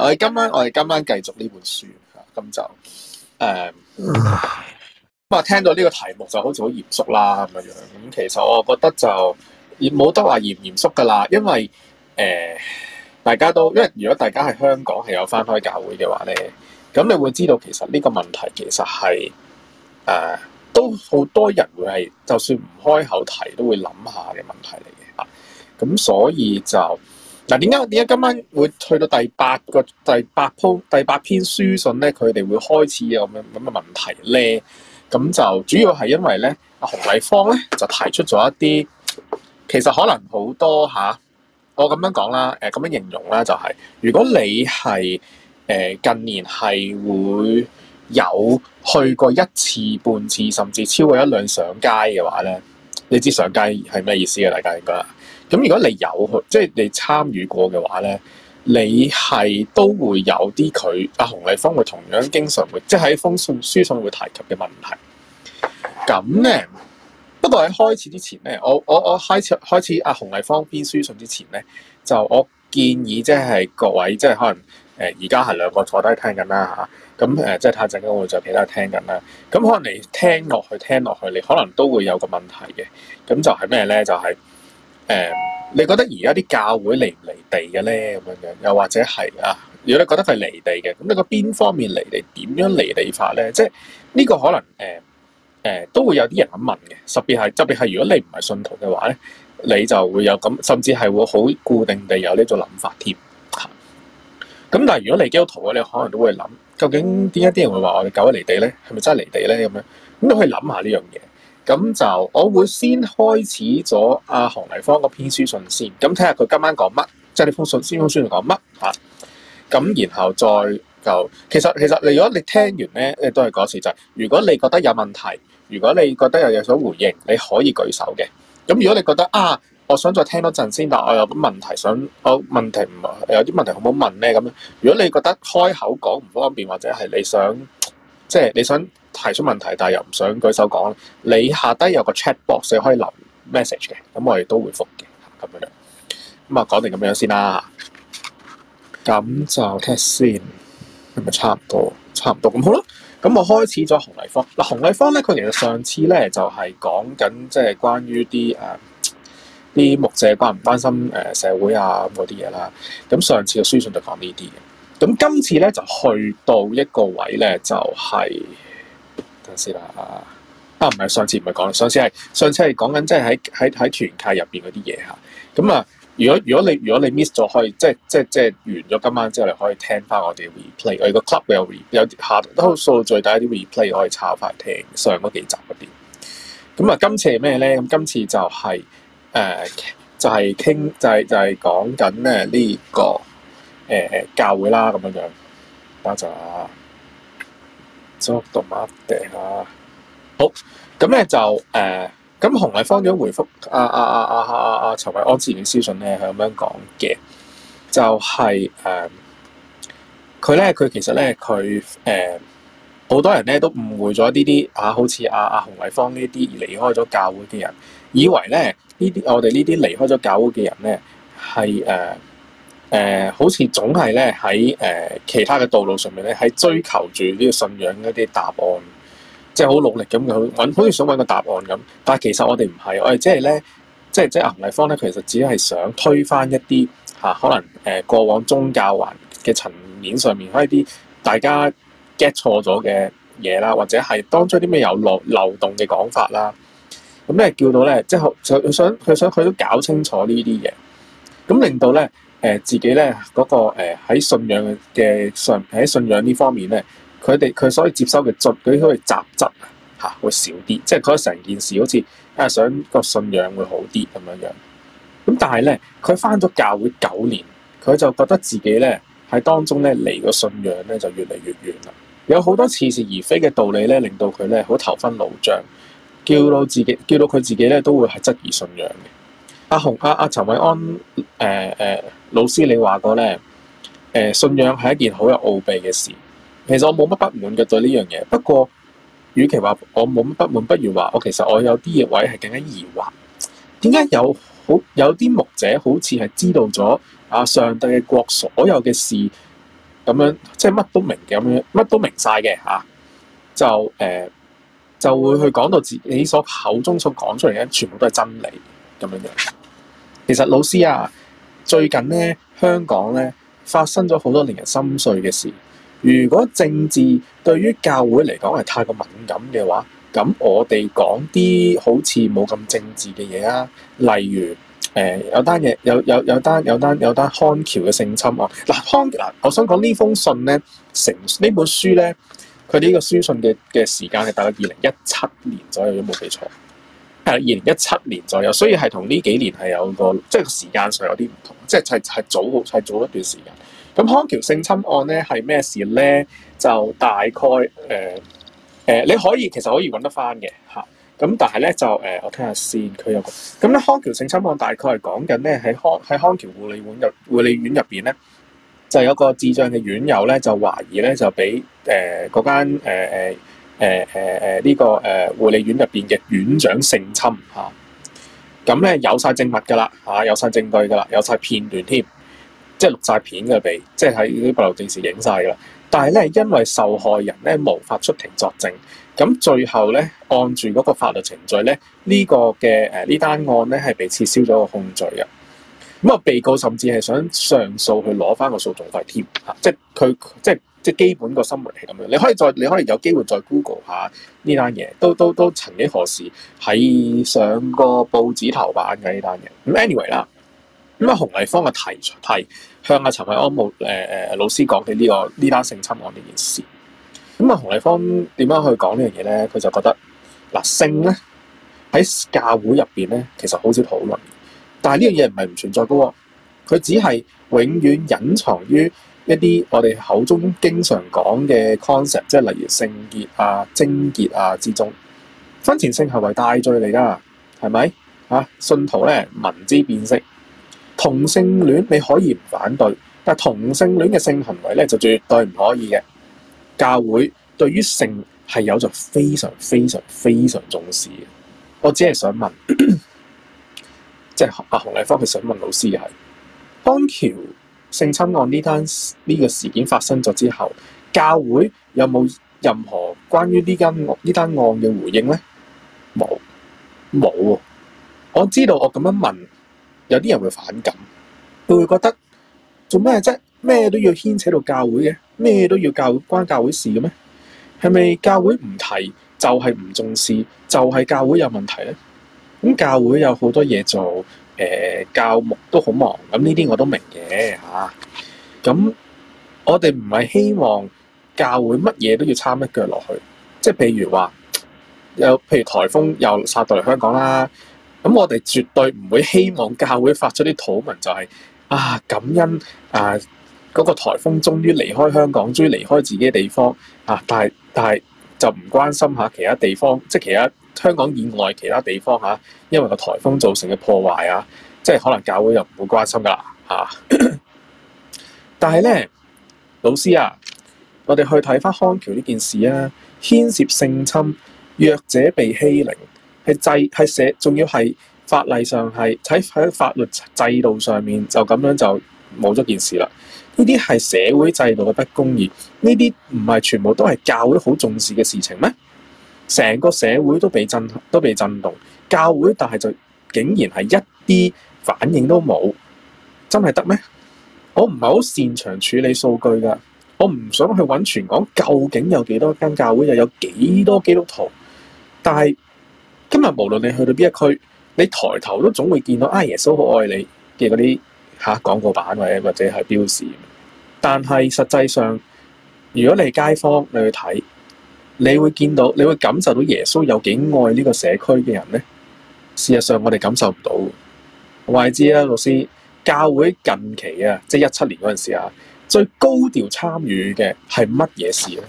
我哋今晚我哋今晚繼續呢本書，咁就誒，咁、嗯、啊聽到呢個題目就好似好嚴肅啦，咁樣。咁其實我覺得就亦冇得話嚴唔嚴肅噶啦，因為誒、呃、大家都因為如果大家喺香港係有返開教會嘅話咧，咁你會知道其實呢個問題其實係誒、呃、都好多人會係就算唔開口提都會諗下嘅問題嚟嘅。咁、嗯、所以就。嗱，點解點解今晚會去到第八個第八鋪第，第八篇書信咧？佢哋會開始有咁樣咁嘅問題咧？咁就主要係因為咧，阿洪麗芳咧就提出咗一啲，其實可能好多吓、啊，我咁樣講啦，誒、呃、咁樣形容啦、就係，就係如果你係誒、呃、近年係會有去過一次半次，甚至超過一兩上街嘅話咧，你知上街係咩意思嘅？大家應該。咁如果你有去，即係你參與過嘅話咧，你係都會有啲佢阿洪麗芳會同樣經常會即係喺封書信會提及嘅問題。咁咧，不過喺開始之前咧，我我我開始開始啊，洪麗芳編書信之前咧，就我建議即係各位即係可能誒，而家係兩個坐低聽緊啦嚇，咁誒即係太下陣間會再其他聽緊啦。咁可能你聽落去聽落去，你可能都會有個問題嘅，咁就係咩咧？就係。誒、嗯，你覺得而家啲教會離唔離地嘅咧？咁樣樣，又或者係啊？如果你覺得佢離地嘅，咁你個邊方面離地？點樣離地法咧？即係呢、呢個可能誒誒、呃呃、都會有啲人咁問嘅。特別係特別係，如果你唔係信徒嘅話咧，你就會有咁，甚至係會好固定地有呢種諗法添。咁但係如果你基督徒咧，你可能都會諗，究竟點解啲人會話我哋教會離地咧？係咪真係離地咧？咁樣咁都可以諗下呢樣嘢。咁就我會先開始咗阿韓麗芳嗰篇書信先，咁睇下佢今晚講乜，即係呢封信，先。封信講乜嚇。咁、啊、然後再就其實其實你如果你聽完咧，都係嗰時就係、是，如果你覺得有問題，如果你覺得有嘢想回應，你可以舉手嘅。咁如果你覺得啊，我想再聽多陣先，但我有啲問題想，我、哦、問題唔有啲問題好唔好問咧？咁樣如果你覺得開口講唔方便，或者係你想即係你想，提出問題，但係又唔想舉手講。你下低有個 chat box，你可以留 message 嘅，咁我哋都會覆嘅咁樣。咁啊，講定咁樣先啦。咁就 test 先，係咪差唔多？差唔多咁好啦。咁我開始咗洪麗芳嗱，洪麗芳咧，佢其實上次咧就係、是、講緊即係關於啲誒啲牧者關唔關心誒社會啊嗰啲嘢啦。咁上次嘅書信就講呢啲嘅，咁今次咧就去到一個位咧，就係、是。啦，啊，唔係上次唔係講，上次係上次係講緊，即係喺喺喺團契入邊嗰啲嘢吓。咁啊，如果如果你如果你 miss 咗，可以即係即係即係完咗今晚之後，你可以聽翻我哋嘅 replay re,。我哋個 club 有有 h 都數最大一啲 replay，可以抄翻聽上嗰幾集嗰啲。咁啊，今次係咩咧？咁今次就係、是、誒、呃，就係、是、傾，就係、是、就係、是、講緊咧呢個誒誒、呃、教會啦，咁樣樣得啦。做動定啊？好，咁咧就誒，咁洪偉芳嘅回覆啊啊啊啊啊啊！陳偉安之前嘅私信咧係咁樣講嘅，就係誒，佢咧佢其實咧佢誒，好多人咧都誤會咗呢啲啊，好似啊啊洪偉芳呢啲離開咗教會嘅人，以為咧呢啲我哋呢啲離開咗教會嘅人咧係誒。誒、呃，好似總係咧喺誒其他嘅道路上面咧，喺追求住呢個信仰一啲答案，即係好努力咁樣揾，好似想揾個答案咁。但係其實我哋唔係，我哋即係咧，即係即係阿吳麗芳咧，其實只係想推翻一啲嚇、啊，可能誒、呃、過往宗教環嘅層面上面，一啲大家 get 錯咗嘅嘢啦，或者係當中啲咩有漏漏洞嘅講法啦。咁咧叫到咧，即係想想佢想佢都搞清楚呢啲嘢，咁令到咧。誒、呃、自己咧嗰、那個喺、呃、信仰嘅上喺信仰呢方面咧，佢哋佢所以接收嘅質，佢可以雜質嚇會少啲，即係佢成件事好似誒、啊、想個信仰會好啲咁樣樣。咁但係咧，佢返咗教會九年，佢就覺得自己咧喺當中咧離個信仰咧就越嚟越遠啦。有好多似是而非嘅道理咧，令到佢咧好頭昏腦脹，叫到自己叫到佢自己咧都會係質疑信仰嘅。阿洪阿阿陳偉安，誒、呃、誒、呃，老師你話過咧，誒、呃、信仰係一件好有奧秘嘅事。其實我冇乜不滿嘅對呢樣嘢，不過與其話我冇乜不滿，不如話我其實我有啲嘢位係更加疑惑，點解有好有啲牧者好似係知道咗阿上帝嘅國所有嘅事，咁樣即係乜都明嘅咁樣，乜都明晒嘅吓，就誒、呃、就會去講到自己所口中所講出嚟嘅，全部都係真理咁樣嘅。其實老師啊，最近咧香港咧發生咗好多令人心碎嘅事。如果政治對於教會嚟講係太過敏感嘅話，咁我哋講啲好似冇咁政治嘅嘢啊。例如誒、呃，有單嘢，有有有單有單有單康橋嘅性侵啊。嗱康橋嗱，我想講呢封信咧，成呢本書咧，佢呢個書信嘅嘅時間係大概二零一七年左右有比賽，都冇記錯。係二零一七年左右，所以係同呢幾年係有個即係、就是、時間上有啲唔同，即係係係早係早一段時間。咁康橋性侵案咧係咩事咧？就大概誒誒、呃呃，你可以其實可以揾得返嘅吓。咁但係咧就誒、呃，我聽下先。佢有個咁咧康橋性侵案大概係講緊咧喺康喺康橋護理院入護理院入邊咧，就有一個智障嘅院友咧就懷疑咧就俾誒嗰間誒。呃呃誒誒誒呢個誒護、呃、理院入邊嘅院長性侵嚇，咁、啊、咧、嗯、有晒證物噶啦嚇，有晒證據噶啦，啊、有晒片段添，即係錄晒片嘅俾，即係喺啲不留電視影晒噶啦。但係咧，因為受害人咧無法出庭作證，咁、啊、最後咧按住嗰個法律程序咧，這個呃、呢個嘅誒呢單案咧係被撤銷咗個控罪嘅。咁啊、嗯，被告甚至係想上訴去攞翻個訴訟費添嚇，即係佢即係。啊即即係基本個生活係咁樣，你可以再，你可以有機會再 Google 下呢單嘢，都都都曾幾何時喺上過報紙頭版嘅呢單嘢。咁 anyway 啦，咁啊洪麗芳啊提提向阿陳偉安牧誒誒老師講起呢個呢單性侵案呢件事。咁啊洪麗芳點樣去講呢樣嘢咧？佢就覺得嗱性咧喺教會入邊咧，其實好少討論，但係呢樣嘢唔係唔存在嘅，佢只係永遠隱藏於。一啲我哋口中經常講嘅 concept，即係例如聖潔啊、貞潔啊之中，婚前性行為大罪嚟㗎，係咪啊？信徒咧聞之變色。同性戀你可以唔反對，但係同性戀嘅性行為咧就絕對唔可以嘅。教會對於性係有着非常非常非常重視嘅。我只係想問， 即係阿洪麗芳，佢想問老師係安橋。性侵案呢單呢個事件發生咗之後，教會有冇任何關於呢間呢單案嘅回應呢？冇，冇。我知道我咁樣問，有啲人會反感，佢會覺得做咩啫？咩都要牽扯到教會嘅，咩都要教關教會事嘅咩？係咪教會唔提就係唔重視，就係教會有問題呢？咁教會有好多嘢做。誒、欸、教牧都好忙，咁呢啲我都明嘅嚇。咁、啊嗯、我哋唔係希望教會乜嘢都要參一腳落去，即係譬如話有譬如颱風又殺到嚟香港啦。咁、嗯、我哋絕對唔會希望教會發出啲土文、就是，就係啊感恩啊嗰、那個颱風終於離開香港，終於離開自己嘅地方啊！但係但係就唔關心下其他地方，即、就、係、是、其他。香港以外其他地方吓、啊，因為個颱風造成嘅破壞啊，即係可能教會又唔會關心噶啦吓，但係咧，老師啊，我哋去睇翻康橋呢件事啊，牽涉性侵、弱者被欺凌，係制係社，仲要係法例上係喺喺法律制度上面就咁樣就冇咗件事啦。呢啲係社會制度嘅不公義，呢啲唔係全部都係教會好重視嘅事情咩？成個社會都被震，都被震動。教會但係就竟然係一啲反應都冇，真係得咩？我唔係好擅長處理數據㗎，我唔想去揾全港究竟有幾多間教會，又有幾多基督徒。但係今日無論你去到邊一區，你抬頭都總會見到阿、哎、耶穌好愛你嘅嗰啲嚇廣告版，或者或者係標示。但係實際上，如果你係街坊你去睇，你會見到，你會感受到耶穌有幾愛呢個社區嘅人呢？事實上，我哋感受唔到。我係知啦，老師，教會近期啊，即係一七年嗰陣時啊，最高調參與嘅係乜嘢事呢？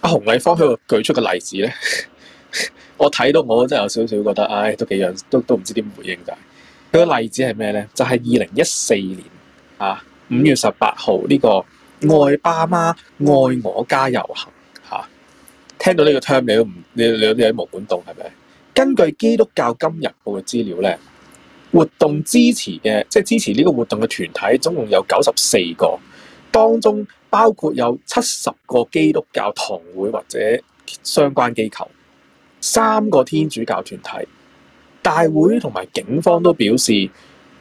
阿洪禮芳喺度舉出嘅例子呢， 我睇到我真係有少少覺得，唉、哎，都幾樣，都都唔知點回應就係。佢個例子係咩呢？就係二零一四年啊五月十八號呢個。愛爸媽，愛我加遊行吓啊！聽到呢個 term，你都唔，你你你喺毛管戙係咪？根據基督教今日報嘅資料呢，活動支持嘅即係支持呢個活動嘅團體，總共有九十四個，當中包括有七十個基督教堂會或者相關機構，三個天主教團體，大會同埋警方都表示。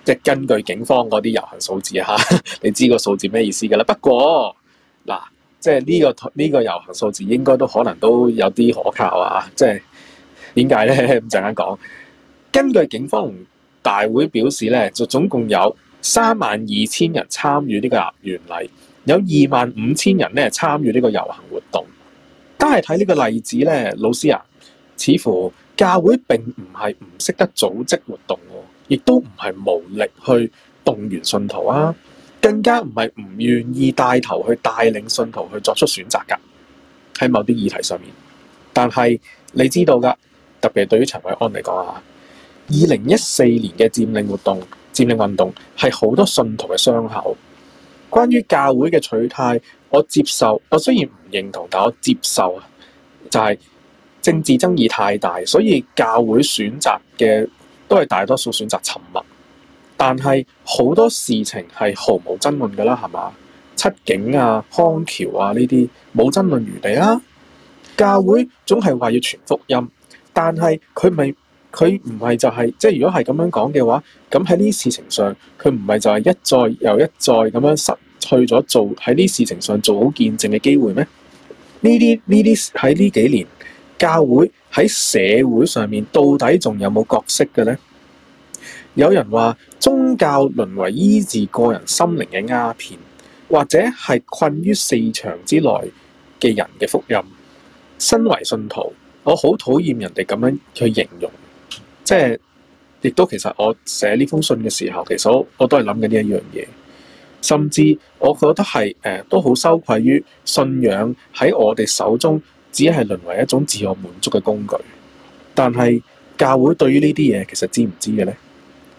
即係根據警方嗰啲遊行數字嚇，你知個數字咩意思㗎啦？不過嗱，即係呢個呢個遊行數字應該都可能都有啲可靠啊！即係點解咧？咁陣間講。根據警方大會表示咧，就總共有三萬二千人參與呢個懸壇禮，有二萬五千人咧參與呢個遊行活動。但係睇呢個例子咧，老師啊，似乎教會並唔係唔識得組織活動喎，亦都唔係無力去動員信徒啊，更加唔係唔願意帶頭去帶領信徒去作出選擇㗎。喺某啲議題上面，但係你知道㗎，特別對於陳偉安嚟講啊，二零一四年嘅佔領活動、佔領運動係好多信徒嘅傷口。關於教會嘅取態，我接受。我雖然唔認同，但我接受啊。就係政治爭議太大，所以教會選擇嘅。都係大多數選擇沉默，但係好多事情係毫無爭論噶啦，係嘛？七警啊、康橋啊呢啲冇爭論餘地啦、啊。教會總係話要傳福音，但係佢咪佢唔係就係、是、即係如果係咁樣講嘅話，咁喺呢啲事情上，佢唔係就係一再又一再咁樣失去咗做喺呢事情上做好見證嘅機會咩？呢啲呢啲喺呢幾年教會，喺社會上面到底仲有冇角色嘅呢？有人話宗教淪為醫治個人心靈嘅鴉片，或者係困於四牆之內嘅人嘅福音。身為信徒，我好討厭人哋咁樣去形容，即係亦都其實我寫呢封信嘅時候，其實我，我都係諗緊呢一樣嘢。甚至我覺得係誒、呃、都好羞愧於信仰喺我哋手中。只係淪為一種自我滿足嘅工具，但係教會對於呢啲嘢其實知唔知嘅呢？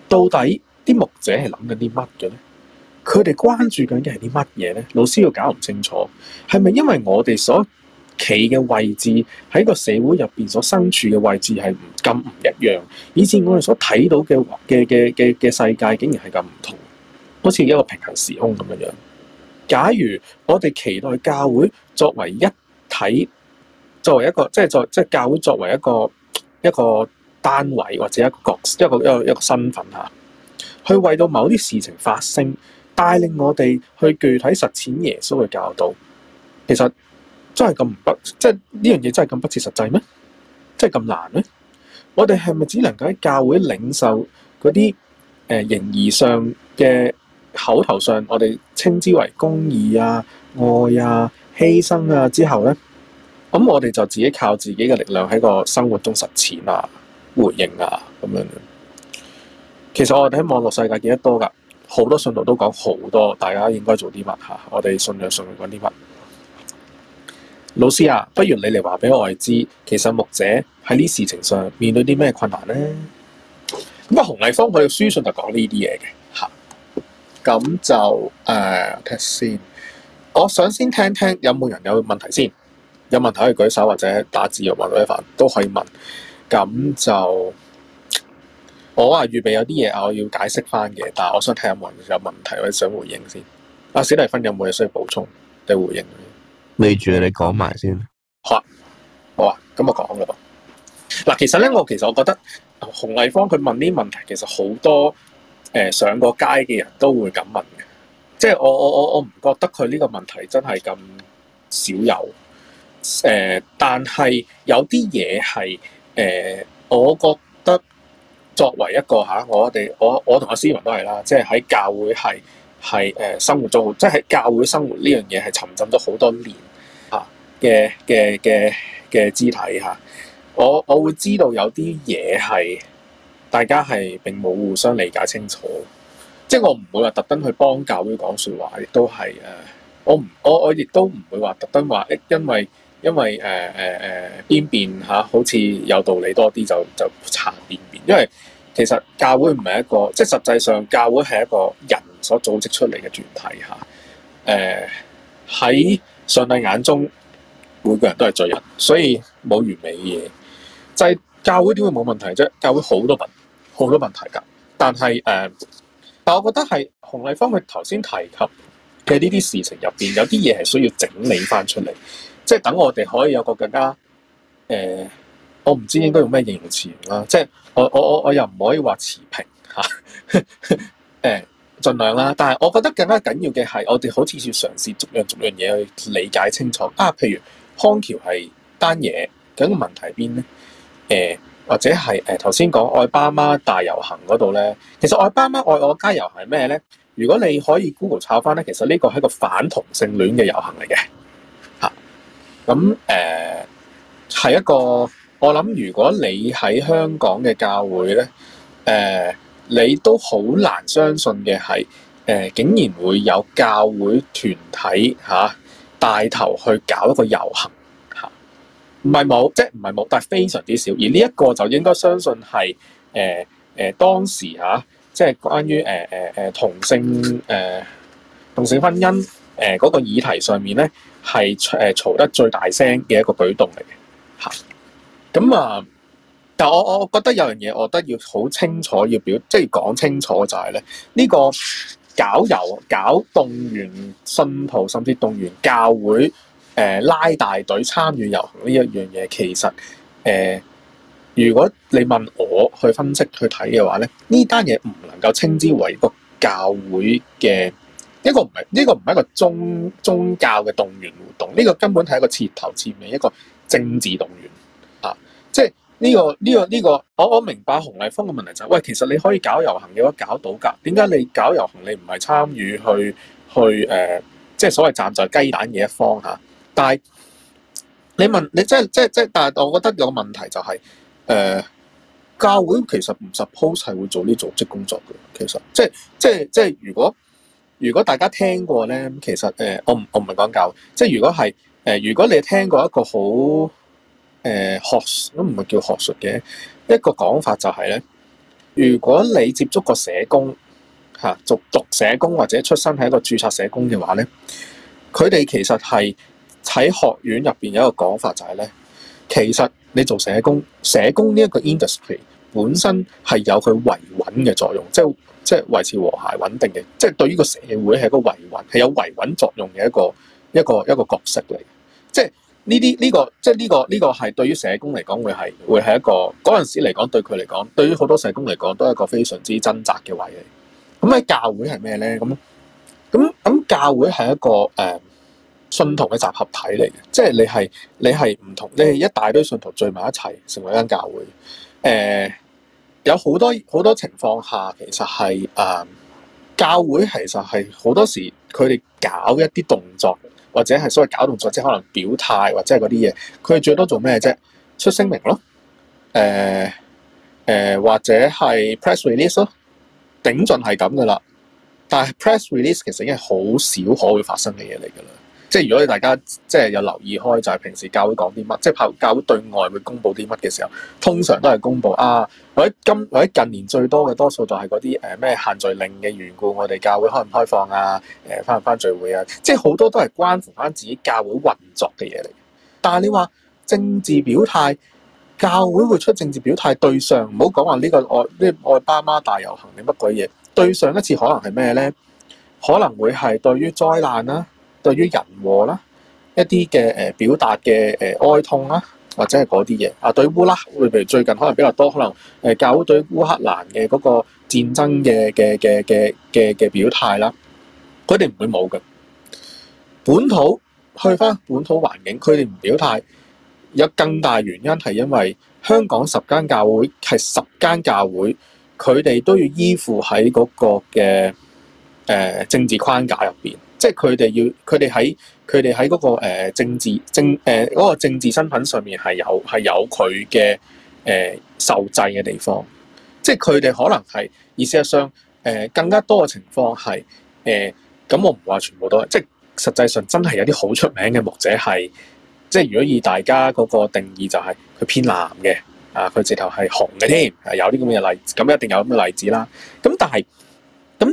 到底啲牧者係諗緊啲乜嘅呢？佢哋關注緊嘅係啲乜嘢呢？老師要搞唔清楚係咪？因為我哋所企嘅位置喺個社會入邊所身處嘅位置係唔咁唔一樣，以至我哋所睇到嘅嘅嘅嘅世界竟然係咁唔同，好似一個平行時空咁樣樣。假如我哋期待教會作為一體。作為一個即係作即係教會作為一個一個單位或者一個角一個一個一個身份嚇，去為到某啲事情發聲，帶領我哋去具體實踐耶穌嘅教導，其實真係咁不即係呢樣嘢真係咁不切實際咩？即係咁難咩？我哋係咪只能夠喺教會領受嗰啲誒形而上嘅口頭上，我哋稱之為公義啊、愛啊、犧牲啊之後咧？咁我哋就自己靠自己嘅力量喺個生活中實踐啊、回應啊咁樣。其實我哋喺網絡世界見得多噶，好多信徒都講好多，大家應該做啲乜嚇？我哋信約信約講啲乜？老師啊，不如你嚟話俾我哋知，其實牧者喺呢事情上面對啲咩困難呢？咁、嗯、啊，洪麗芳佢嘅書信就講呢啲嘢嘅嚇。咁就誒睇先，我想先聽聽，聽有冇人有問題先。有問題可以舉手或者打字，由黃麗芬都可以問。咁就我啊，預備有啲嘢我要解釋翻嘅。但係我想睇下有冇人有問題或者想回應先。阿小麗芬有冇嘢需要補充你回應，未住你講埋先。好啊，好啊，咁我講啦噃。嗱，其實咧，我其實我覺得洪麗芳佢問呢問題，其實好多誒、呃、上過街嘅人都會咁問嘅。即係我我我我唔覺得佢呢個問題真係咁少有。誒、呃，但係有啲嘢係誒，我覺得作為一個嚇、啊，我哋我我同阿思文都係啦，即係喺教會係係誒生活中，即係喺教會生活呢樣嘢係沉浸咗好多年啊嘅嘅嘅嘅肢體嚇、啊，我我會知道有啲嘢係大家係並冇互相理解清楚，即係我唔會話特登去幫教會講說話，亦都係誒，我唔我我亦都唔會話特登話誒，因為。因為誒誒誒邊邊嚇，好似有道理多啲就就查邊邊。因為其實教會唔係一個，即係實際上教會係一個人所組織出嚟嘅團體嚇。誒、啊、喺上帝眼中，每個人都係罪人，所以冇完美嘅嘢。就係、是、教會點會冇問題啫？教會好多問好多問題㗎。但係誒、呃，但我覺得係洪麗芳佢頭先提及嘅呢啲事情入邊，有啲嘢係需要整理翻出嚟。即係等我哋可以有個更加誒、呃，我唔知應該用咩形容詞啦。即係我我我我又唔可以話持平嚇誒，儘、啊呃、量啦。但係我覺得更加緊要嘅係，我哋好似要嘗試逐樣逐樣嘢去理解清楚啊。譬如康橋係單嘢，咁個問題喺邊咧？誒、呃、或者係誒頭先講愛爸媽大遊行嗰度咧，其實愛爸媽愛我加油係咩咧？如果你可以 Google 查返咧，其實呢個係一個反同性戀嘅遊行嚟嘅。咁誒係一個，我諗如果你喺香港嘅教會咧，誒、呃、你都好難相信嘅係誒，竟然會有教會團體嚇帶、啊、頭去搞一個遊行嚇。唔係冇，即係唔係冇，但係非常之少。而呢一個就應該相信係誒誒當時嚇、啊，即係關於誒誒誒同性誒、呃、同性婚姻誒嗰、呃那個議題上面咧。係誒嘈得最大聲嘅一個舉動嚟嘅嚇，咁啊，但我我覺得有樣嘢，我覺得要好清楚，要表即係講清楚就係咧，呢個搞遊搞動員信徒，甚至動員教會誒、呃、拉大隊參與遊行呢一樣嘢，其實誒、呃，如果你問我去分析去睇嘅話咧，呢單嘢唔能夠稱之為一個教會嘅。一個唔係呢個唔係一個宗宗教嘅動員活動，呢、這個根本係一個徹頭徹尾一個政治動員啊！即係、這、呢個呢、這個呢、這個，我我明白洪麗峰嘅問題就係、是，喂，其實你可以搞遊行嘅話搞到㗎，點解你搞遊行你唔係參與去去誒、呃，即係所謂站在雞蛋嘅一方嚇、啊？但係你問你即係即係即係，但係我覺得有個問題就係、是、誒、呃，教會其實唔 suppose 係會做呢組織工作嘅，其實即係即係即係如果。如果大家聽過咧，其實誒、呃、我唔我唔係講教，即係如果係誒、呃、如果你聽過一個好誒、呃、學術都唔係叫學術嘅一個講法就係、是、咧，如果你接觸個社工嚇做、啊、讀，讀社工或者出身係一個註冊社工嘅話咧，佢哋其實係喺學院入邊有一個講法就係、是、咧，其實你做社工，社工呢一個 industry 本身係有佢維穩嘅作用，即係。即係維持和諧穩定嘅，即係對於個社會係一個維穩，係有維穩作用嘅一個一個一個角色嚟嘅。即係呢啲呢個，即係、呢個、呢個呢、呢個係對於社工嚟講，會係會係一個嗰陣時嚟講，對佢嚟講，對於好多社工嚟講，都係一個非常之掙扎嘅位嚟。咁喺教會係咩咧？咁咁咁，教會係一個誒、呃、信徒嘅集合體嚟嘅，即係你係你係唔同，你係一大堆信徒聚埋一齊成為一間教會誒。呃有好多好多情況下，其實係誒、呃、教會其實係好多時佢哋搞一啲動作，或者係所謂搞動作，即係可能表態或者係嗰啲嘢。佢哋最多做咩啫？出聲明咯，誒、呃、誒、呃、或者係 press release 咯，頂盡係咁㗎啦。但係 press release 其實已經係好少可會發生嘅嘢嚟㗎啦。即係，如果你大家即係有留意開，就係、是、平時教會講啲乜，即係教會對外會公布啲乜嘅時候，通常都係公布啊。或者今或者近年最多嘅多數就係嗰啲誒咩限聚令嘅緣故，我哋教會開唔開放啊？誒、呃，返唔返聚會啊？即係好多都係關乎返自己教會運作嘅嘢嚟。但係你話政治表態，教會會出政治表態對上，唔好講話呢個愛呢愛爸媽大遊行定乜鬼嘢，對上一次可能係咩咧？可能會係對於災難啦、啊。對於人禍啦，一啲嘅誒表達嘅誒哀痛啦，或者係嗰啲嘢啊，對烏啦，例如最近可能比較多，可能誒教會對烏克蘭嘅嗰個戰爭嘅嘅嘅嘅嘅嘅表態啦，佢哋唔會冇嘅，本土去翻本土環境，佢哋唔表態，有更大原因係因為香港十間教會係十間教會，佢哋都要依附喺嗰個嘅誒政治框架入邊。即係佢哋要，佢哋喺佢哋喺嗰個政治政誒嗰政治身份上面係有係有佢嘅誒受制嘅地方。即係佢哋可能係，意思係上誒、呃、更加多嘅情況係誒。咁、呃、我唔話全部都，即係實際上真係有啲好出名嘅牧者係，即係如果以大家嗰個定義就係、是、佢偏藍嘅啊，佢直頭係紅嘅添，係、啊、有啲咁嘅例子，咁一定有咁嘅例子啦。咁但係。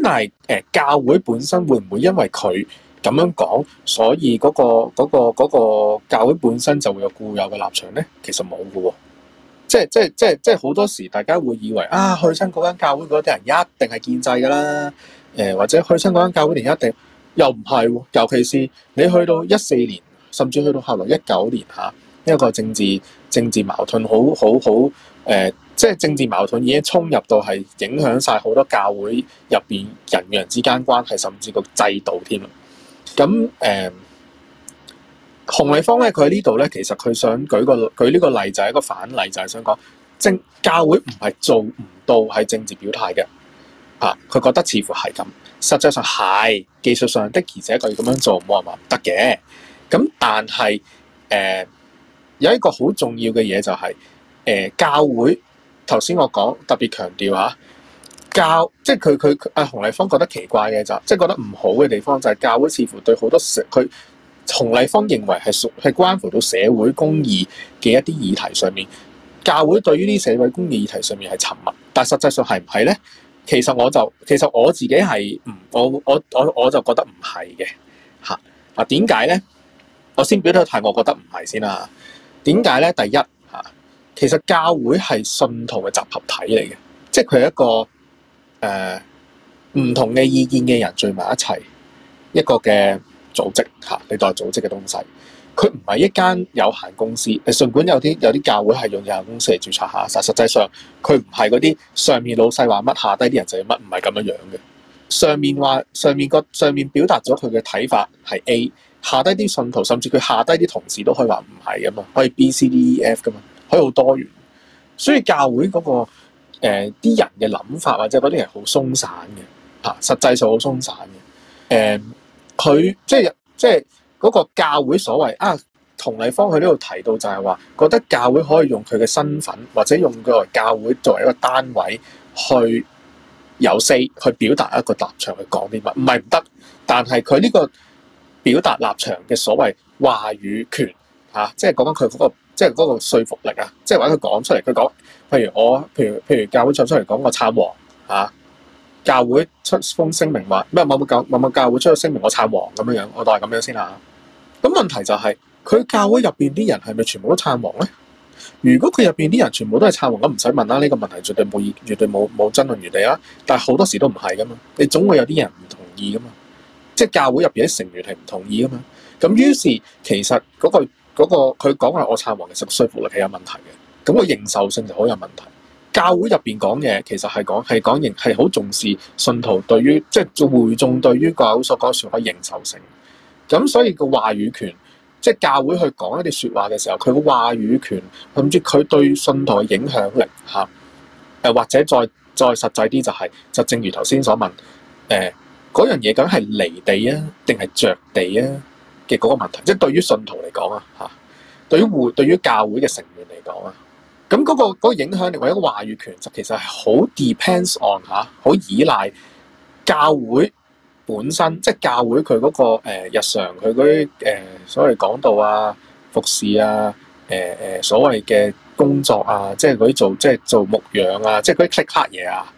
但係誒、呃，教會本身會唔會因為佢咁樣講，所以嗰、嗰個嗰、嗰個嗰個、教會本身就會有固有嘅立場咧？其實冇嘅喎，即係即係即係即係好多時，大家會以為啊，去親嗰間教會嗰啲人一定係建制㗎啦，誒、呃、或者去親嗰間教會人一定又唔係喎，尤其是你去到一四年，甚至去到後來一九年呢一、啊呢個政治政治矛盾好好好誒。即係政治矛盾已經衝入到係影響晒好多教會入邊人與人之間關係，甚至個制度添。咁誒，洪麗芳咧，佢喺呢度咧，其實佢想舉個舉呢個例，就係一個反例就，就係想講政教會唔係做唔到係政治表態嘅。啊，佢覺得似乎係咁，實際上係技術上的而且確要咁樣做冇人話唔得嘅。咁但係誒、呃、有一個好重要嘅嘢就係、是、誒、呃、教會。頭先我講特別強調嚇教，即係佢佢阿洪麗芳覺得奇怪嘅就，即係覺得唔好嘅地方就係教會似乎對好多佢洪麗芳認為係屬係關乎到社會公義嘅一啲議題上面，教會對於呢啲社會公義議題上面係沉默，但實際上係唔係咧？其實我就其實我自己係唔我我我我就覺得唔係嘅嚇。嗱點解咧？我先表達一下，我覺得唔係先啦。點解咧？第一。其實教會係信徒嘅集合體嚟嘅，即係佢係一個誒唔、呃、同嘅意見嘅人聚埋一齊一個嘅組織嚇、啊，你當係組織嘅東西。佢唔係一間有限公司，儘管有啲有啲教會係用有限公司嚟註冊下，但係實際上佢唔係嗰啲上面老細話乜，下低啲人就係乜，唔係咁樣樣嘅。上面話上面個上面表達咗佢嘅睇法係 A，下低啲信徒甚至佢下低啲同事都可以話唔係啊嘛，可以 B、C、D、E、F 噶嘛。好多元，所以教會嗰、那個誒、啲、呃、人嘅諗法或者嗰啲人好鬆散嘅，吓、啊、實際上好鬆散嘅。誒、呃，佢即係即係嗰個教會所謂啊，佟麗芳佢呢度提到就係話，覺得教會可以用佢嘅身份或者用佢個教會作為一個單位去有 say 去表達一個立場，去講啲乜，唔係唔得，但係佢呢個表達立場嘅所謂話語權吓、啊，即係講緊佢嗰個。即係嗰個說服力啊！即係話佢講出嚟，佢講，譬如我，譬如譬如教會唱出嚟講我撐黃嚇、啊，教會出封聲明話咩某某教某某教會出咗聲明我撐黃咁樣樣，我當係咁樣先啦。咁問題就係、是、佢教會入邊啲人係咪全部都撐黃咧？如果佢入邊啲人全部都係撐黃，咁唔使問啦，呢、這個問題絕對冇意，絕對冇冇爭論餘地啊！但係好多時都唔係噶嘛，你總會有啲人唔同意噶嘛，即係教會入邊啲成員係唔同意噶嘛。咁、啊、於是其實嗰、那個。嗰個佢講話我撐黃嘅，其實說服力係有問題嘅。咁、那、佢、個、認受性就好有問題。教會入邊講嘢，其實係講係講認係好重視信徒對於即係做會眾對於教會所講嘅説話認受性。咁所以個話語權，即、就、係、是、教會去講一啲説話嘅時候，佢個話語權，甚至佢對信徒嘅影響力嚇。誒、啊、或者再再實際啲就係、是，就正如頭先所問，誒、欸、嗰樣嘢究竟係離地啊，定係着地啊？嘅嗰個問題，即係對於信徒嚟講啊，嚇，對於會，對於教會嘅成員嚟講啊，咁、那、嗰、個那個影響力或者個話語權，就其實係好 depends on 嚇、啊，好依賴教會本身，即係教會佢嗰、那個、呃、日常佢嗰啲誒所謂講道啊、服侍啊、誒、呃、誒所謂嘅工作啊，即係嗰啲做即係做牧養啊，即係嗰啲識黑嘢啊，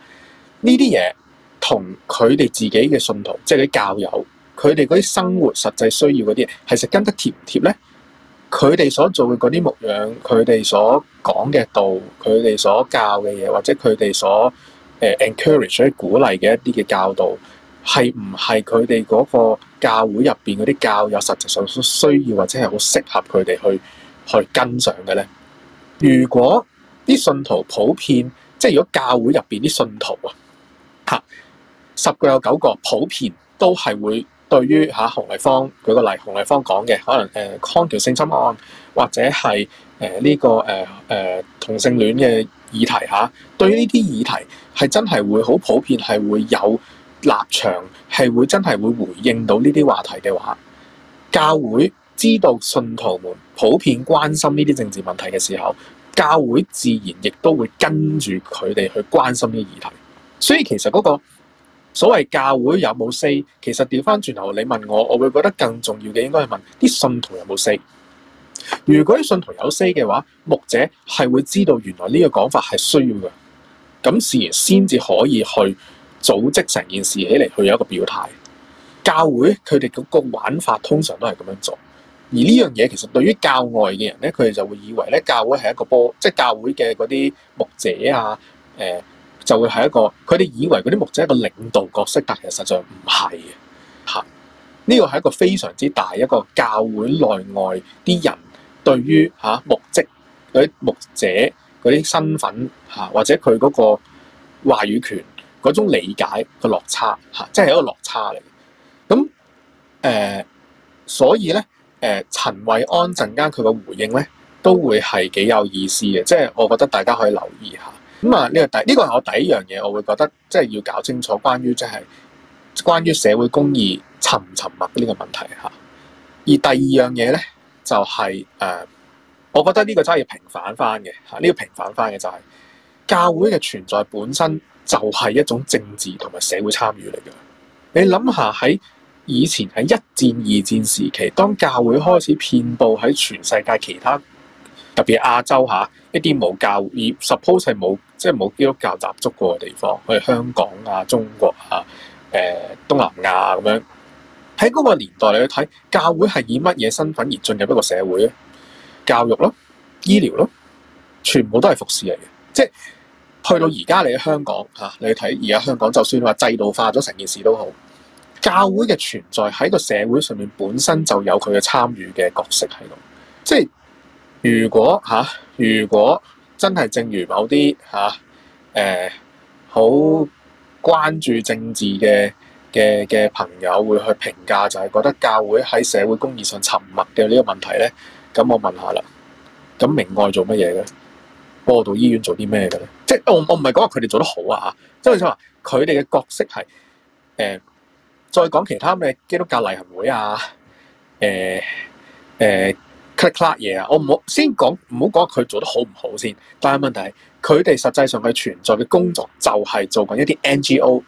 呢啲嘢同佢哋自己嘅信徒，即係啲教友。佢哋嗰啲生活實際需要嗰啲嘢，係實跟得貼唔貼咧？佢哋所做嘅嗰啲牧養，佢哋所講嘅道，佢哋所教嘅嘢，或者佢哋所誒 encourage 所以鼓勵嘅一啲嘅教導，係唔係佢哋嗰個教會入邊嗰啲教友實際上所需要，或者係好適合佢哋去去跟上嘅咧？如果啲信徒普遍，即係如果教會入邊啲信徒啊，嚇十個有九個普遍都係會。對於嚇洪麗芳舉個例，洪麗芳講嘅，可能誒、呃、康橋性侵案或者係誒呢個誒誒、呃呃、同性戀嘅議題嚇，對於呢啲議題係真係會好普遍，係會有立場，係會真係會回應到呢啲話題嘅話，教會知道信徒們普遍關心呢啲政治問題嘅時候，教會自然亦都會跟住佢哋去關心呢啲議題，所以其實嗰、那個。所謂教會有冇 C，其實調翻轉頭，你問我，我會覺得更重要嘅應該係問啲信徒有冇 C。如果啲信徒有 C 嘅話，牧者係會知道原來呢個講法係需要嘅，咁自然先至可以去組織成件事起嚟，去有一個表態。教會佢哋嗰個玩法通常都係咁樣做，而呢樣嘢其實對於教外嘅人咧，佢哋就會以為咧，教會係一個波，即係教會嘅嗰啲牧者啊，誒、呃。就會係一個，佢哋以為嗰啲牧者係一個領導角色，但係實在唔係嘅，嚇、啊。呢個係一個非常之大一個教會內外啲人對於嚇牧職嗰啲牧者嗰啲身份嚇、啊，或者佢嗰個話語權嗰種理解嘅落差嚇、啊，即係一個落差嚟。咁誒、呃，所以咧誒，陳、呃、慧安陣間佢個回應咧，都會係幾有意思嘅，即、就、係、是、我覺得大家可以留意下。咁啊，呢個第呢個係我第一樣嘢，我會覺得即係要搞清楚關於即係關於社會公義沉唔沉默呢個問題吓、啊，而第二樣嘢咧，就係、是、誒、呃、我覺得呢個真係要平反翻嘅吓，呢個平反翻嘅就係教會嘅存在本身就係一種政治同埋社會參與嚟嘅。你諗下喺以前喺一戰二戰時期，當教會開始遍佈喺全世界其他特別亞洲吓、啊、一啲冇教會，suppose 係冇。即係冇基督教涉足過嘅地方，去香港啊、中國啊、誒、呃、東南亞咁、啊、樣。喺嗰個年代，你去睇教會係以乜嘢身份而進入一個社會咧？教育咯，醫療咯，全部都係服侍嚟嘅。即係去到而家你喺香港嚇、啊，你去睇而家香港，就算話制度化咗成件事都好，教會嘅存在喺個社會上面本身就有佢嘅參與嘅角色喺度。即係如果嚇，如果，啊如果真係正如某啲嚇誒好關注政治嘅嘅嘅朋友會去評價，就係覺得教會喺社會公義上沉默嘅呢個問題咧。咁我問下啦，咁明愛做乜嘢嘅？幫我到醫院做啲咩嘅咧？即係我我唔係講話佢哋做得好啊！即係話佢哋嘅角色係誒、欸、再講其他咩基督教勵行會啊誒誒。欸欸 cut cut 嘢啊！我唔好先講，唔好講佢做得好唔好先。但係問題係，佢哋實際上佢存在嘅工作就係做緊一啲 NGO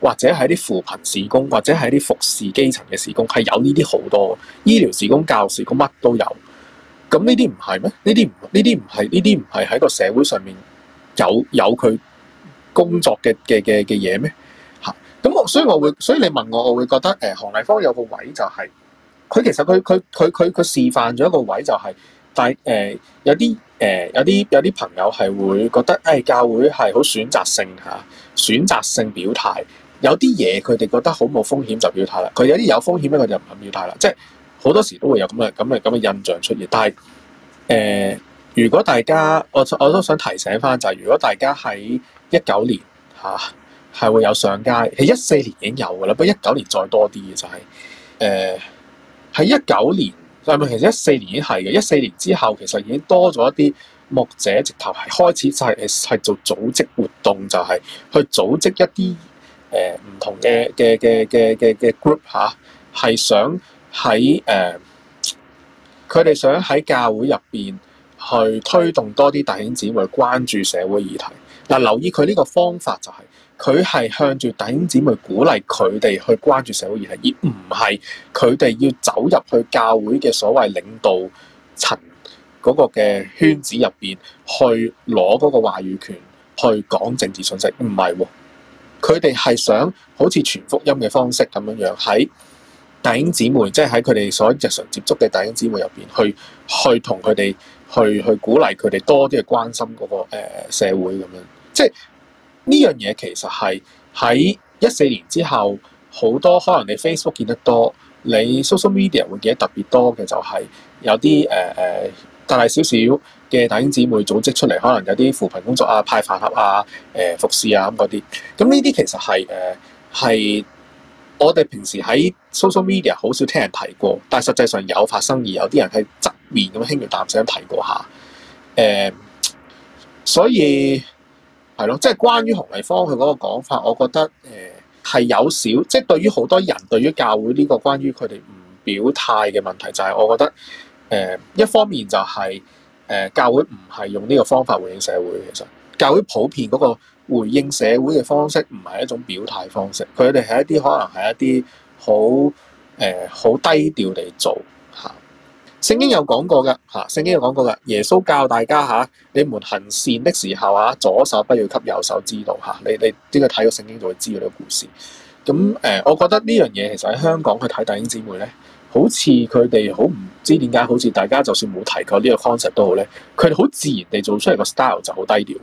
或者係啲扶貧事工，或者係啲服侍基層嘅事工，係有呢啲好多醫療事工、教育事工乜都有。咁呢啲唔係咩？呢啲唔呢啲唔係呢啲唔係喺個社會上面有有佢工作嘅嘅嘅嘅嘢咩？嚇！咁我所以我會所以你問我，我會覺得誒韓麗芳有個位就係、是。佢其實佢佢佢佢佢示範咗一個位就係，但係誒有啲誒有啲有啲朋友係會覺得誒教會係好選擇性嚇，選擇性表態，有啲嘢佢哋覺得好冇風險就表態啦，佢有啲有風險咧佢就唔敢表態啦，即係好多時都會有咁嘅咁嘅咁嘅印象出現。但係誒，如果大家我我都想提醒返就係，如果大家喺一九年嚇，係會有上街，喺一四年已經有噶啦，不過一九年再多啲嘅就係誒。喺一九年，唔係其實一四年已經係嘅。一四年之後，其實已經多咗一啲牧者直頭係開始就係、係、誒做組織活動，就係、係、去組織一啲誒唔同嘅嘅嘅嘅嘅嘅 group 嚇、啊，係想喺誒佢哋想喺教會入邊去推動多啲弟兄姊妹關注社會議題。嗱，留意佢呢個方法就係、係。佢係向住弟兄姊妹鼓勵佢哋去關注社會議題，而唔係佢哋要走入去教會嘅所謂領導層嗰個嘅圈子入邊去攞嗰個話語權去講政治信息。唔係喎，佢哋係想好似傳福音嘅方式咁樣樣喺弟兄姊妹，即係喺佢哋所日常接觸嘅弟兄姊妹入邊去去同佢哋去去鼓勵佢哋多啲去關心嗰、嗰個、呃、社會咁樣，即係。呢樣嘢其實係喺一四年之後，好多可能你 Facebook 見得多，你 social media 會記得特別多嘅，就係有啲誒誒大大小小嘅弟兄姊妹組織出嚟，可能有啲扶貧工作啊、派飯盒啊、誒、呃、服侍啊咁嗰啲。咁呢啲其實係誒係我哋平時喺 social media 好少聽人提過，但係實際上有發生而有啲人喺側面咁輕描淡寫提過下誒、呃，所以。係咯，即係關於洪麗芳佢嗰個講法，我覺得誒係、呃、有少，即係對於好多人對於教會呢個關於佢哋唔表態嘅問題，就係、是、我覺得誒、呃、一方面就係、是、誒、呃、教會唔係用呢個方法回應社會。其實教會普遍嗰個回應社會嘅方式，唔係一種表態方式，佢哋係一啲可能係一啲好誒好低調地做。聖經有講過㗎，嚇，聖經有講過㗎。耶穌教大家嚇，你們行善的時候啊，左手不要給右手知道嚇。你你點解睇到聖經就會知道呢個故事？咁誒、呃，我覺得呢樣嘢其實喺香港去睇弟兄姊妹咧，好似佢哋好唔知點解，好似大家就算冇提過呢個 concept 都好咧，佢哋好自然地做出嚟個 style 就好低調。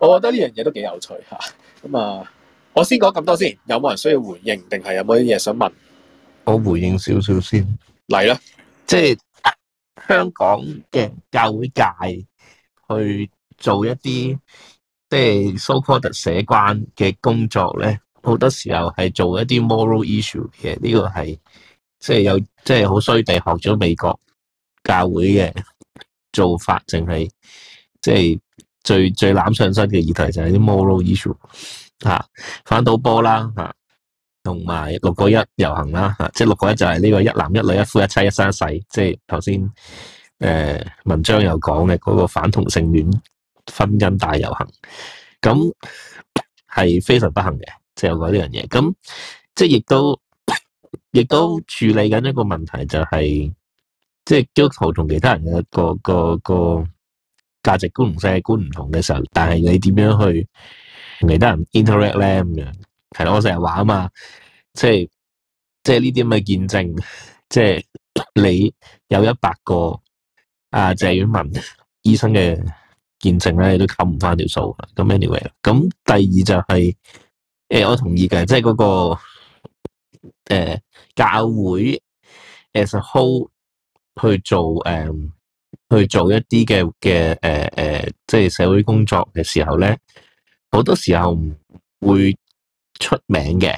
我覺得呢樣嘢都幾有趣嚇。咁啊，我先講咁多先，有冇人需要回應？定係有冇啲嘢想問？我回應少少先。嚟啦！來即係香港嘅教會界去做一啲即係 so-called 社關嘅工作咧，好多時候係做一啲 moral issue 嘅。呢、這個係即係有即係好衰地學咗美國教會嘅做法，淨係即係最最攬上身嘅議題就係啲 moral issue 嚇、啊。翻到波啦嚇！啊同埋六個一遊行啦，吓，即係六個一就係呢個一男一女一夫一妻一生一世，即係頭先誒文章有講嘅嗰個反同性戀婚姻大遊行，咁係非常不幸嘅，即係有關呢樣嘢。咁即係亦都亦都處理緊一個問題，就是，就係即係要求同其他人嘅個個個價值觀同世界觀唔同嘅時候，但係你點樣去同其他人 interact 咧咁樣？係咯，我成日話啊嘛，即係即係呢啲咁嘅見證，即係你有一百個啊謝宇文醫生嘅見證咧，你都冚唔翻條數。咁 anyway，咁第二就係、是、誒、欸，我同意嘅，即係、嗰個誒、欸、教會 as a whole 去做誒、呃、去做一啲嘅嘅誒誒，即係社會工作嘅時候咧，好多時候會。出名嘅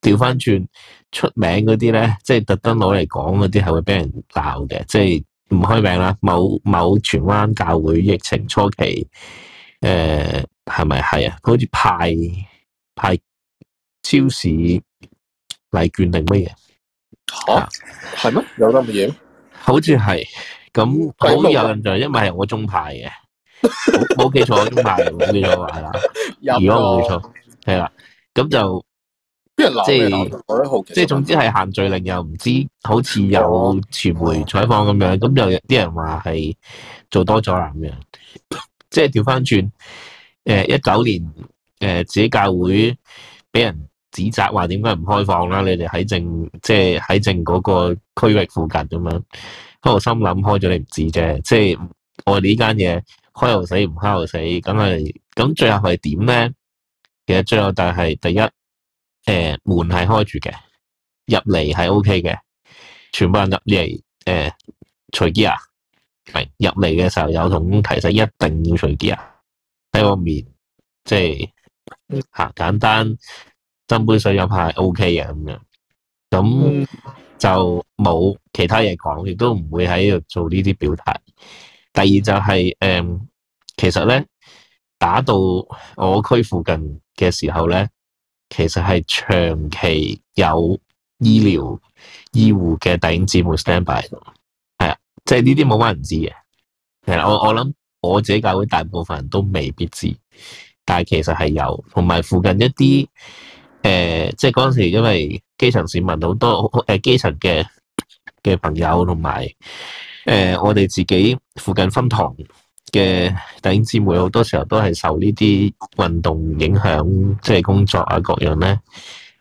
調翻轉出名嗰啲咧，即係特登攞嚟講嗰啲係會俾人鬧嘅，即係唔開名啦。某某荃灣教會疫情初期，誒、呃，係咪係啊？好似派派超市禮券定乜嘢？吓，係咩、啊啊？有咁嘅嘢？好似係咁，好有印象，因為係我中派嘅，冇 記錯，我中派冇記錯係啦，如果冇記錯，係啦。過咁就罵即係罵實即係，總之係限聚令又唔知，好似有傳媒採訪咁樣，咁、嗯嗯、又有啲人話係做多咗啦咁樣。 即係調翻轉，誒，一、呃、九年誒、呃，自己教會俾人指責話點解唔開放啦？你哋喺正即係喺正嗰個區域附近咁樣，開我心諗開咗你唔知啫。即係我哋呢間嘢，開又死，唔開又死，咁係咁最後係點咧？其實最後但係第一，誒、呃、門係開住嘅，入嚟係 O K 嘅，全部人入嚟誒隨機啊，係入嚟嘅時候有同提醒，一定要隨機啊，喺個面，即係吓簡單，斟杯水飲下 O K 嘅咁樣，咁就冇其他嘢講，亦都唔會喺度做呢啲表態。第二就係、是、誒、呃，其實咧。打到我區附近嘅時候咧，其實係長期有醫療醫護嘅弟兄姊妹 stand by，係啊，即係呢啲冇乜人知嘅。係啦，我我諗我自己教會大部分人都未必知，但係其實係有，同埋附近一啲誒、呃，即係嗰陣時因為基層市民好多誒、呃，基層嘅嘅朋友同埋誒，我哋自己附近分堂。嘅弟兄姊妹好多時候都係受呢啲運動影響，即係工作啊各樣咧，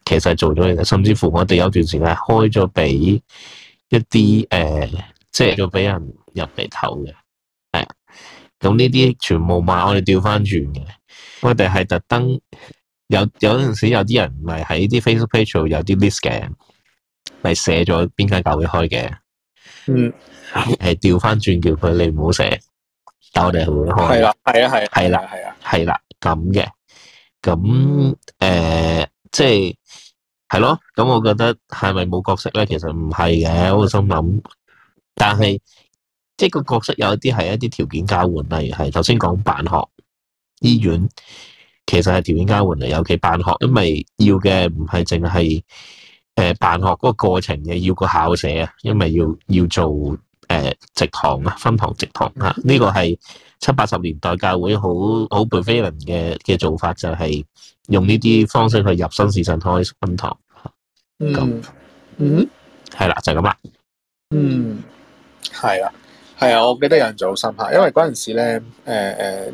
其實做咗嘅，甚至乎我哋有段時間係開咗俾一啲誒，即係做俾人入嚟投嘅，係啊，咁呢啲全部嘛，我哋調翻轉嘅，我哋係特登有有陣時有啲人唔係喺啲 Facebook page 度有啲 list 嘅，咪寫咗邊間教會開嘅，嗯，誒，調翻轉叫佢你唔好寫。但係我哋係會開，係啦，係啊，係，係啦，係啊，係啦，咁、嗯、嘅，咁、呃、誒，即係係咯，咁我覺得係咪冇角色咧？其實唔係嘅，我心諗，但係即係個角色有啲係一啲條件交換，例如係頭先講辦學醫院，其實係條件交換嚟。尤其辦學，因為要嘅唔係淨係誒辦學嗰個過程嘅，要個考社啊，因為要要做。誒、呃，直堂啊，分堂直堂啊，呢、這個係七八十年代教會好好 prevalent 嘅嘅做法，就係、是、用呢啲方式去入新市場開分堂。咁、啊，嗯，係啦樣，就係咁啦。嗯，係啦、嗯，係啊，我記得有人做新派，因為嗰陣時咧，誒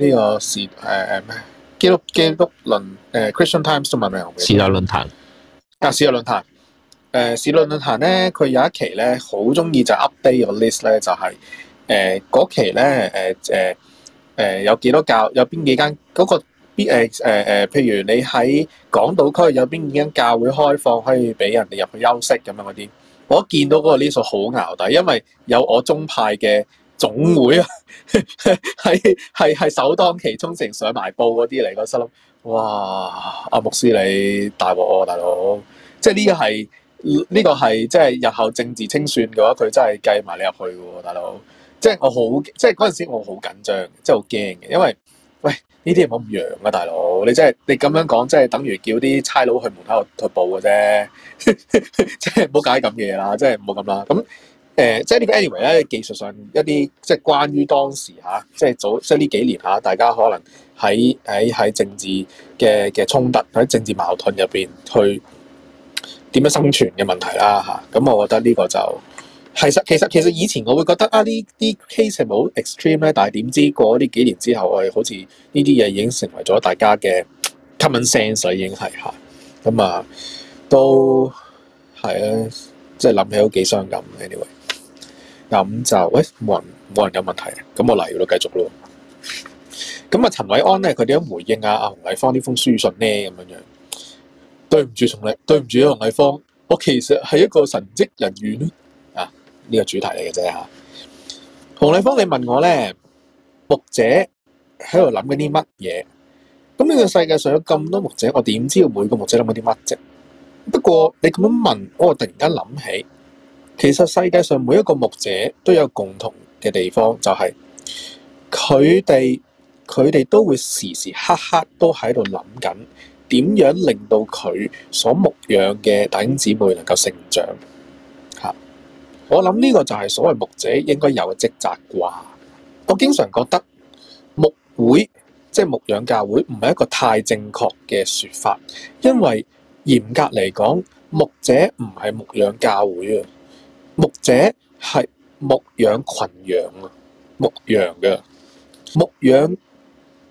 誒呢個時誒誒咩？基督基督論誒、呃、Christian Times 仲咪咪紅嘅？時代論壇，啊，時代論壇。誒市、呃、論論壇咧，佢有一期咧，好鍾意就 update 個 list 咧，就係誒嗰期咧，誒誒誒有幾多教有邊幾間嗰、那個 B 誒誒誒，譬如你喺港島區有邊幾間教會開放可以俾人哋入去休息咁樣嗰啲，我一見到嗰個 list 好牛大，因為有我宗派嘅總會啊，係係係首當其衝成上埋報嗰啲嚟，我心諗哇，阿牧師你大鑊啊，大佬，即係呢個係。呢個係即係日後政治清算嘅話，佢真係計埋你入去嘅喎，大佬。即係我好，即係嗰陣時我好緊張，即係好驚嘅。因為喂呢啲唔好咁揚啊，大佬。你真係你咁樣講，真係等於叫啲差佬去門口度退步嘅啫。 即係唔好解啲咁嘅嘢啦，即係唔好咁啦。咁誒，即係呢個 anyway 咧，技術上一啲即係關於當時吓、啊，即係早即係呢幾年吓，大家可能喺喺喺政治嘅嘅衝突喺政治矛盾入邊去。點樣生存嘅問題啦嚇，咁、啊、我覺得呢個就係實其實其實以前我會覺得啊呢呢呢啲 case 係冇 extreme 咧，但係點知過呢幾年之後，我、啊、係好似呢啲嘢已經成為咗大家嘅 common sense 已經係嚇，咁啊都係啊，即係諗起都幾傷感。Anyway，咁就喂冇、哎、人冇人有問題啊，咁我嚟咯繼續咯。咁啊陳偉安咧佢點樣回應啊啊洪麗芳呢封書信咧咁樣樣？對唔住，崇麗，對唔住啊，洪麗芳，我其實係一個神職人員啊，呢個主題嚟嘅啫吓。洪麗芳，你問我咧，牧者喺度諗緊啲乜嘢？咁呢個世界上有咁多牧者，我點知道每個牧者諗緊啲乜啫？不過你咁樣問，我突然間諗起，其實世界上每一個牧者都有共同嘅地方，就係佢哋佢哋都會時時刻刻都喺度諗緊。點樣令到佢所牧養嘅弟兄姊妹能夠成長嚇？我諗呢個就係所謂牧者應該有嘅職責啩。我經常覺得牧會，即係牧養教會唔係一個太正確嘅説法，因為嚴格嚟講，牧者唔係牧養教會啊，牧者係牧養羣羊啊，牧羊嘅，牧羊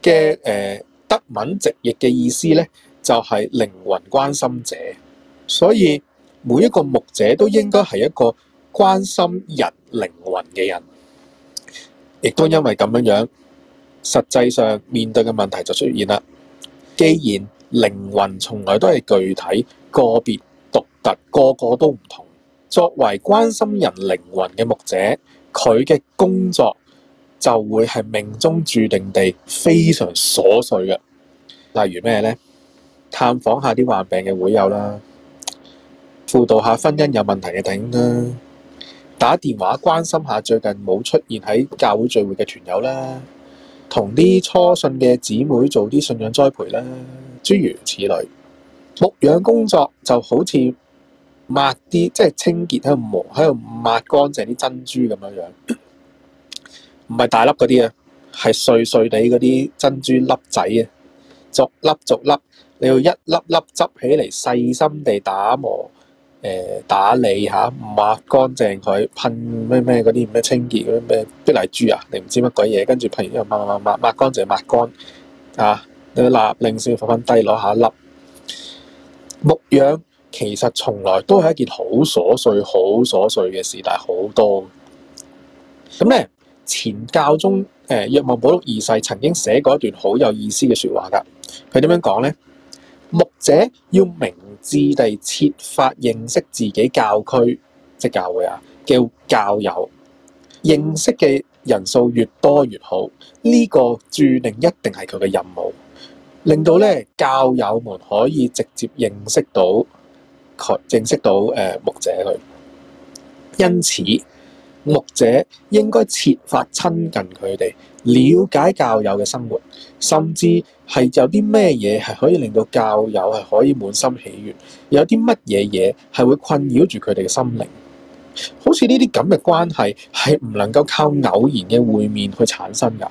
嘅，誒，德文直譯嘅意思咧。就係靈魂關心者，所以每一個牧者都應該係一個關心人靈魂嘅人，亦都因為咁樣樣，實際上面對嘅問題就出現啦。既然靈魂從來都係具體、個別、獨特，個個都唔同，作為關心人靈魂嘅牧者，佢嘅工作就會係命中注定地非常瑣碎嘅，例如咩呢？探訪下啲患病嘅會友啦，輔導下婚姻有問題嘅頂啦，打電話關心下最近冇出現喺教會聚會嘅團友啦，同啲初信嘅姊妹做啲信仰栽培啦，諸如此類。牧養工作就好似抹啲，即係清潔喺度，磨喺度抹乾淨啲珍珠咁樣樣，唔係大粒嗰啲啊，係碎碎哋嗰啲珍珠粒仔啊，逐粒逐粒。你要一粒粒執起嚟，細心地打磨，誒、呃、打理下，抹乾淨佢，噴咩咩嗰啲咩清潔嗰啲咩玻璃珠啊？你唔知乜鬼嘢，跟住噴完又抹抹抹抹乾淨抹乾啊，你立令少放翻低落下一粒。牧羊，其實從來都係一件好瑣碎、好瑣碎嘅事，但係好多咁咧。前教宗誒若望保祿二世曾經寫過一段好有意思嘅説話㗎。佢點樣講咧？牧者要明智地設法認識自己教區，即教會啊，叫教友。認識嘅人數越多越好，呢、這個註定一定係佢嘅任務，令到咧教友們可以直接認識到佢認識到誒牧者佢。因此，牧者應該設法親近佢哋，了解教友嘅生活，甚至。係有啲咩嘢係可以令到教友係可以滿心喜悅？有啲乜嘢嘢係會困擾住佢哋嘅心靈？好似呢啲咁嘅關係係唔能夠靠偶然嘅會面去產生㗎。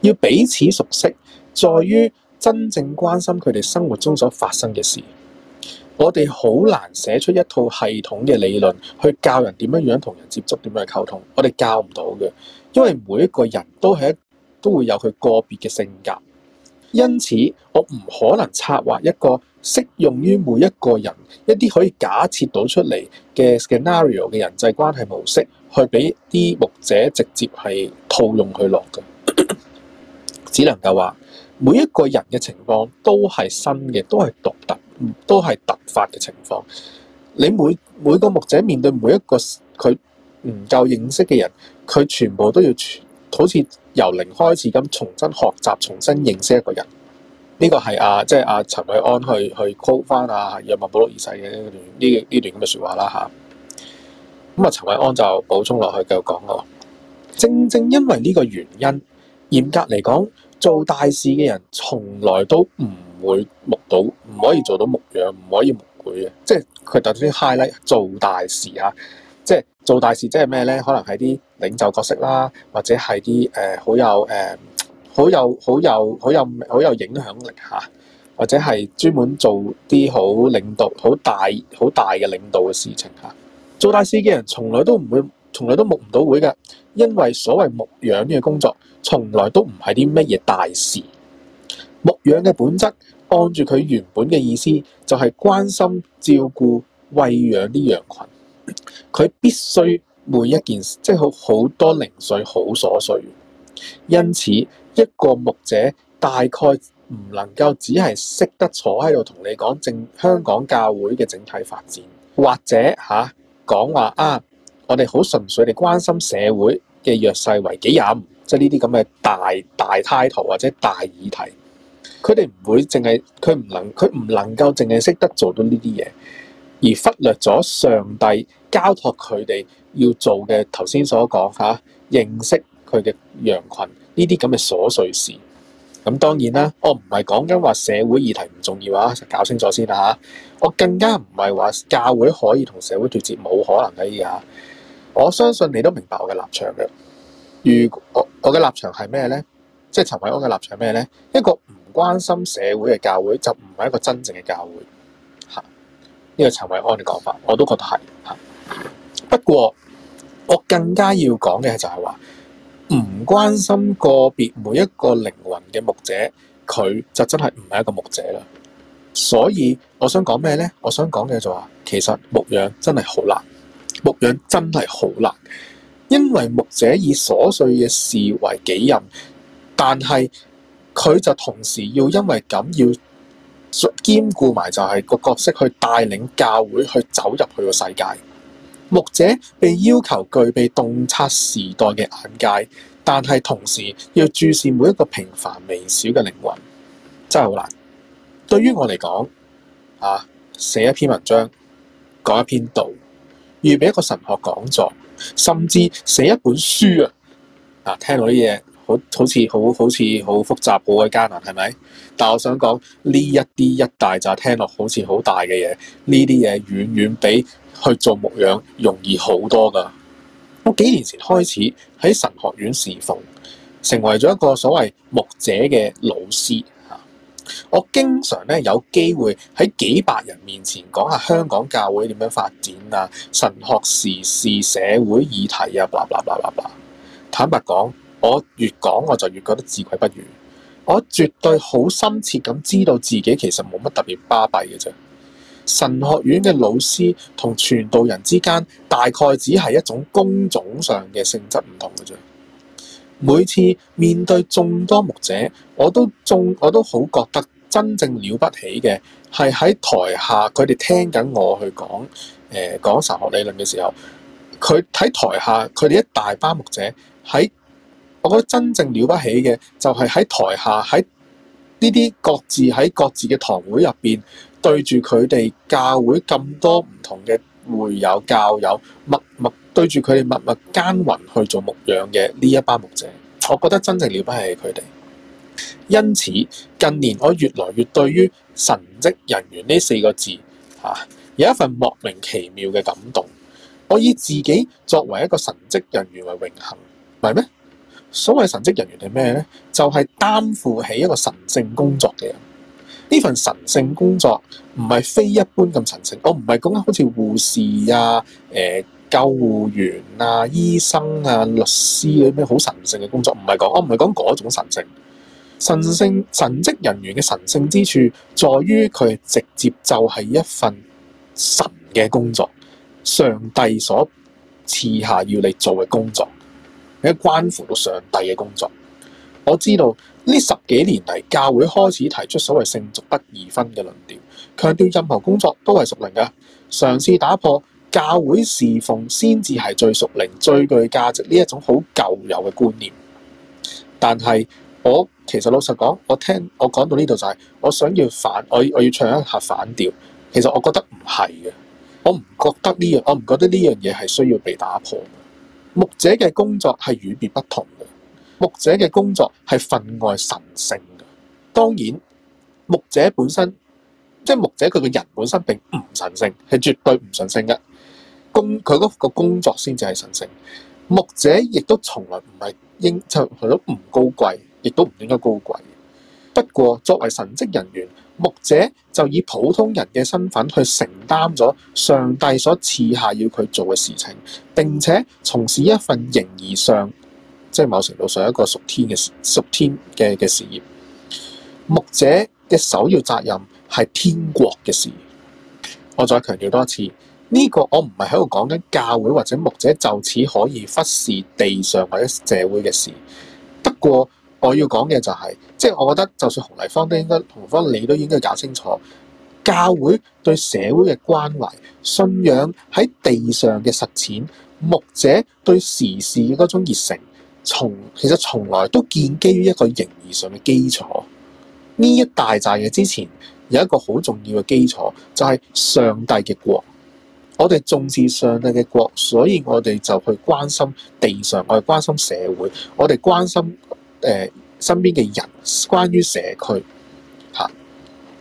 要彼此熟悉，在於真正關心佢哋生活中所發生嘅事。我哋好難寫出一套系統嘅理論去教人點樣樣同人接觸，點樣去溝通。我哋教唔到嘅，因為每一個人都係都會有佢個別嘅性格。因此，我唔可能策劃一個適用於每一個人一啲可以假設到出嚟嘅 scenario 嘅人際關係模式，去俾啲牧者直接係套用去落嘅。 只能夠話每一個人嘅情況都係新嘅，都係獨特，都係突發嘅情況。你每每個牧者面對每一個佢唔夠認識嘅人，佢全部都要。好似由零開始咁重新學習、重新認識一個人，呢、這個係啊，即係啊陳偉安去去 call 翻啊若望保祿二世嘅呢段呢段咁嘅説話啦吓，咁、嗯、啊陳偉安就補充落去繼續講咯。正正因為呢個原因，嚴格嚟講，做大事嘅人從來都唔會目睹，唔可以做到目樣，唔可以目攰嘅，即係佢特啲 highlight 做大事嚇、啊。即係做大事，即係咩咧？可能係啲領袖角色啦，或者係啲誒好有誒好、呃、有好有好有好有影響力嚇、啊，或者係專門做啲好領導、好大好大嘅領導嘅事情嚇、啊。做大事嘅人從來都唔會，從來都牧唔到會嘅，因為所謂牧養嘅工作，從來都唔係啲咩嘢大事。牧養嘅本質，按住佢原本嘅意思，就係、是、關心照顧餵養啲羊群。佢必須每一件事，即係好好多零碎、好瑣碎。因此，一個牧者大概唔能夠只係識得坐喺度同你講正香港教會嘅整體發展，或者吓講、啊、話啊，我哋好純粹地關心社會嘅弱勢為己任，即係呢啲咁嘅大大態度或者大議題，佢哋唔會淨係，佢唔能，佢唔能夠淨係識得做到呢啲嘢。而忽略咗上帝交託佢哋要做嘅，頭先所講，吓、啊、認識佢嘅羊群呢啲咁嘅瑣碎事。咁、嗯、當然啦，我唔係講緊話社會議題唔重要啊，搞清楚先啦嚇、啊。我更加唔係話教會可以同社會脫節，冇可能嘅依家。我相信你都明白我嘅立場嘅。如我嘅立場係咩咧？即係陳偉安嘅立場咩咧？一個唔關心社會嘅教會就唔係一個真正嘅教會。呢個陳偉安嘅講法，我都覺得係。不過我更加要講嘅就係話，唔關心個別每一個靈魂嘅牧者，佢就真係唔係一個牧者啦。所以我想講咩呢？我想講嘅就話、是，其實牧養真係好難，牧養真係好難，因為牧者以瑣碎嘅事為己任，但係佢就同時要因為咁要。兼顧埋就係個角色去帶領教會去走入去個世界。牧者被要求具備洞察時代嘅眼界，但係同時要注視每一個平凡微小嘅靈魂，真係好難。對於我嚟講，啊，寫一篇文章，講一篇道，預備一個神學講座，甚至寫一本書啊，啊，聽到啲嘢。好似好好似好複雜，好鬼艱難，係咪？但我想講呢一啲一大紮聽落好似好大嘅嘢，呢啲嘢遠遠比去做牧養容易好多㗎。我幾年前開始喺神學院侍奉，成為咗一個所謂牧者嘅老師嚇。我經常咧有機會喺幾百人面前講下香港教會點樣發展啊，神學時事社會議題啊，blah blah blah blah blah。坦白講。我越講我就越覺得自愧不如，我絕對好深切咁知道自己其實冇乜特別巴閉嘅啫。神學院嘅老師同傳道人之間大概只係一種工種上嘅性質唔同嘅啫。每次面對眾多牧者，我都仲我都好覺得真正了不起嘅係喺台下佢哋聽緊我去講，誒，講神學理論嘅時候，佢喺台下佢哋一大班牧者喺。我覺得真正了不起嘅就係喺台下喺呢啲各自喺各自嘅堂會入邊，對住佢哋教會咁多唔同嘅會友教友默默對住佢哋默默耕耘去做牧養嘅呢一班牧者，我覺得真正了不起佢哋。因此近年我越來越對於神職人員呢四個字嚇、啊、有一份莫名其妙嘅感動。我以自己作為一個神職人員為榮幸，係咩？所謂神職人員係咩呢？就係擔負起一個神聖工作嘅人。呢份神聖工作唔係非一般咁神聖，我唔係講好似護士啊、誒、呃、救護員啊、醫生啊、律師嗰啲咩好神聖嘅工作，唔係講，我唔係講嗰種神聖。神聖神職人員嘅神聖之處，在於佢直接就係一份神嘅工作，上帝所賜下要你做嘅工作。你關乎到上帝嘅工作，我知道呢十幾年嚟，教會開始提出所謂聖俗不二分嘅論調，強調任何工作都係屬靈嘅，嘗試打破教會侍奉先至係最屬靈、最具價值呢一種好舊有嘅觀念。但係我其實老實講，我聽我講到呢度就係我想要反，我我要唱一下反調。其實我覺得唔係嘅，我唔覺得呢樣，我唔覺得呢樣嘢係需要被打破。牧者嘅工作係與別不同嘅，牧者嘅工作係分外神聖嘅。當然，牧者本身即係牧者佢嘅人本身並唔神聖，係絕對唔神聖嘅工。佢嗰個工作先至係神聖。牧者亦都從來唔係應就佢都唔高貴，亦都唔應該高貴。不過作為神職人員。牧者就以普通人嘅身份去承擔咗上帝所賜下要佢做嘅事情，並且從事一份形而上，即係某程度上一個屬天嘅屬天嘅嘅事業。牧者嘅首要責任係天國嘅事。我再強調多一次，呢個我唔係喺度講緊教會或者牧者就此可以忽視地上或者社會嘅事，不過。我要講嘅就係、是，即係我覺得，就算紅泥坊都應該，同方你都應該搞清楚，教會對社會嘅關懷、信仰喺地上嘅實踐、牧者對時事嘅嗰種熱誠，從，其實從來都建基於一個形而上嘅基礎。呢一大紮嘢之前有一個好重要嘅基礎，就係、是、上帝嘅國。我哋重視上帝嘅國，所以我哋就去關心地上，我哋關心社會，我哋關心，誒、呃、身邊嘅人，關於社區嚇、啊，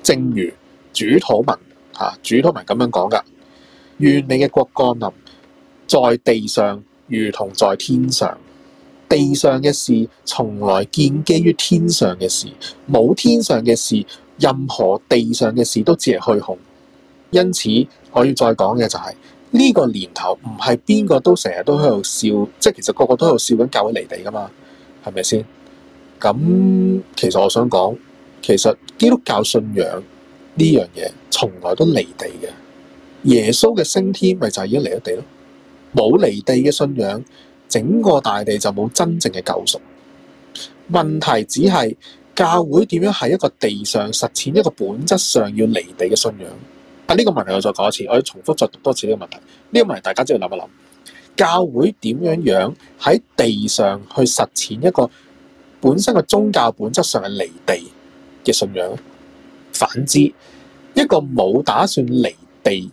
正如主禱文嚇、啊，主禱文咁樣講噶，願你嘅國降臨在地上，如同在天上。地上嘅事，從來建基於天上嘅事，冇天上嘅事，任何地上嘅事都只係虛空。因此，我要再講嘅就係、是、呢、這個年頭，唔係邊個都成日都喺度笑，即係其實個個都喺度笑緊教會離地噶嘛，係咪先？咁其實我想講，其實基督教信仰呢樣嘢從來都離地嘅。耶穌嘅升天咪就係已經離咗地咯。冇離地嘅信仰，整個大地就冇真正嘅救贖。問題只係教會點樣喺一個地上實踐一個本質上要離地嘅信仰？啊，呢個問題我再講一次，我要重複再讀多次呢個問題。呢個問題大家即係諗一諗，教會點樣樣喺地上去實踐一個？本身嘅宗教本質上係離地嘅信仰，反之，一個冇打算離地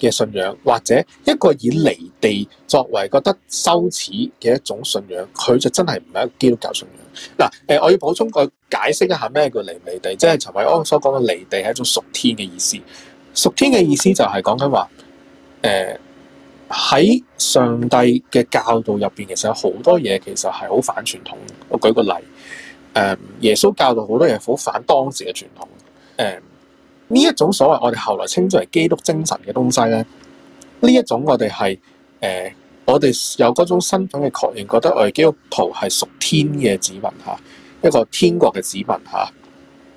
嘅信仰，或者一個以離地作為覺得羞恥嘅一種信仰，佢就真係唔係基督教信仰。嗱，誒，我要補充個解釋一下咩叫離唔離地，即係陳偉安所講嘅離地係一種屬天嘅意思。屬天嘅意思就係講緊話，誒、呃，喺上帝嘅教導入邊，其實有好多嘢其實係好反傳統。我舉個例。誒，耶穌教導好多嘢好反當時嘅傳統、嗯。誒，呢一種所謂我哋後來稱之為基督精神嘅東西咧，呢一種我哋係誒，我哋有嗰種身份嘅確認，覺得我哋基督徒係屬天嘅子民吓，一個天國嘅子民吓。誒、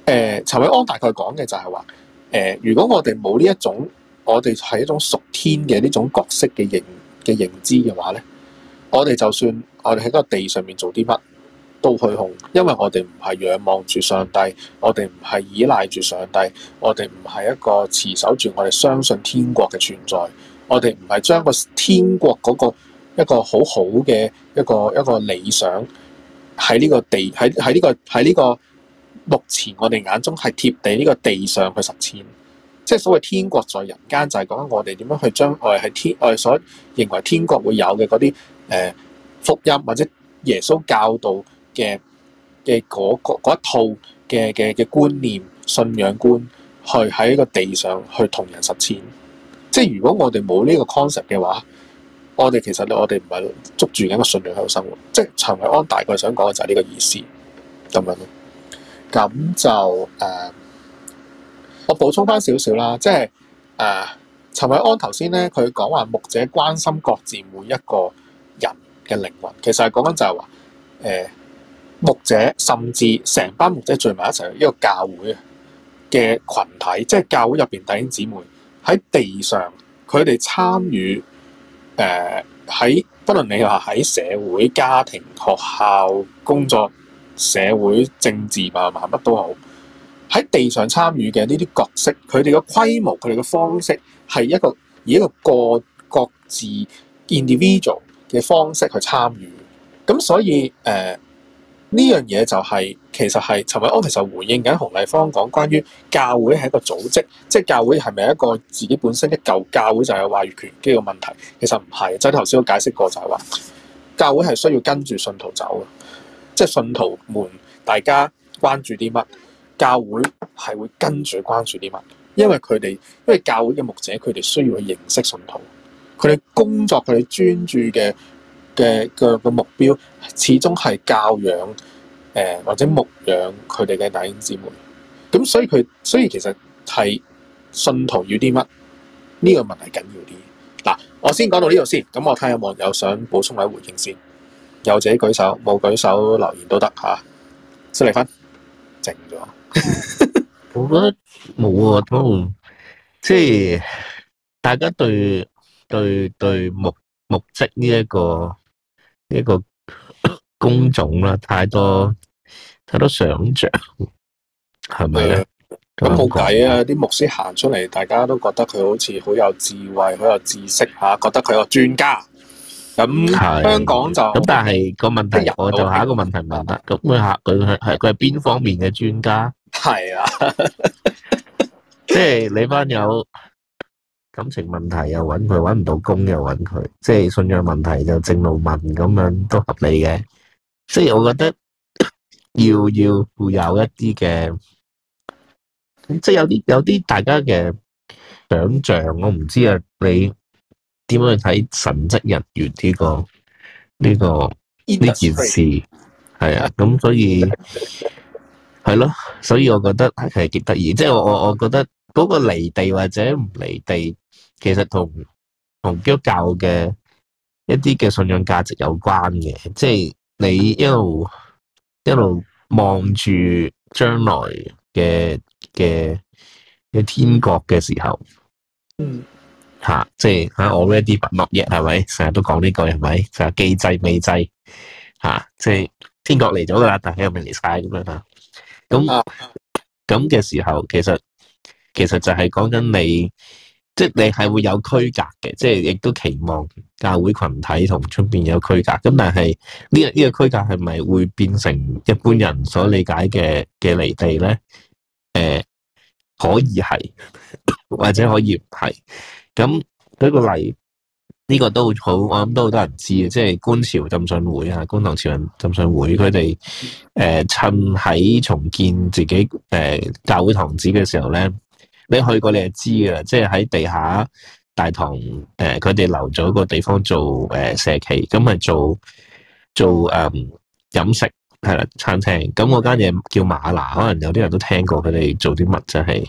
呃，陳偉安大概講嘅就係話，誒、呃，如果我哋冇呢一種我哋係一種屬天嘅呢種角色嘅認嘅認知嘅話咧，我哋就算我哋喺個地上面做啲乜，都去控，因為我哋唔係仰望住上帝，我哋唔係依賴住上帝，我哋唔係一個持守住我哋相信天國嘅存在，我哋唔係將個天國嗰個一個好好嘅一個一個理想喺呢個地喺喺呢個喺呢個目前我哋眼中係貼地呢個地上去實踐，即係所謂天國在人間就係講我哋點樣去將我哋係天我哋所認為天國會有嘅嗰啲誒福音或者耶穌教導。嘅嘅嗰一套嘅嘅嘅觀念信仰觀，去喺一個地上去同人實踐。即係如果我哋冇呢個 concept 嘅話，我哋其實我哋唔係捉住緊個信仰喺度生活。即係陳偉安大概想講嘅就係呢個意思。咁樣，咁就誒、呃，我補充翻少少啦。即係誒，陳、呃、偉安頭先咧，佢講話牧者關心各自每一個人嘅靈魂，其實係講緊就係話誒。呃牧者甚至成班牧者聚埋一齊，一個教會嘅群體，即係教會入邊弟兄姊妹喺地上，佢哋參與誒，喺、呃，不論你話喺社會、家庭、學校、工作、社會政治啊，乜都好，喺地上參與嘅呢啲角色，佢哋嘅規模，佢哋嘅方式係一個以一個個各，各自 individual 嘅方式去參與，咁所以誒。呃呢樣嘢就係，其實係陳偉安其實回應緊洪麗芳講關於教會係一個組織，即係教會係咪一個自己本身一嚿教會就有話語權嘅個問題？其實唔係，即係頭先都解釋過就係話教會係需要跟住信徒走嘅，即係信徒們大家關注啲乜，教會係會跟住關注啲乜，因為佢哋，因為教會嘅牧者佢哋需要去認識信徒，佢哋工作，佢哋專注嘅嘅個個目標始終係教養誒、呃、或者牧養佢哋嘅弟兄姊妹，咁所以佢所以其實係信徒要啲乜呢個問題緊要啲嗱，我先講到呢度先，咁我睇下網友想補充下回應先，有者舉手冇舉手留言都得嚇，先、啊、嚟分靜咗，冇 得，冇啊，都、嗯、即係大家對對對，對，對目目的呢一個。呢個工種啦，太多太多想象，係咪咧？咁冇計啊！啲牧師行出嚟，大家都覺得佢好似好有智慧，好有知識吓，覺得佢個專家。咁的香港就咁，但係個問題，人我就下一個問題問啦。咁佢下佢係佢係邊方面嘅專家？係啊是的， 即係你班友。感情問題又揾佢，揾唔到工又揾佢，即係信仰問題就正路問，咁樣都合理嘅。即係我覺得要要有一啲嘅，即係有啲有啲大家嘅想像，我唔知啊，你點樣去睇神職人員呢個呢個呢件事？係啊，咁所以係咯，所以我覺得係幾得意。即係我我我覺得嗰個離地或者唔離地。其實同同基督教嘅一啲嘅信仰價值有關嘅，即係你一路一路望住將來嘅嘅嘅天國嘅時候，嗯吓、啊，即係吓我 already but not yet，係咪成日都講呢句係咪就係既濟未濟吓，即係天國嚟咗噶啦，但係又未嚟晒咁樣吓，咁咁嘅時候，其實其實就係講緊你。即係你係會有區隔嘅，即係亦都期望教會群體同出邊有區隔。咁但係呢個呢個區隔係咪會變成一般人所理解嘅嘅離地呢？誒、呃，可以係，或者可以唔係。咁舉個例，呢、這個都好，我諗都好多人知嘅，即係觀潮浸信會啊、觀塘潮人浸信會佢哋誒趁喺重建自己誒、呃、教會堂址嘅時候呢。你去過你就知㗎喇，即係喺地下大堂誒，佢、呃、哋留咗個地方做誒社企，咁、呃、咪做做誒、嗯、飲食係啦餐廳。咁、嗯、嗰間嘢叫馬拿，可能有啲人都聽過佢哋做啲乜，就係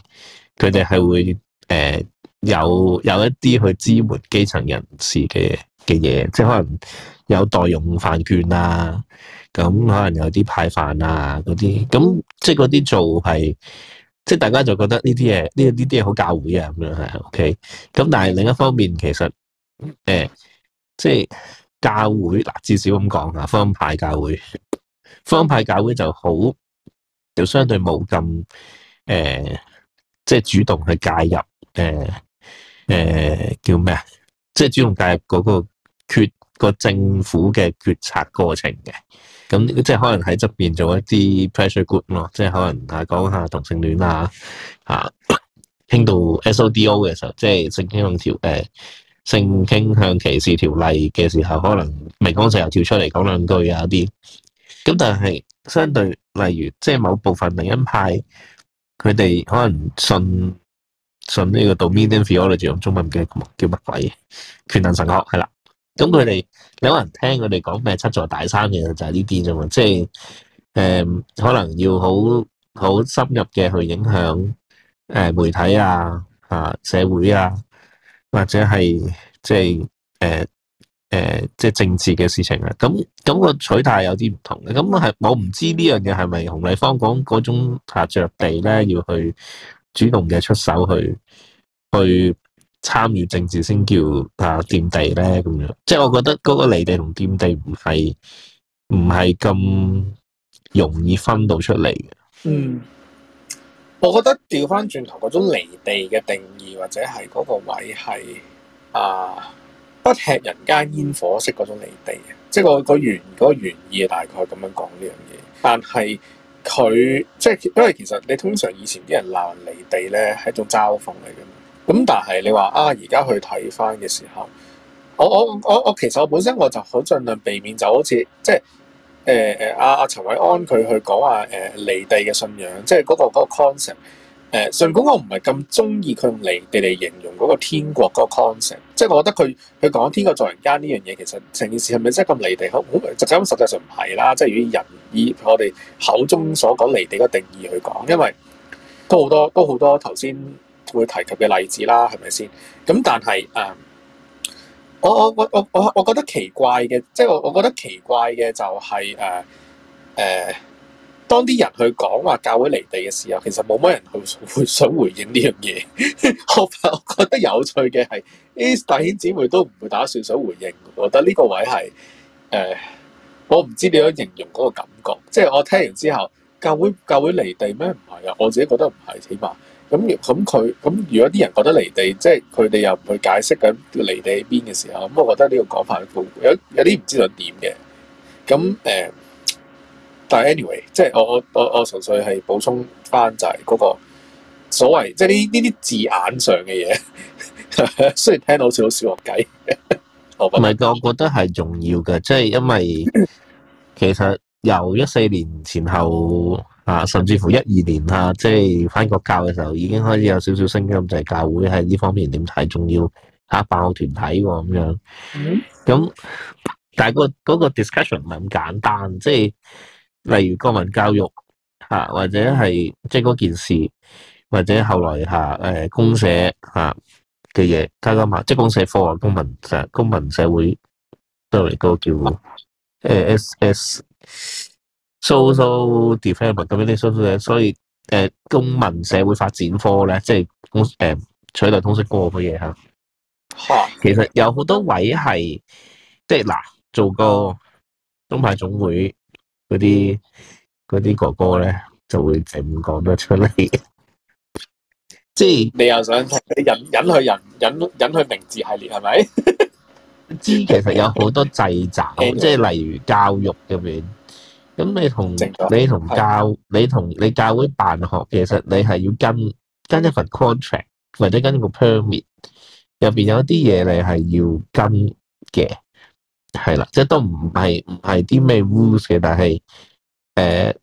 佢哋係會誒、呃、有有一啲去支援基層人士嘅嘅嘢，即係可能有代用飯券啦、啊，咁、嗯、可能有啲派飯啊嗰啲，咁、嗯、即係嗰啲做係。即係大家就覺得呢啲嘢，呢呢啲嘢好教會啊咁樣係，OK。咁但係另一方面，其實誒，即係教會嗱，至少咁講吓，方派教會，方派教會就好，就相對冇咁誒，即係主動去介入誒誒叫咩啊？即係主動介入嗰個決個政府嘅決策過程嘅。咁即係可能喺側邊做一啲 pressure group 咯，即係可能啊講下同性戀啊，啊傾到 SODO 嘅時候，即係性傾向條誒、呃、性傾向歧視條例嘅時候，可能明光社又跳出嚟講兩句啊啲。咁但係相對，例如即係某部分另一派，佢哋可能信信呢個到 Dominion Theology 中文嘅叫乜鬼嘅權能神學，係啦。咁佢哋有可能聽佢哋講咩七座大山，嘅，就係呢啲啫嘛，即係誒、呃，可能要好好深入嘅去影響誒、呃、媒體啊，啊社會啊，或者係即係誒誒，即係、呃呃、政治嘅事情啊。咁咁個取態有啲唔同嘅，咁、嗯、係我唔知呢樣嘢係咪洪麗芳講嗰種下着地咧，要去主動嘅出手去去。參與政治先叫啊掂地咧咁樣，即係我覺得嗰個離地同掂地唔係唔係咁容易分到出嚟嘅。嗯，我覺得調返轉頭嗰種離地嘅定義，或者係嗰個位係啊不吃人間煙火式嗰種離地啊，即係個、嗰個原嗰、嗰個、原意大概咁樣講呢樣嘢。但係佢即係因為其實你通常以前啲人鬧人離地咧係一種嘲諷嚟嘅。咁但係你話啊，而家去睇翻嘅時候，我我我我其實我本身我就好盡量避免就好似即係誒誒啊陳偉安佢去講啊誒離地嘅信仰，即係嗰個嗰個 concept 誒呃。盡管我唔係咁中意佢用離地嚟形容嗰個天國嗰個 concept，即係我覺得佢佢講天國造人間呢樣嘢，其實成件事係咪真係咁離地？好，就噉，實際上唔係啦。即係如果人以我哋口中所講離地嘅定義去講，因為都好多都好多頭先。會提及嘅例子啦，係咪先？咁但係誒、嗯，我我我我我我覺得奇怪嘅，即係我我覺得奇怪嘅就係誒誒，當啲人去講話教會離地嘅時候，其實冇乜人去會想回應呢樣嘢。 我我覺得有趣嘅係，大顯姊妹都唔會打算想回應。我覺得呢個位係誒、呃，我唔知點樣形容嗰個感覺。即係我聽完之後，教會教會離地咩？唔係啊，我自己覺得唔係，起碼。咁咁佢咁，如果啲人覺得離地，即係佢哋又唔去解釋緊離地喺邊嘅時候，咁、嗯、我覺得呢個講法有有啲唔知道點嘅。咁、嗯、誒，但係 anyway，即係我我我我純粹係補充返就係嗰個所謂即係呢呢啲字眼上嘅嘢， 雖然聽到好似好小學雞，唔係 我，我覺得係重要嘅，即、就、係、是、因為其實由一四年前後。啊，甚至乎一二年啊，即係反國教嘅時候，已經開始有少少聲音，就係、是、教會喺呢方面點睇，仲要嚇辦學團體喎咁樣。咁、mm hmm. 但係、那個嗰、那個 discussion 唔係咁簡單，即、就、係、是、例如國民教育嚇，或者係即係嗰件事，或者後來嚇誒、呃、公社嚇嘅嘢加加埋，即係公社科啊、公民社、公民社會 sorry，嗰個叫誒 S S。呃 SS, So so development 咁樣啲 So so，所以誒公民社會發展科咧，即係我誒取代通識過嘅嘢吓。吓，其實有好多位係即係嗱，做過中派總會嗰啲嗰啲哥哥咧，就會整講得出嚟。 即係你又想，睇，你引引去人，引引去名字係列係咪？知 其實有好多掣肘，即係例如教育咁樣。咁你同好你同教的你同你教會辦學，其實你係要跟跟一份 contract 或者跟個 permit 入邊有一啲嘢你係要跟嘅。係啦，即係都唔係唔係啲咩 rules 嘅，但係誒、呃、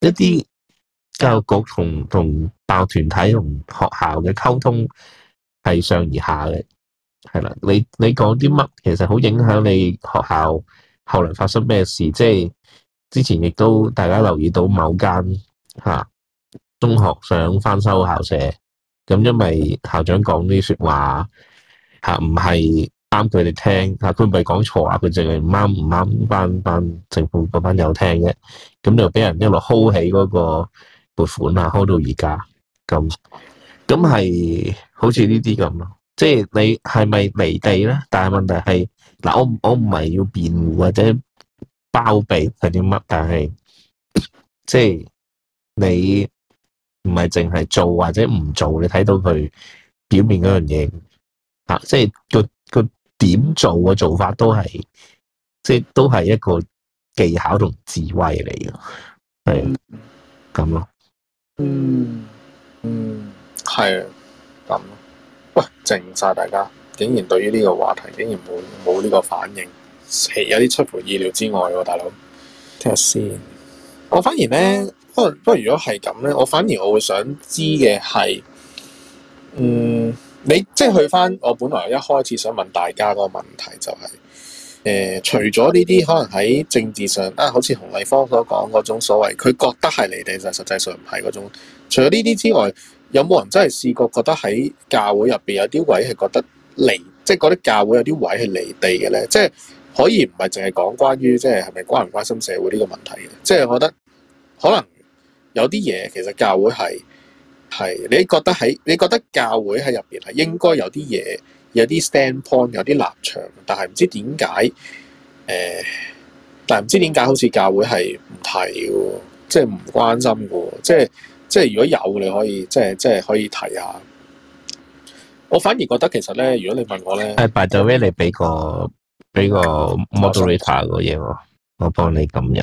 一啲教育局同同教團體同學校嘅溝通係上而下嘅。係啦，你你講啲乜，其實好影響你學校後來發生咩事，即係。之前亦都大家留意到某間吓、啊、中學想翻修校舍，咁因為校長講啲說話吓唔係啱佢哋聽吓，佢唔係講錯啊，佢淨係唔啱唔啱班班政府嗰班友聽嘅，咁就俾人一路 hold 起嗰個撥、那個、款啊，hold 到而家咁，咁係好似呢啲咁咯，即係你係咪離地咧？但係問題係嗱、啊，我我唔係要辯護或者。包庇係啲乜？但係即係你唔係淨係做或者唔做，你睇到佢表面嗰樣嘢啊！即係佢點做嘅做法都係，即係都係一個技巧同智慧嚟嘅，係咁咯。嗯嗯，係啊咁。喂，靜晒大家，竟然對於呢個話題，竟然冇冇呢個反應。有啲出乎意料之外喎，大佬。睇下先。我反而咧，不過不過，如果係咁咧，我反而我會想知嘅係，嗯，你即係去翻我本來一開始想問大家個問題就係、是，誒、呃，除咗呢啲可能喺政治上啊，好似洪麗芳所講嗰種所謂佢覺得係離地，就實際上唔係嗰種。除咗呢啲之外，有冇人真係試過覺得喺教會入邊有啲位係覺得離，即係嗰啲教會有啲位係離地嘅咧？即係。可以唔係淨係講關於即係係咪關唔關心社會呢個問題嘅？即係我覺得可能有啲嘢其實教會係係你覺得喺你覺得教會喺入邊係應該有啲嘢有啲 standpoint 有啲立場，但係唔知點解誒？但係唔知點解好似教會係唔提嘅、就是，即係唔關心嘅。即係即係如果有你可以即係即係可以提下。我反而覺得其實咧，如果你問我咧，誒，by the way，你俾個。呢個 m o d e r a 個嘢，我我幫你咁樣。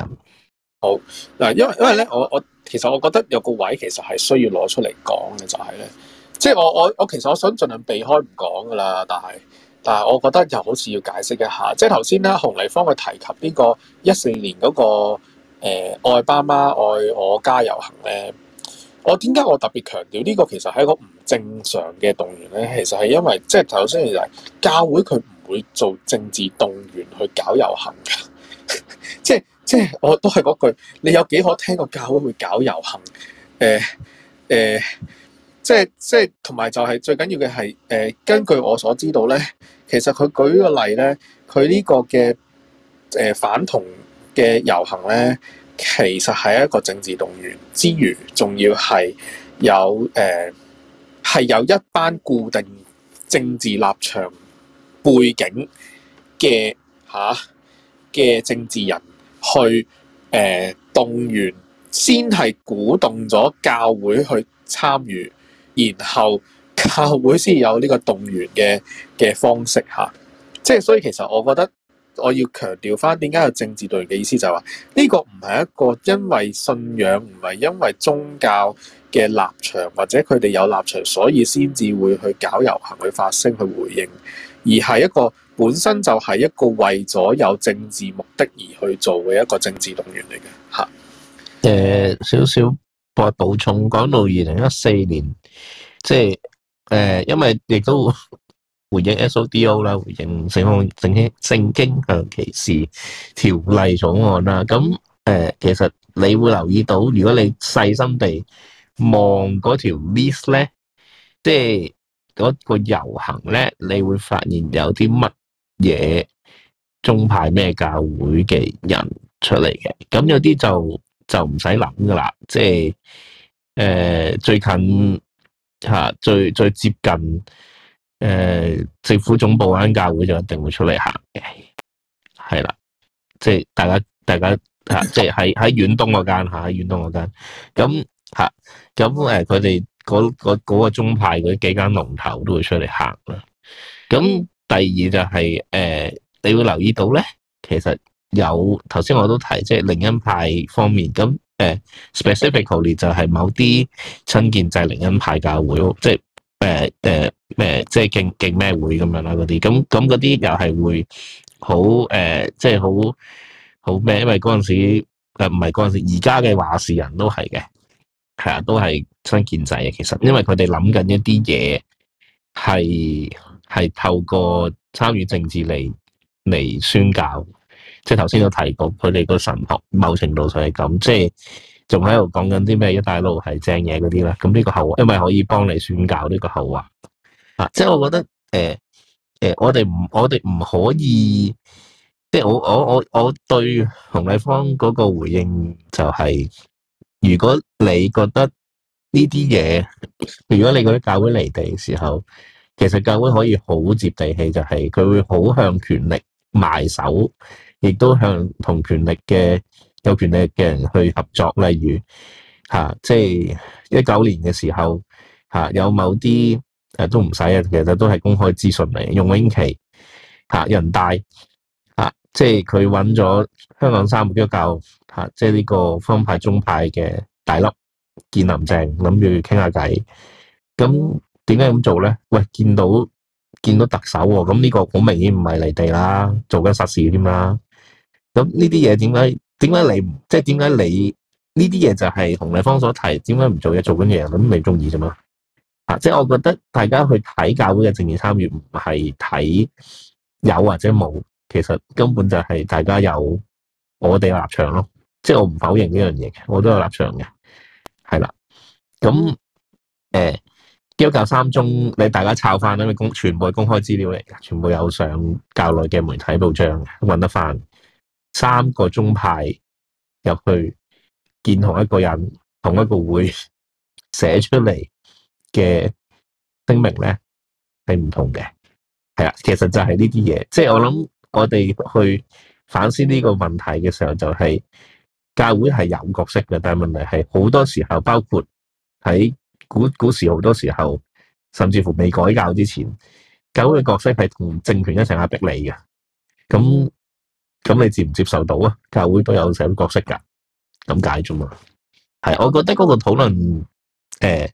好嗱，因為因為咧，我我其實我覺得有個位其實係需要攞出嚟講嘅，就係咧，即係我我我其實我想盡量避開唔講噶啦，但係但係我覺得又好似要解釋一下，即係頭先咧，洪禮芳佢提及呢個一四年嗰，那個誒、呃、愛爸媽愛我家遊行咧，我點解我特別強調呢個其實係一個唔正常嘅動員咧？其實係因為即係頭先其係教會佢會做政治動員去搞遊行嘅， 即係即係，我都係嗰句，你有幾可聽個教會會搞遊行？誒、呃、誒、呃，即係即係，同埋就係、是、最緊要嘅係誒，根據我所知道咧，其實佢舉個例咧，佢呢個嘅誒、呃、反同嘅遊行咧，其實係一個政治動員之餘，仲要係有誒係有一班固定政治立場。背景嘅嚇嘅政治人去誒、呃、動員，先係鼓動咗教會去參與，然後教會先有呢個動員嘅嘅方式嚇、啊。即係所以其實我覺得我要強調返點解有政治動員嘅意思就，就係話呢個唔係一個因為信仰，唔係因為宗教嘅立場，或者佢哋有立場，所以先至會去搞遊行、去發聲、去回應。而係一個本身就係一個為咗有政治目的而去做嘅一個政治動員嚟嘅嚇。誒少少再補充講到二零一四年，即係誒，因為亦都回應 SODO 啦，回應性傾、性傾、性傾向啊歧視條例草案啦。咁誒，其實你會留意到，如果你細心地望嗰條 list 咧，即係。嗰個遊行咧，你會發現有啲乜嘢宗派咩教會嘅人出嚟嘅，咁有啲就就唔使諗噶啦，即係誒、呃、最近嚇、啊、最最接近誒、啊、政府總部嗰間教會就一定會出嚟行嘅，係啦，即係大家大家嚇、啊、即係喺喺遠東嗰間喺、啊、遠東嗰間，咁嚇咁誒佢哋。啊嗰嗰個宗派嗰幾間龍頭都會出嚟行啦。咁第二就係、是、誒、呃，你會留意到咧，其實有頭先我都提，即係靈恩派方面。咁誒、呃、specifically 就係某啲親建制靈恩派教會，即係誒誒誒，即係敬敬咩會咁樣啦嗰啲。咁咁嗰啲又係會好誒、呃，即係好好咩？因為嗰陣時誒唔係嗰陣時，而家嘅話事人都係嘅。係啊，其實都係新建制嘅。其實，因為佢哋諗緊一啲嘢，係係透過參與政治嚟嚟宣教。即係頭先都提及，佢哋個神學某程度上係咁，即係仲喺度講緊啲咩？一帶一路係正嘢嗰啲咧。咁呢個後話因為可以幫你宣教呢個後話啊！即係我覺得誒誒、呃呃，我哋唔我哋唔可以，即係我我我我對洪麗芳嗰個回應就係、是。如果你覺得呢啲嘢，如果你覺得教會離地嘅時候，其實教會可以好接地氣，就係、是、佢會好向權力埋手，亦都向同權力嘅有權力嘅人去合作。例如嚇，即係一九年嘅時候嚇、啊，有某啲誒、啊、都唔使啊，其實都係公開資訊嚟，容永祺嚇人大。即係佢揾咗香港三個基督教、啊，即係呢個方派、中派嘅大粒見林鄭，諗住傾下偈。咁點解咁做咧？喂，見到見到特首喎、哦，咁呢個好明顯唔係離地啦，做緊實事添啦。咁呢啲嘢點解？點解你即係點解你呢啲嘢就係洪麗芳所提？點解唔做嘢做緊嘢，咁你中意啫嘛？啊，即係我覺得大家去睇教會嘅正面參與，唔係睇有或者冇。其實根本就係大家有我哋立場咯，即係我唔否認呢樣嘢嘅，我都有立場嘅，係啦。咁誒，欸、基督教三宗，你大家抄翻啦，因，全部係公開資料嚟嘅，全部有上教內嘅媒體報章，搵得翻。三個宗派入去見同一個人，同一個會寫出嚟嘅聲明咧係唔同嘅，係啦。其實就係呢啲嘢，即係我諗。我哋去反思呢個問題嘅時候，就係教會係有角色嘅，但係問題係好多時候，包括喺古古時好多時候，甚至乎未改教之前，教會嘅角色係同政權一齊壓逼你嘅。咁咁你接唔接受到啊？教會都有社會角色噶，咁解啫嘛。係，我覺得嗰個討論，誒、呃、誒、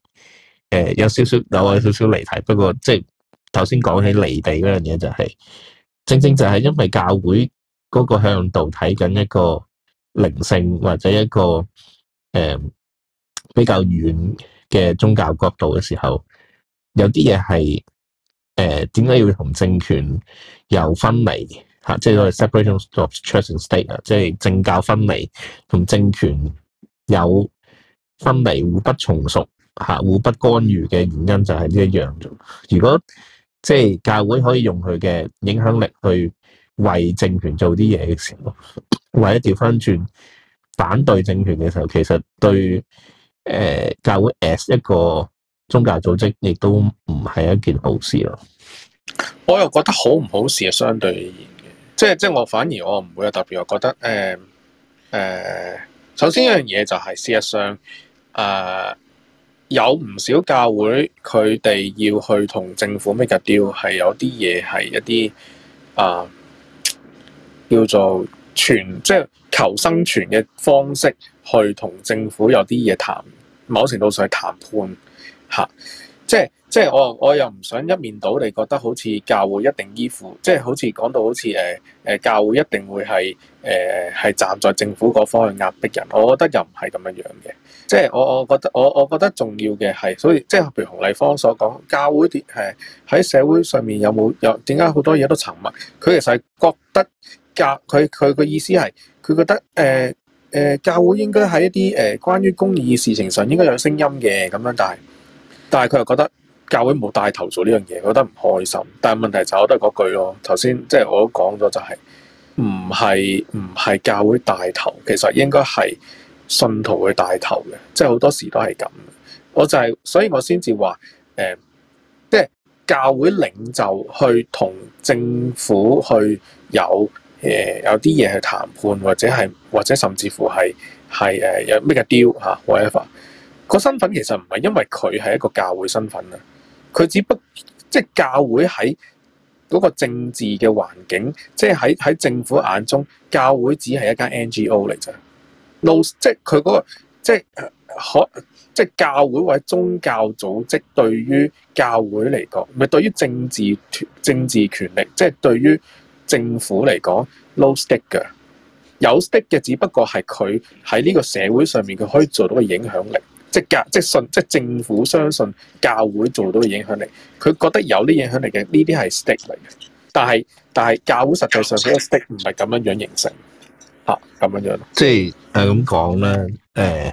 呃，有少少有少少離題。不過即係頭先講起離地嗰樣嘢，就是，就係。正正就係因為教會嗰個向度睇緊一個靈性或者一個誒、呃、比較遠嘅宗教角度嘅時候，有啲嘢係誒點解要同政權有分離吓、啊，即係我哋 separation of church and state 啊，即係政教分離同政權有分離、互不從屬吓、互不干預嘅原因就係呢一樣咗。如果即係教會可以用佢嘅影響力去為政權做啲嘢嘅時候，為咗掉返轉反對政權嘅時候，其實對誒、呃、教會 as 一個宗教組織，亦都唔係一件好事咯。我又覺得好唔好事係相對而言嘅，即係即係我反而我唔會有特別，我覺得誒誒、呃呃，首先一樣嘢就係事實上誒。呃有唔少教會，佢哋要去同政府 make a deal，係有啲嘢係一啲啊叫做存，即係求生存嘅方式去同政府有啲嘢談，某程度上係談判吓。啊。即係即係我我又唔想一面倒，你覺得好似教會一定依附，即係好似講到好似誒誒教會一定會係誒係站在政府嗰方去壓迫人。我覺得又唔係咁樣樣嘅。即係我我覺得我我覺得重要嘅係，所以即係譬如洪麗芳所講，教會啲喺、呃、社會上面有冇有點解好多嘢都沉默？佢其實係覺得教佢佢嘅意思係佢覺得誒誒、呃呃、教會應該喺一啲誒、呃、關於公義，事情上應該有聲音嘅咁樣，但係。但係佢又覺得教會冇帶頭做呢樣嘢，覺得唔開心。但係問題就我都係嗰句咯，頭先即係我都講咗就係唔係唔係教會帶頭，其實應該係信徒去帶頭嘅，即係好多時都係咁。我就係、是、所以我先至話誒，即係教會領袖去同政府去有誒、呃、有啲嘢去談判，或者係或者甚至乎係係誒有咩嘅 deal、啊、whatever 個身份其實唔係因為佢係一個教會身份啊，佢只不即係教會喺嗰個政治嘅環境，即係喺喺政府眼中，教會只係一間 NGO 嚟啫。l o、no，即係佢嗰個即係可即係教會或者宗教組織對於教會嚟講，唔係對於政治權政治權力，即係對於政府嚟講 l o s stick 嘅、er，有 stick 嘅，只不過係佢喺呢個社會上面佢可以做到嘅影響力。即係即信，即係政府相信教會做到嘅影響力。佢覺得有啲影響力嘅，呢啲係 stick 嚟嘅。但係但係教會實際上啲 stick 唔係咁樣樣形成，嚇咁樣樣。即係係咁講啦，誒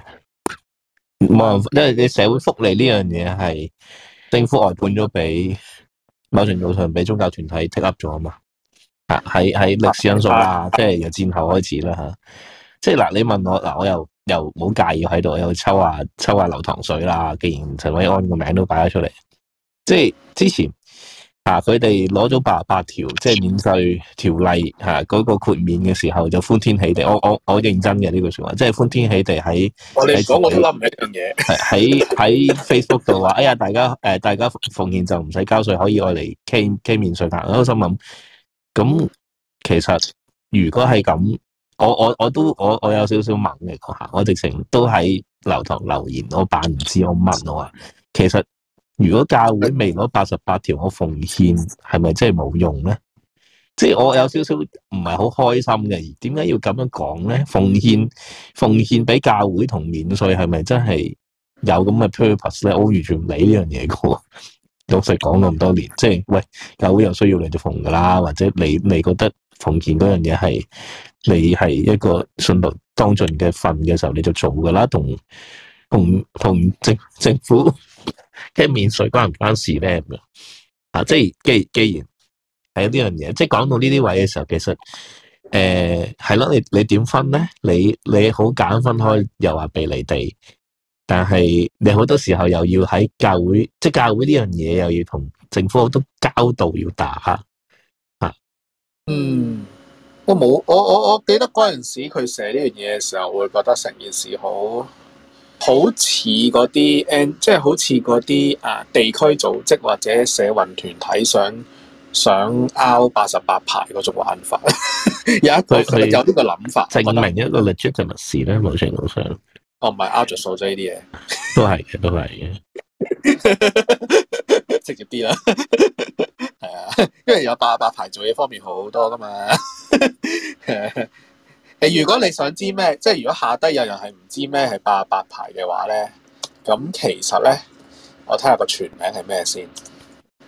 冇人、哎、因為你社會福利呢樣嘢係政府外判咗俾某程度上俾宗教團體 take up 咗啊嘛。啊喺喺歷史因素啦，啊啊、即係由戰後開始啦嚇。啊啊、即係嗱，你問我嗱，我又。又冇介意喺度，又抽下抽下流糖水啦。既然陳偉安個名都擺咗出嚟，即係之前啊，佢哋攞咗八八條，即係免稅條例吓，嗰、啊嗰個豁免嘅時候就歡天喜地。我我我認真嘅呢句說話，即係歡天喜地喺我哋們諗我都諗唔起一樣嘢，喺 喺 Facebook 度話，哎呀，大家誒、呃，大家奉獻就唔使交稅，可以愛嚟傾傾免稅啦。稅但我心諗，咁其實如果係咁。我我我都我我有少少猛嚟講吓，我直情都喺樓堂留言，我扮唔知我，我問我話。其實如果教會未攞八十八條，我奉獻係咪真係冇用咧？即係我有少少唔係好開心嘅。點解要咁樣講咧？奉獻奉獻俾教會同免稅係咪真係有咁嘅 purpose 咧？我完全唔理呢樣嘢㗎。老實講咁多年，即係喂教會有需要你就奉噶啦，或者你你覺得奉獻嗰樣嘢係？你係一個順道當盡嘅份嘅時候，你就做噶啦，同同同政政府嘅免稅關唔關事咧咁樣啊？即係既既然係有呢樣嘢，即係講到呢啲位嘅時候，其實誒係咯，你你點分咧？你呢你，你好揀分開，又話避離地，但係你好多時候又要喺教會，即係教會呢樣嘢，又要同政府好多交道要打下啊，嗯。都冇我我我記得嗰陣時佢寫呢樣嘢嘅時候，會覺得成件事好好似嗰啲，即係好似嗰啲啊地區組織或者社運團體想想拗八十八排嗰種玩法。 有一個佢有呢個諗法，證明一個 legitimate 事咧，冇錯冇錯。哦，唔係拗著數啫，呢啲嘢都係嘅，都係嘅。 直接啲啦，係啊，因為有八八排做嘢方面好多噶嘛。誒，如果你想知咩，即係如果下低有人係唔知咩係八八排嘅話咧，咁其實咧，我睇下個全名係咩先？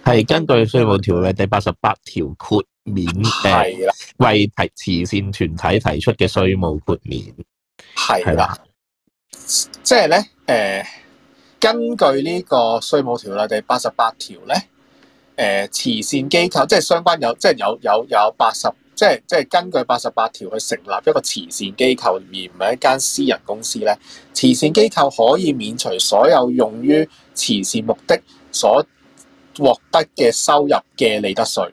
係根據稅務條例第八十八條豁免，係啦，為提慈善團體提出嘅稅務豁免，係啦，即係咧，誒、就是。呃根據呢個稅務條例第八十八條咧，誒、呃、慈善機構即係相關有即係有有有八十，即係即係根據八十八條去成立一個慈善機構，而唔係一間私人公司咧。慈善機構可以免除所有用於慈善目的所獲得嘅收入嘅利得稅，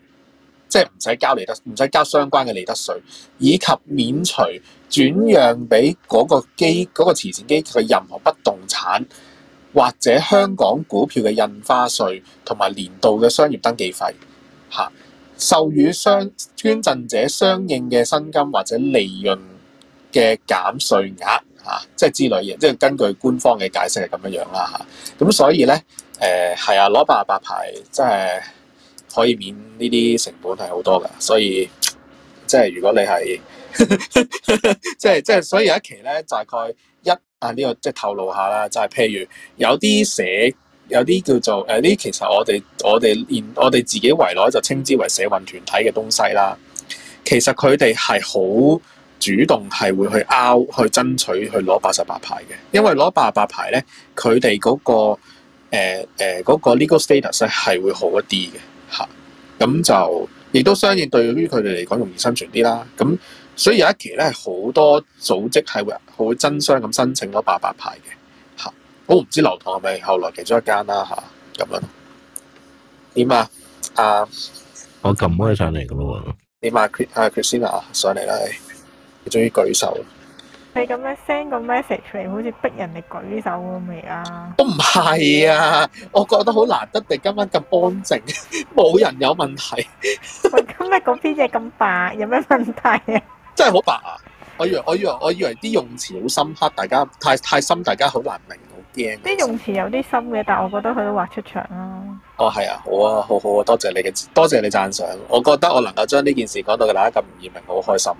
即係唔使交利得，唔使交相關嘅利得稅，以及免除轉讓俾嗰個基嗰、嗰個慈善機構嘅任何不動產。或者香港股票嘅印花稅同埋年度嘅商業登記費，嚇、啊，授予相捐贈者相應嘅薪金或者利潤嘅減稅額，嚇、啊，即係之類嘅。即係根據官方嘅解釋係咁樣樣啦，嚇、啊。咁所以咧，誒、呃，係啊，攞八八牌真係可以免呢啲成本係好多噶，所以即係如果你係 即係即係，所以有一期咧大概。啊！呢、這個即係透露下啦，就係譬如有啲社，有啲叫做誒，呢、呃、其實我哋我哋連我哋自己圍內就稱之為社運團體嘅東西啦。其實佢哋係好主動，係會去 Out，去爭取，去攞八十八牌嘅。因為攞八十八牌咧，佢哋嗰個誒誒、呃呃嗰個 legal status 咧係會好一啲嘅吓。咁、啊、就亦都相應對，對於佢哋嚟講容易生存啲啦。咁、啊。所以有一期咧，好多組織係會好爭相咁申請嗰八八牌嘅嚇、啊。我唔知流堂係咪後來其中一間啦嚇。咁樣點啊？啊！我撳開上嚟嘅咯喎。點啊？Uh, 啊！Kristina 上嚟啦，你、哎、終於舉手。你咁樣 send 個 message 嚟，好似逼人哋舉手咁未家。都唔係啊！我覺得好難得，地，今晚咁安靜，冇人有問題。 喂今日嗰篇嘢咁霸，有咩問題啊？真係好白啊！我以為我以為我以為啲用詞好深刻，大家太太深，大家好難明，好驚。啲用詞有啲深嘅，但我覺得佢都畫出腸啦、啊。哦，係啊，好啊，好好啊，多謝你嘅多謝你讚賞。我覺得我能夠將呢件事講到大家咁易明，好開心。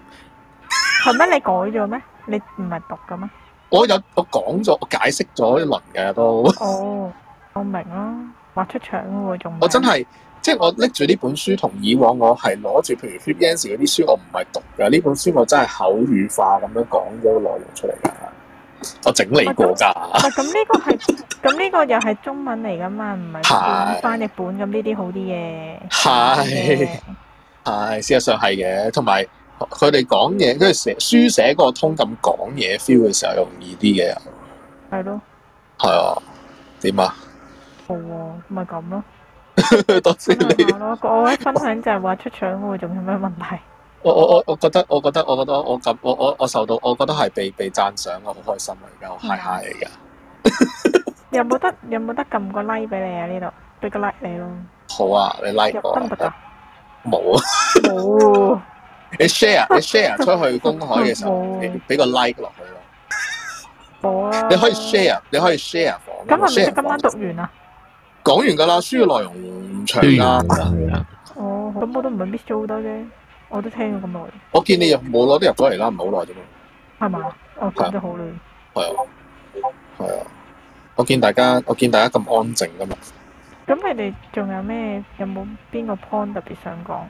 係咩？你改咗咩？你唔係讀嘅咩？我有我講咗，我解釋咗一輪嘅都。哦，我明啦，畫出腸會仲。我真係。即係我拎住呢本書，同以往我係攞住，譬如 Hitachi 嗰啲書，我唔係讀噶。呢本書我真係口語化咁樣講咗個內容出嚟噶，我整理過噶就。咁呢 個係，咁呢個又係中文嚟噶嘛，唔係翻日本咁呢啲好啲嘅。係係是，事實上係嘅，同埋佢哋講嘢，跟住成書寫個通咁講嘢 feel 嘅時候容易啲嘅。係咯。係啊。點啊？冇啊，咪咁咯。多謝 你。我我分享就係話出獎會仲有咩問題？我我我我覺得我覺得我覺得我咁我我我受到我覺得係被被讚賞，我好開心啊，而家 high high 嚟噶。有冇得有冇得撳個 like 俾你啊？呢度俾個 like 你咯。好啊，你 like 我啦。冇啊。冇。 啊、 你 share 你 share 出去公海嘅時候， 啊、你俾個 like 落去咯。冇 啊。你可以 share 你可以 share。咁係咪即今晚讀完啊？ 講完噶啦，書嘅內容唔長噶啦。哦，咁我都唔係 miss 咗好多啫，我都聽咗咁耐。我見你入冇攞啲入咗嚟啦，唔係好耐啫嘛。係嘛？我講咗好耐。係啊，係啊，啊。我見大家，我見大家咁安靜噶嘛。咁你哋仲有咩？有冇邊個 point 特別想講？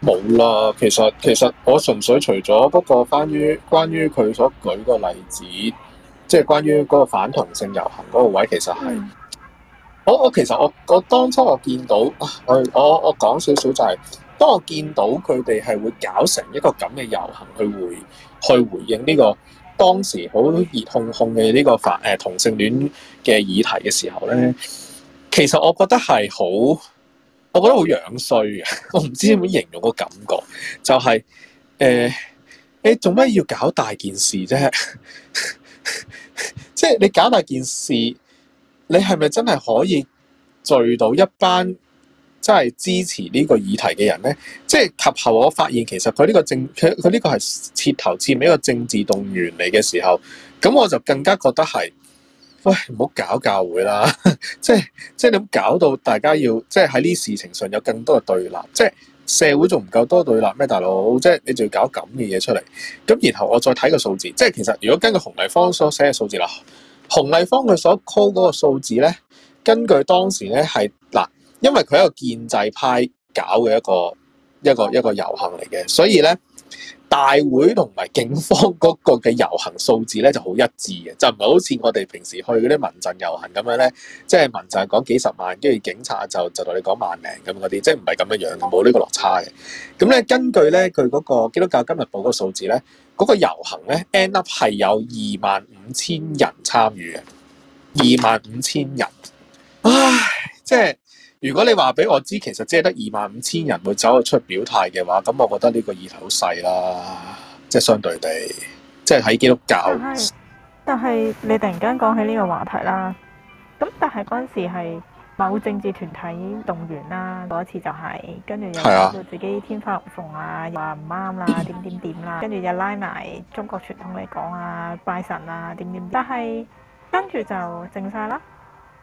冇啦，其實其實我純粹除咗嗰個關於關於佢所舉個例子，即係關於嗰個反同性遊行嗰個位，其實係，嗯。我我其實我我當初我見到，我我講少少就係、是，當我見到佢哋係會搞成一個咁嘅遊行去回去回應呢、這個當時好熱烘烘嘅呢個法誒同性戀嘅議題嘅時候咧，其實我覺得係好，我覺得好樣衰呀，我唔知點樣形容個感覺，就係、是、誒、呃，你做咩要搞大件事啫？即 係你搞大件事。你係咪真係可以聚到一班真係支持呢個議題嘅人咧？即係及後我發現其實佢呢個政佢佢呢個係徹頭徹尾一個政治動員嚟嘅時候，咁我就更加覺得係喂唔好搞教會啦！即係即係你咁搞到大家要即係喺呢事情上有更多嘅對立，即係社會仲唔夠多對立咩？大佬即係你仲要搞咁嘅嘢出嚟。咁然後我再睇個數字，即係其實如果根據紅泥方所寫嘅數字啦。洪麗芳佢所 call 嗰個數字咧，根據當時咧係嗱，因為佢係一個建制派搞嘅一個一個一個遊行嚟嘅，所以咧大會同埋警方嗰個嘅遊行數字咧就好一致嘅，就唔係好似我哋平時去嗰啲民陣遊行咁樣咧，即係民陣講幾十萬，跟住警察就就同你講萬零咁嗰啲，即係唔係咁樣樣，冇呢個落差嘅。咁咧根據咧佢嗰個基督教今日報個數字咧。嗰個遊行咧，end up 係有二萬五千人參與嘅，二萬五千人，唉，即係如果你話俾我知，其實只係得二萬五千人會走去出表態嘅話，咁我覺得呢個意頭好細啦，即係相對地，即係喺基督教。但係你突然間講起呢個話題啦，咁但係嗰陣時係。某政治團體動員啦，嗰次就係、是，跟住又到自己天花龍鳳啊，話唔啱啦，點點點啦，跟住又拉埋中國傳統嚟講啊，拜神啊，點點，但係跟住就靜晒啦，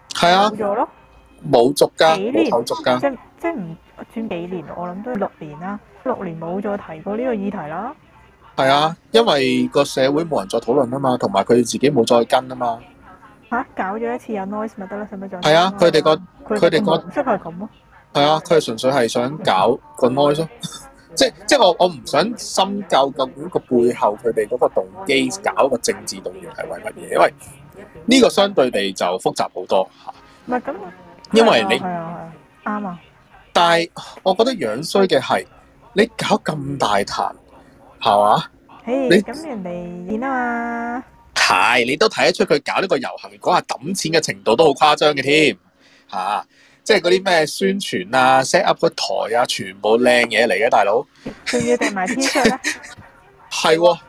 係啊，冇咗咯，冇續噶，幾年，冇續噶，即即唔轉幾年，我諗都六年啦，六年冇再提過呢個議題啦，係啊，因為個社會冇人再討論啊嘛，同埋佢自己冇再跟啊嘛。嚇搞咗一次有 noise 咪得咯，使唔使再？係啊，佢哋個佢哋個即係咁咯。係啊，佢係純粹係想搞個 noise 咯。即即我我唔想深究究竟個背後佢哋嗰個動機搞個政治動員係為乜嘢？因為呢個相對地就複雜好多。唔係咁，因為你係啊係啊，啱啊。但係我覺得樣衰嘅係你搞咁大壇係嘛？嘿，咁人哋見啊嘛。係，你都睇得出佢搞呢個遊行，講下抌錢嘅程度都好誇張嘅添吓。即係嗰啲咩宣傳啊，set up 個台啊，全部靚嘢嚟嘅，大佬仲要訂埋 T 恤咧，係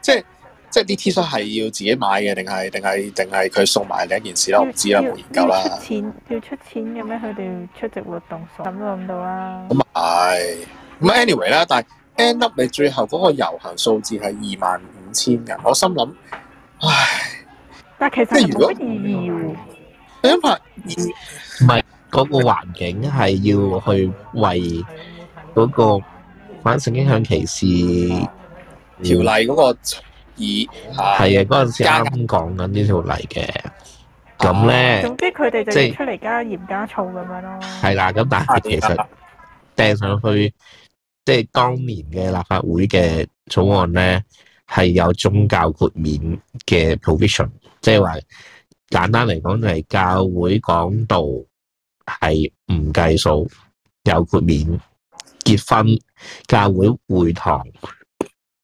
即係即係啲 T 恤係要自己買嘅，定係定係定係佢送埋另一件事啦。我唔知啦，冇研究啦。錢要出錢嘅咩？佢哋出席活動，諗都諗到啦。咁啊係咁啊，anyway 啦。嗯、但係 end up 你最後嗰個遊行數字係二萬五千人，我心諗。唉，但其實冇乜意義喎。你諗下，唔係嗰個環境係要去為嗰個反性傾向歧視條例嗰，那個而係啊，嗰陣時啱講緊呢條例嘅。咁咧，總之佢哋就係出嚟加鹽加醋咁樣咯。係啦，咁但係其實掟 上去，即係當年嘅立法會嘅草案咧。係有宗教豁免嘅 provision，即係話簡單嚟講就係教會講道係唔計數，有豁免結婚教會會堂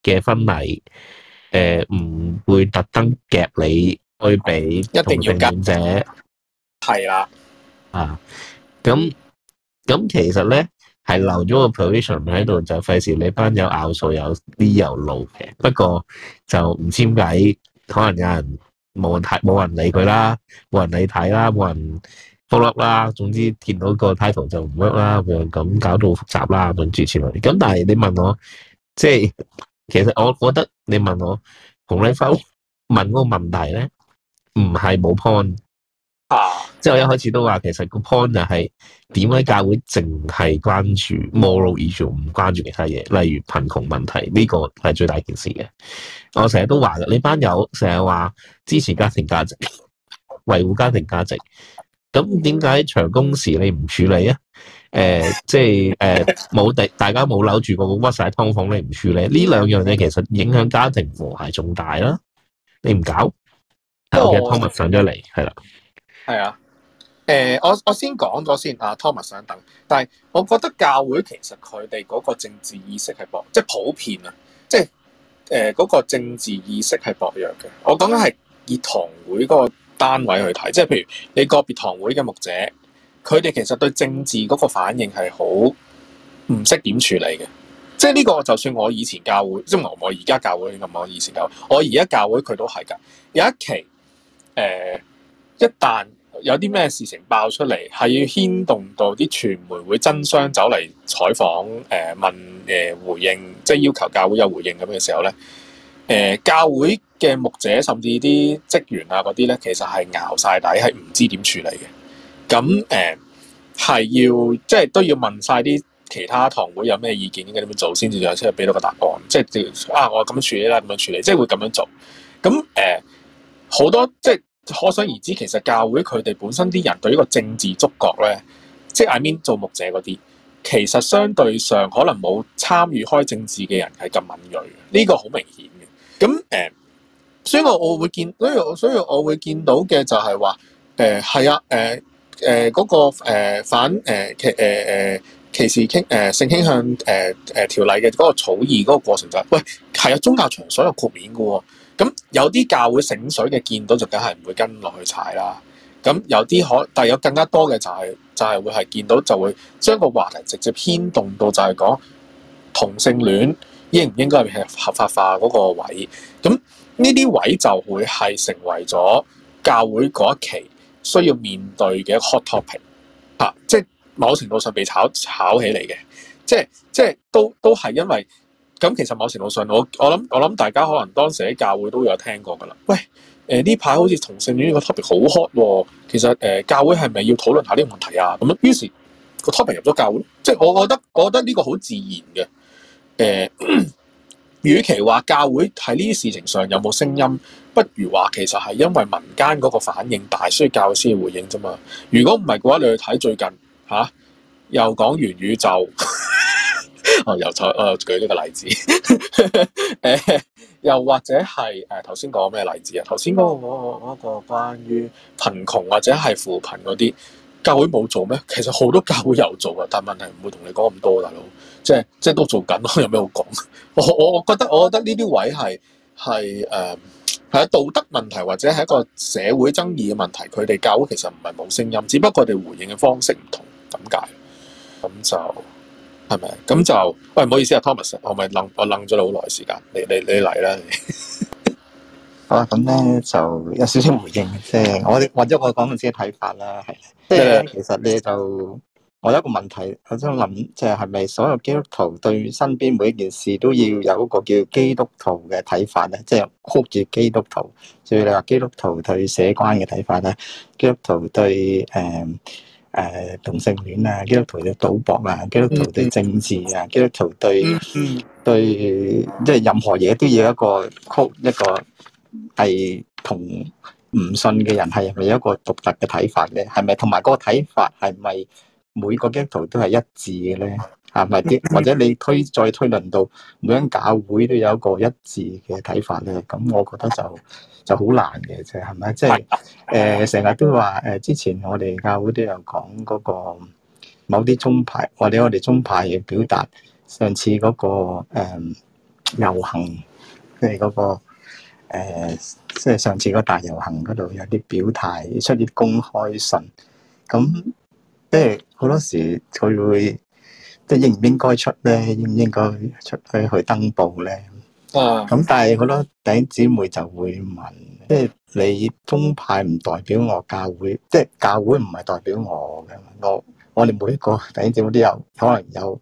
嘅婚禮，誒唔會特登夾你去俾一定要加者係啦，啊咁咁其實咧。係留咗個 position 喺度，就費事你班友拗數有啲有路嘅。不過就唔知點解，可能有人冇人睇，冇人理佢啦，冇人理睇啦，冇人 follow 啦。總之見到個 title 就唔 work 啦，咁樣咁搞到複雜啦，總之全部。咁但係你問我，即係其實我覺得你問我紅利褸問嗰個問題咧，唔係冇 point。啊！即係我一開始都話，其實個 point 就係點解教會淨係關注 moral issue 唔關注其他嘢，例如貧窮問題呢，呢個係最大件事嘅。我成日都話嘅，你班友成日話支持家庭價值，維護家庭價值，咁點解長工時你唔處理啊？誒、呃，即係誒，冇、呃、地，大家冇扭住個屈晒劏房，你唔處理呢兩樣嘢，其實影響家庭和諧仲大啦。你唔搞，後嘅劏物上咗嚟，係啦。係啊，誒，我我先講咗先阿 Thomas 想等，但係我覺得教會其實佢哋嗰個政治意識係薄，即係普遍啊，即係誒嗰個政治意識係薄弱嘅。我講緊係以堂會個單位去睇，即係譬如你個別堂會嘅牧者，佢哋其實對政治嗰個反應係好唔識點處理嘅。即係呢個就算我以前教會，即係唔係我而家教會咁，我以前教會，我而家教會佢都係噶。有一期誒，一旦有啲咩事情爆出嚟，係要牽動到啲傳媒會爭相走嚟採訪，誒、呃、問誒、呃、回應，即係要求教會有回應咁嘅時候咧，誒、呃、教會嘅牧者甚至啲職員啊嗰啲咧，其實係熬晒底，係唔知點處理嘅。咁誒係要即係都要問晒啲其他堂會有咩意見，應該點樣做先至再出嚟俾到個答案。即係啊，我咁處理啦，咁樣處理，即係會咁樣做。咁誒好多即係。可想而知，其實教會佢哋本身啲人對呢個政治觸覺咧，即係 I mean 做牧者嗰啲，其實相對上可能冇參與開政治嘅人係咁敏鋭，呢、這個好明顯嘅。咁誒、呃，所以我我會見，所以所以我會見到嘅就係話，誒、呃、係啊，誒誒嗰個誒、呃、反誒歧誒誒歧視傾誒、呃、性傾向誒誒條例嘅嗰個草擬嗰個過程就係、是，喂係啊，宗教場所有豁免㗎喎。咁有啲教會醒水嘅見到就梗係唔會跟落去踩啦。咁有啲可，但係有更加多嘅就係、是、就係、是、會係見到就會將個話題直接牽動到就係講同性戀應唔應該係合法化嗰個位。咁呢啲位就會係成為咗教會嗰一期需要面對嘅 hot topic 啊！即係某程度上被炒炒起嚟嘅，即係即係都都係因為。咁其實某程度上，我我諗我諗大家可能當時喺教會都有聽過㗎啦。喂，誒呢排好似同性戀呢個 topic 好 hot，其實誒、呃、教會係咪要討論下呢個問題啊？咁於是個 topic 入咗教會，即係我覺得我覺得呢個好自然嘅。誒、呃，與其話教會喺呢啲事情上有冇聲音，不如話其實係因為民間嗰個反應大，需要教會先去回應啫嘛。如果唔係嘅話，你去睇最近嚇、啊、又講元宇宙。 哦，又就誒，舉呢個例子誒，又或者係誒，頭先講咩例子啊？頭先嗰個嗰個嗰個關於貧窮或者係扶貧嗰啲教會冇做咩？其實好多教會有做嘅，但係問題唔會同你講咁多，大佬，即係即係都做緊咯，有咩好講？我我覺得我覺得呢啲位係係誒係道德問題，或者係一個社會爭議嘅問題。佢哋教會其實唔係冇聲音，只不過佢哋回應嘅方式唔同，咁解。咁就。係咪？咁就，喂，唔好意思啊，Thomas，我咪楞，我楞咗你好耐時間，你你你嚟啦。好啦，咁咧就有少少回應先，我哋或者我講緊自己嘅睇法啦，係，即係其實咧就，我有一個問題，我想諗，即係係咪所有基督徒對身邊每一件事都要有一個叫基督徒嘅睇法咧？即係箍住基督徒，所以你話基督徒對社關嘅睇法咧，基督徒對誒。誒、呃，同性戀啊，基督徒嘅賭博啊，基督徒對政治啊，基督徒對、嗯嗯、對即係任何嘢都要一個曲一個係同唔信嘅人係咪有一個獨特嘅睇法咧？係咪同埋個睇法係咪每個基督徒都係一致嘅咧？吓，係咪啲或者你推再推論到每間教會都有一個一致嘅睇法咧？咁我覺得就。就好難嘅啫，係咪？即係誒，成、呃、日都話誒、呃，之前我哋教會都有講嗰個某啲宗派或者我哋宗派要表達。上次嗰、嗰個誒、呃、遊行，即係嗰個即係、呃就是、上次個大遊行嗰度有啲表態，出啲公開信。咁即係好多時佢會即、就是、應唔應該出咧？應唔應該出去去登報咧？啊！咁但係好多弟兄姊妹就會問，即、就、係、是、你宗派唔代表我教會，即、就、係、是、教會唔係代表我。我我哋每一個弟兄姊妹都有可能有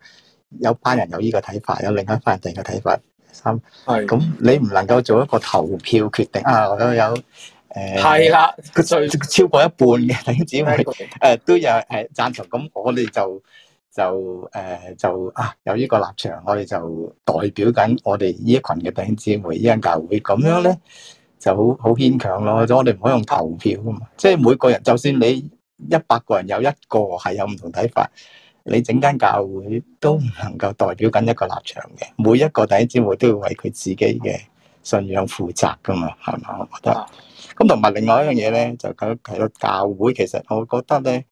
有班人有呢個睇法，有另一班人第二個睇法。三係咁是你唔能夠做一個投票決定啊！我都有誒係啦，個、呃、最的超過一半嘅 弟兄姊妹誒、呃、都有誒贊同，咁我哋就。就誒、呃、就啊有呢個立場，我哋就代表緊我哋呢一群嘅弟兄姊妹呢間教會，咁樣咧就好好牽強咯。咁我哋唔可以用投票㗎嘛，即係每個人，就算你一百個人有一個係有唔同睇法，你整間教會都唔能夠代表緊一個立場嘅。每一個弟兄姊妹都要為佢自己嘅信仰負責㗎嘛，係嘛？我覺得咁同埋另外一樣嘢咧，就係咯，教會，其實我覺得咧，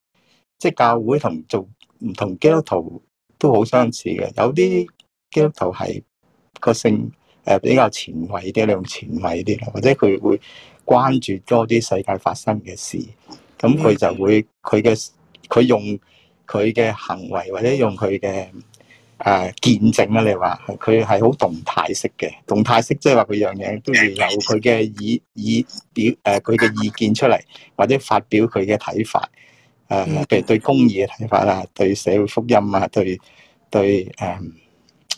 即係教會同做。唔同基督徒都好相似嘅，有啲基督徒係個性，誒，比較前衛啲，你用前衛啲啦，或者佢會關注多啲世界發生嘅事，咁佢就會佢嘅佢用佢嘅行為或者用佢嘅誒見證啊，你話佢係好動態式嘅，動態式即係話佢樣嘢都要有佢嘅意意表誒，佢呃嘅意見出嚟或者發表佢嘅睇法。誒，譬如對公義嘅睇法啦、啊，對社會福音啊，對對誒、嗯，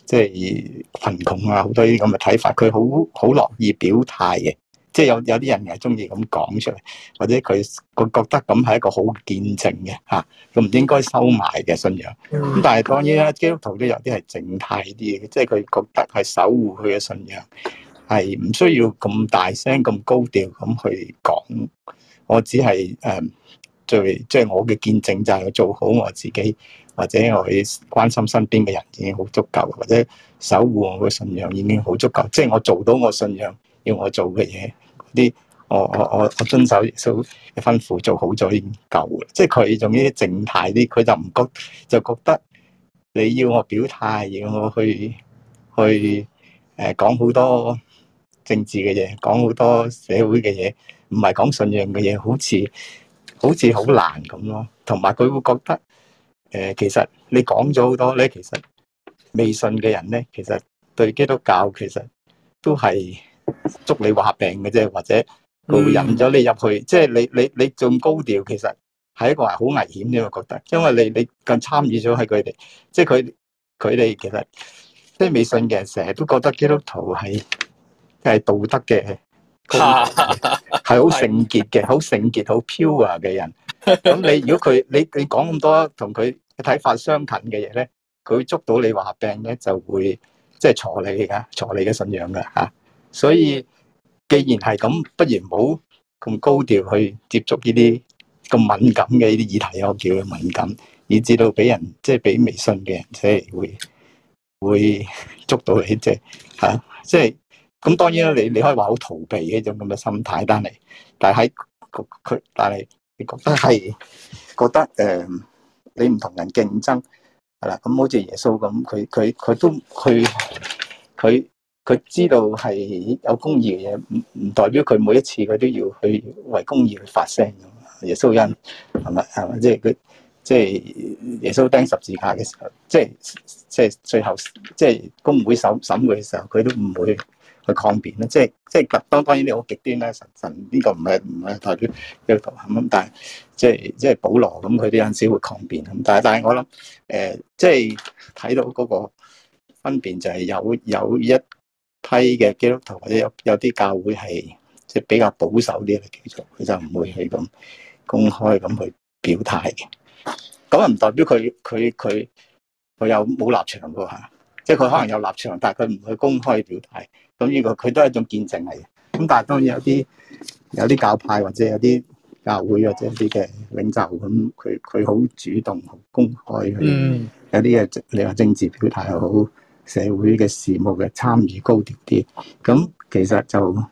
即係貧窮啊，好多依啲咁嘅睇法，佢好好樂意表態嘅，即係有有啲人係中意咁講出嚟，或者佢佢覺得咁係一個好見證嘅嚇，唔、啊、應該收埋嘅信仰。咁但係當然啦，基督徒都有啲係靜態啲嘅，即係佢覺得係守護佢嘅信仰係唔需要咁大聲、咁高調咁去講。我只係誒。嗯即係我嘅見證就係我做好我自己，或者我去關心身邊嘅人已經好足夠，或者守護我嘅信仰已經好足夠。即係我做到我信仰要我做嘅嘢，啲我我我我遵守所吩咐做好咗已經夠。即係佢仲要靜態啲，佢就唔覺得就覺得你要我表態，要我去去誒講好多政治嘅嘢，講好多社會嘅嘢，唔係講信仰嘅嘢，好似～好似好難咁咯，同埋佢會覺得，誒、呃，其實你講咗好多咧，其實未信嘅人咧，其實對基督教其實都係捉你話病嘅啫，或者佢會引咗你入去，嗯、即係你你你仲高調，其實係一個係好危險嘅，我覺得，因為你你更參與咗喺佢哋，即係佢佢哋其實即係未信嘅人，成日都覺得基督徒係係道德嘅。係好聖潔嘅，好聖潔，好 pure 嘅人。咁你如果佢，你你講咁多同佢睇法相近嘅嘢咧，佢捉到你話病咧，就會即係鋤你噶，鋤你嘅信仰噶嚇。所以既然係咁，不如唔好咁高調去接觸呢啲咁敏感嘅呢啲議題啊，我叫佢敏感，以至到俾人即係俾微信嘅人即係會會捉到你，即係嚇，即係。咁當然啦，你你可以話好逃避嘅一種咁嘅心態，但係，但係喺佢，但係你覺得係覺得誒、呃，你唔同人競爭係啦。咁好似耶穌咁，佢佢佢都佢佢佢知道係有公義嘅嘢，唔代表佢每一次佢都要去為公義去發聲。耶穌恩係嘛係嘛，即係佢即係耶穌釘十字架嘅時候，即係即係最後即係公會審審佢嘅時候，佢都唔會。去抗辯咧，即係即係極當當然你好極端咧，神神呢、這個唔係唔係代表基督徒咁，但係即係即係保羅咁，佢有陣時會抗辯咁，但係但係我諗誒、呃，即係睇到嗰個分辨，就係有有一批嘅基督徒或者有有啲教會係即係比較保守啲嘅基督徒，佢就唔會係咁公開咁去表態嘅。咁啊唔代表佢佢佢佢有冇立場噶嚇？即係佢可能有立場，但係佢唔去公開表態，咁呢個佢都係一種見證嚟。咁但係當然有啲有啲教派或者有啲教會或者啲嘅領袖咁，佢佢好主動、好公開嘅。有啲嘅你話政治表態又好，社會嘅事務嘅參與高調啲。咁其實就，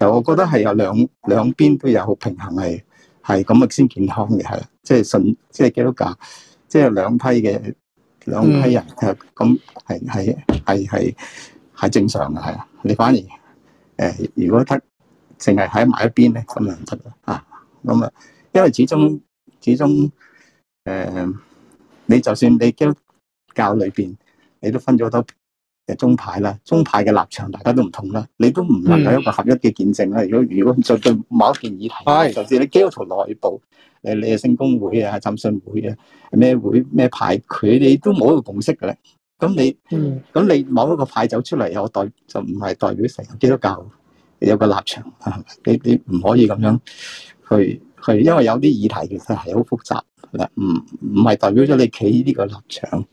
就我覺得係有兩兩邊都有好平衡係，係咁啊先健康嘅係，即係信即係基督教，即係兩批嘅。兩批人，咁係係係係係正常嘅，係啊。你反而，誒、呃，如果得淨係喺埋一邊咧，咁就唔得啦啊。咁啊，因為始終始終，誒、呃，你就算你基督教裏邊，你都分咗多。就宗派啦，宗派嘅立場大家都唔同啦，你都唔能夠一個合一嘅見證啦。如果如果再對某一件議題，係甚至你基督徒內部，誒你係聖公會啊、浸信會啊、咩會咩派，佢哋都冇一個共識嘅啦。咁你，嗯，咁你某一個派走出嚟，我代就唔係代表成個基督教有個立場，你你唔可以咁樣去去，因為有啲議題其實係好複雜啦，唔唔係代表咗你企呢個立場，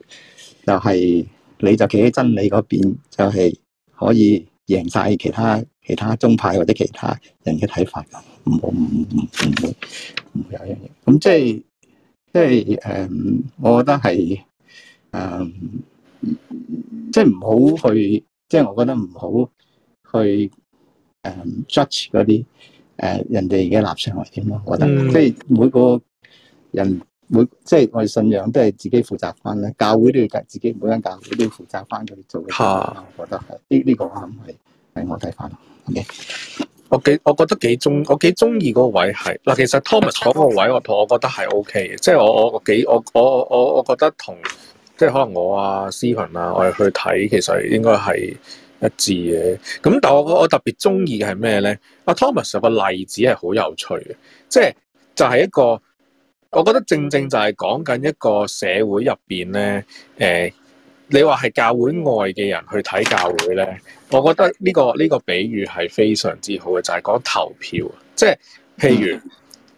就係、是。你就企喺真理嗰邊，就係、是、可以贏晒其他其他宗派或者其他人嘅睇法，唔好唔唔唔唔會唔會有呢樣嘢。咁、嗯、即係即係誒，我覺得係誒、嗯，即係唔好去，即係我覺得唔好去誒 judge 嗰啲誒人哋嘅立場為點咯。我覺得即係每個人。每即係我哋信仰都係自己負責翻啦，教會都要自己每間教會都要負責翻佢啲做嘅、啊、我覺得係呢呢個啱係，係、這個、我睇翻。O、okay、K，我幾我覺得幾中，我幾中意嗰個位係嗱。其實 Thomas 嗰個位我同我覺得係 O K 嘅，即係我我幾我我我我覺得同即係可能我啊 Stephen 啊我哋去睇，其實應該係一致嘅。咁但係我我特別中意嘅係咩咧？阿 Thomas 個例子係好有趣嘅，即係就係一個。我覺得正正就係講緊一個社會入邊呢。誒、呃，你話係教會外嘅人去睇教會呢，我覺得呢、呢個呢、呢個比喻係非常之好嘅，就係、是、講投票即係譬如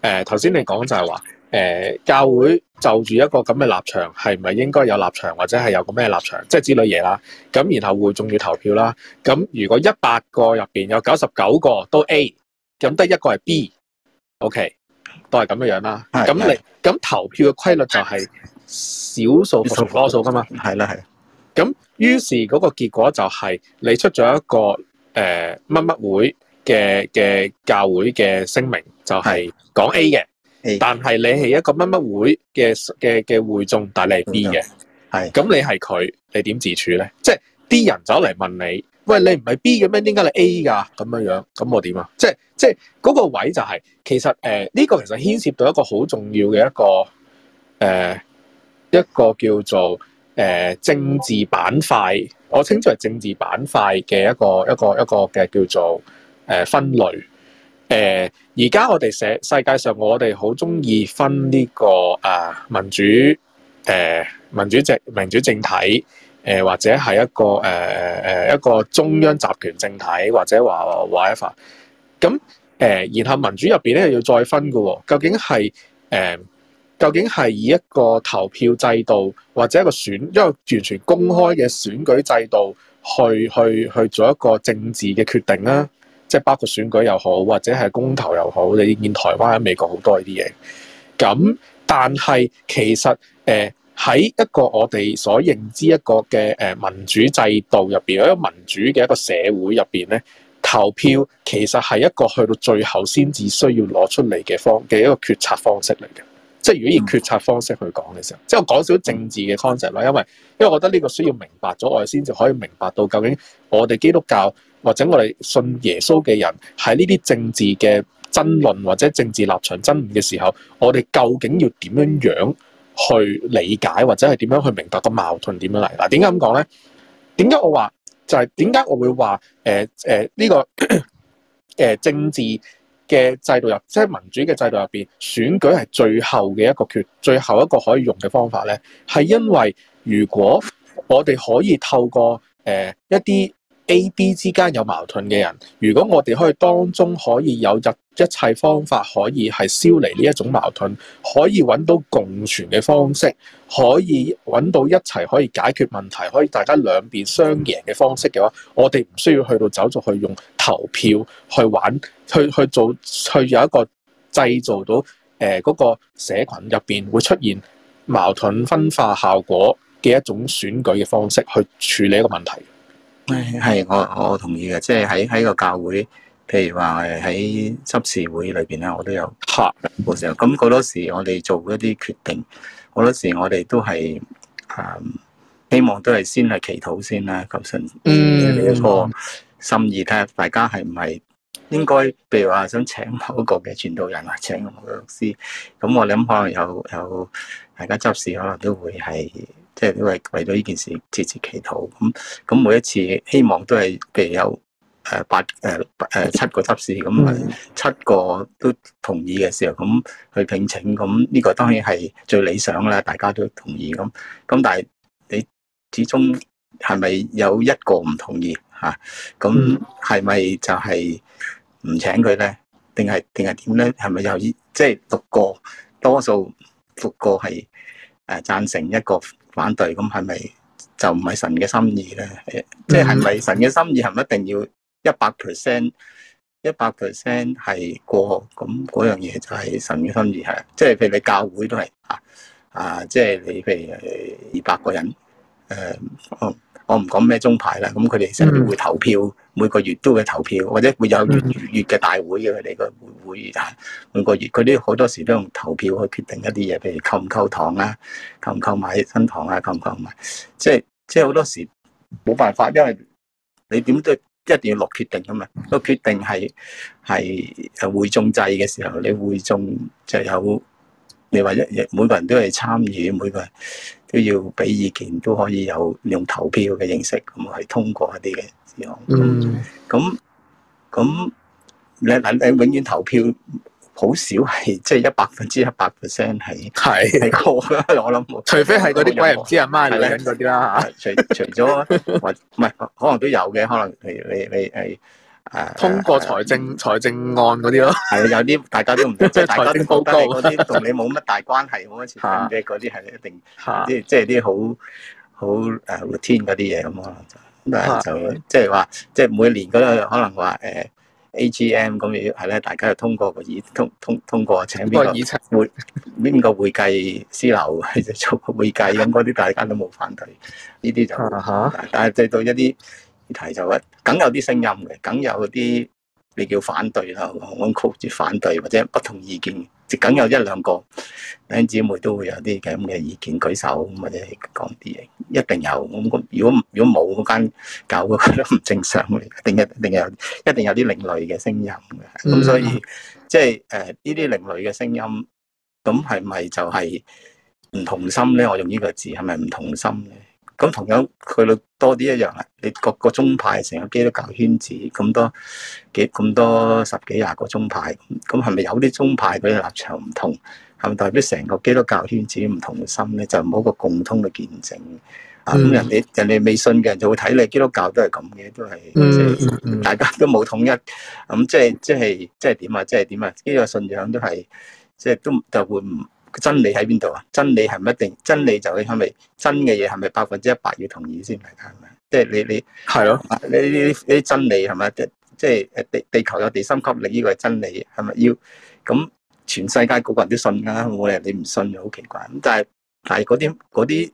誒頭先你講就係話誒教會就住一個咁嘅立場，係唔係應該有立場或者係有個咩立場，即係之類嘢啦，咁然後會仲要投票啦，咁如果一百個入邊有九十九個都 A，咁得一個係 B，OK、OK? 都係咁嘅樣啦，咁你咁投票嘅規律就係少數服從多數㗎嘛，係啦係。咁於是嗰個結果就係你出咗一個誒乜乜會嘅嘅教會嘅聲明，就係講 A 嘅，但係你係一個乜乜會嘅嘅嘅會眾，但你係 B 嘅，係。咁你係佢，你點自處咧？即係啲人走嚟問你。喂，你唔係 B 嘅咩？點解你 A 噶？咁樣樣，咁我點啊？即係即係嗰、那個位就係、是、其實誒呢、呃這個其實牽涉到一個好重要嘅一個誒、呃、一個叫做誒、呃、政治板塊。我稱之為政治板塊嘅一個一個一個嘅叫做誒、呃、分類。誒而家我哋社世界上我、這個，我哋好中意分呢個啊民主誒、呃、民主政民主政體。誒、呃、或者係一個誒誒、呃、一個中央集權政體，或者話威壓。咁誒、呃，然後民主入邊咧要再分嘅喎、哦，究竟係誒、呃、究竟係以一個投票制度或者一個選，一個完全公開嘅選舉制度去去去做一個政治嘅決定啦、啊。即係包括選舉又好，或者係公投又好，你見台灣喺美國好多呢啲嘢。咁但係其實誒。呃喺一個我哋所認知一個嘅誒民主制度入邊，或者民主嘅一個社會入邊咧，投票其實係一個去到最後先至需要攞出嚟嘅方嘅一個決策方式嚟嘅。即係如果以決策方式去講嘅時候，即係我講少少政治嘅 concept 啦，因為因為我覺得呢個需要明白咗，我哋先至可以明白到究竟我哋基督教或者我哋信耶穌嘅人喺呢啲政治嘅爭論或者政治立場爭議嘅時候，我哋究竟要點樣樣？去理解，或者係點樣去明白個矛盾點樣嚟嗱？點解咁講咧？點解我話就係點解我會話誒誒，呢個誒、 呃、政治嘅制度入，即係民主嘅制度入邊，選舉係最後嘅一個決，最後一個可以用嘅方法咧，係因為如果我哋可以透過誒、呃、一啲 A、B 之間有矛盾嘅人，如果我哋可以當中可以有入。一切方法可以係消離呢一種矛盾，可以揾到共存嘅方式，可以揾到一齊可以解決問題，可以大家兩邊相贏嘅方式嘅話，我哋唔需要去到走咗去用投票去揾，去去做，去有一個製造到誒嗰個社群入邊會出現矛盾分化效果嘅一種選舉嘅方式去處理一個問題。係，我我同意嘅，即係喺喺個教會。譬如話誒喺執事會裏邊咧，我都有學冇錯。咁好多時我哋做一啲決定，好多時我哋都係誒希望都係先係祈禱先啦，求神嘅一個心意睇下大家係唔係應該，譬如話想請某一個嘅傳道人，或者某個律師。咁我諗可能有有大家執事可能都會係即係都係為咗呢件事設置祈禱。咁咁每一次希望都係譬如有。誒八誒誒、呃、七個執事咁七個都同意嘅時候，咁去聘請，咁呢個當然係最理想啦，大家都同意咁。咁但係你始終係咪有一個唔同意嚇？咁係咪就係唔請佢咧？定係定係點咧？係咪又即係六個多數六個係誒、呃、贊成一個反對？咁係咪就唔係神嘅心意咧？即係係咪神嘅心意係咪一定要？一百 percent，一百 percent 係過咁嗰樣嘢就係神與心意係，即係譬如你教會都係啊，啊即係你譬如二百個人，誒、啊，我唔講咩中牌啦，咁佢哋成日都會投票，每個月都會投票，或者會有月嘅大會嘅，佢哋個會會議啊，每個月佢啲好多時都用投票去決定一啲嘢，譬如購唔購堂啦、啊，購唔購買新堂啦、啊，購唔購買，即係即係好多時冇辦法，因為你點都。一定要落決定㗎嘛？個決定係係誒會眾制嘅時候，你會眾就有你話一，每個人都係參與，每個人都要俾意見，都可以有用投票嘅形式咁去通過一啲嘅嘢。嗯，咁咁你你你永遠投票？好少係即係一百分之一百 percent 係係高啦，我 諗，除非係嗰啲鬼唔知阿媽嚟緊嗰啲啦嚇。除除咗，唔係可能都有嘅，可能係你你係啊。通過財政、啊、財政案嗰啲咯。係有啲大家都唔即係大家都覺得你嗰啲，同你冇乜大關係，冇乜錢嘅嗰啲係一定啲即係啲好好誒 routine 嗰啲嘢咁可能就。就即係話即係每年嗰個可能話誒。就是 A G M 咁樣係咧，大家就通過個議通通通過請，請邊個會邊個會計師樓去做會計咁，嗰啲大家都冇反對，呢啲就吓。 但係對到一啲議題就啊，梗有啲聲音嘅，梗有啲你叫反對啦，彎曲住反對或者不同意見。就梗有一兩個兄姊妹都會有啲咁嘅意見舉手，或者講啲嘢，一定有。咁如果如果冇嗰間搞，都唔正常，定一定有，一定有啲另類嘅聲音嘅。咁所以，嗯，即係誒呢啲另類嘅聲音，咁係咪就係唔同心咧？我用呢個字係咪唔同心咧？咁同樣佢哋多啲一樣啦，你各個宗派成個基督教圈子咁多幾咁多十幾廿個宗派，咁係咪有啲宗派嗰啲立場唔同，係咪代表成個基督教圈子唔同嘅心咧？就冇個共通嘅見證、嗯、啊！咁人哋人哋未信嘅人就會睇你基督教都係咁嘅，都係即係大家都冇統一，咁、嗯嗯嗯嗯嗯、即係即係即係點啊？即係點啊？呢個信仰都係即係都就會唔。真理喺邊度啊？真理係唔一定，真理就係咪真嘅嘢係咪百分之一百要同意先係？係咪？即係你你係咯？呢呢呢真理係咪？即即誒地地球有地心吸力呢、這個係真理係咪？要咁全世界個個人都信噶、啊，冇理由你唔信、啊，就好奇怪。但係但係嗰啲啲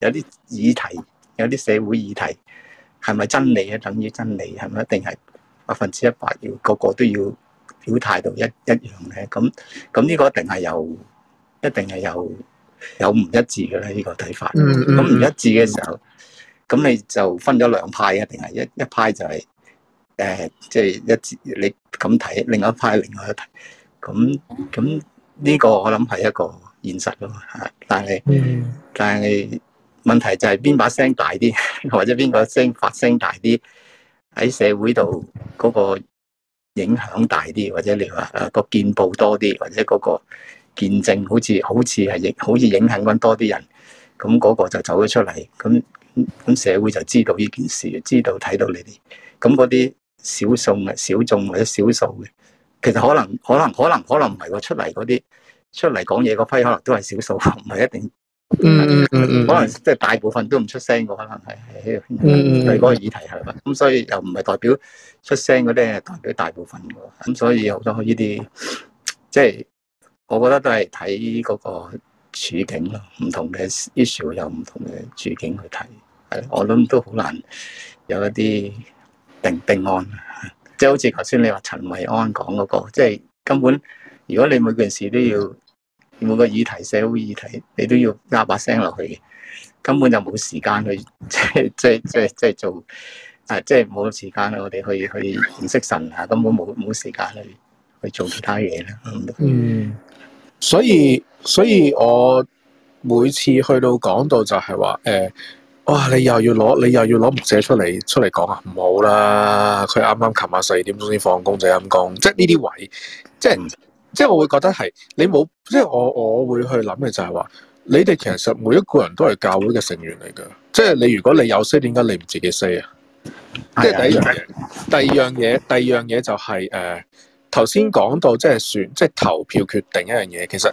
有啲議題，有啲社會議題係咪真理啊？等於真理係咪一定係百分之一百要個個都要表態度一一樣咧？咁咁呢個一定係有。一定係有有唔一致嘅咧，呢、這個睇法。咁唔、嗯嗯、一致嘅時候，咁你就分咗兩派一定係一一派就係、是、誒，即、呃、係、就是、一致你咁睇，另一派另外一派。咁咁呢個我諗係一個現實咯，但係、嗯、但係問題就係邊把聲大啲， 或者邊個聲發聲大啲，喺社會度嗰個影響大啲，或者你話誒個見報多啲，或者嗰、那個。見證好似好似係影好似影響緊多啲人，咁嗰個就走咗出嚟，咁咁社會就知道呢件事，知道睇到你哋，咁嗰啲小眾嘅小眾或者少數嘅，其實可能可能可能可能唔係喎，出嚟嗰啲出嚟講嘢嗰批可能都係少數，唔係一定，mm hmm。可能即係大部分都唔出聲嘅，可能係係嗰個議題係咪？咁所以又唔係代表出聲嗰啲係代表大部分嘅，咁所以好多呢啲即係。我覺得都係睇嗰個處境咯，唔同嘅 issue 有唔同嘅處境去睇。係，我諗都好難有一啲定定案，呵呵即係好似頭先你話陳慧安講嗰、嗰個，即係根本如果你每件事都要每個議題社會議題，你都要加把聲落去嘅，根本就冇時間去即係即係即係即係做，啊即係冇時間我哋去去認識神啊，根本冇冇時間去去做其他嘢啦。嗯。嗯所以，所以我每次去到講到就係話，誒、呃，哇！你又要攞，你又要攞牧者出嚟出嚟講啊！唔好啦，佢啱啱琴晚四點鐘先放工就陰公，即係呢啲位，即係即係我會覺得係你冇，即係我我會去諗嘅就係話，你哋其實每一個人都係教會嘅成員嚟㗎，即係你如果你有 say 點解你唔自己 say 啊？即係第一樣 第二樣嘢，第二樣嘢，就係，第二樣嘢就係誒。頭先講到即係選即係投票決定一樣嘢，其實誒、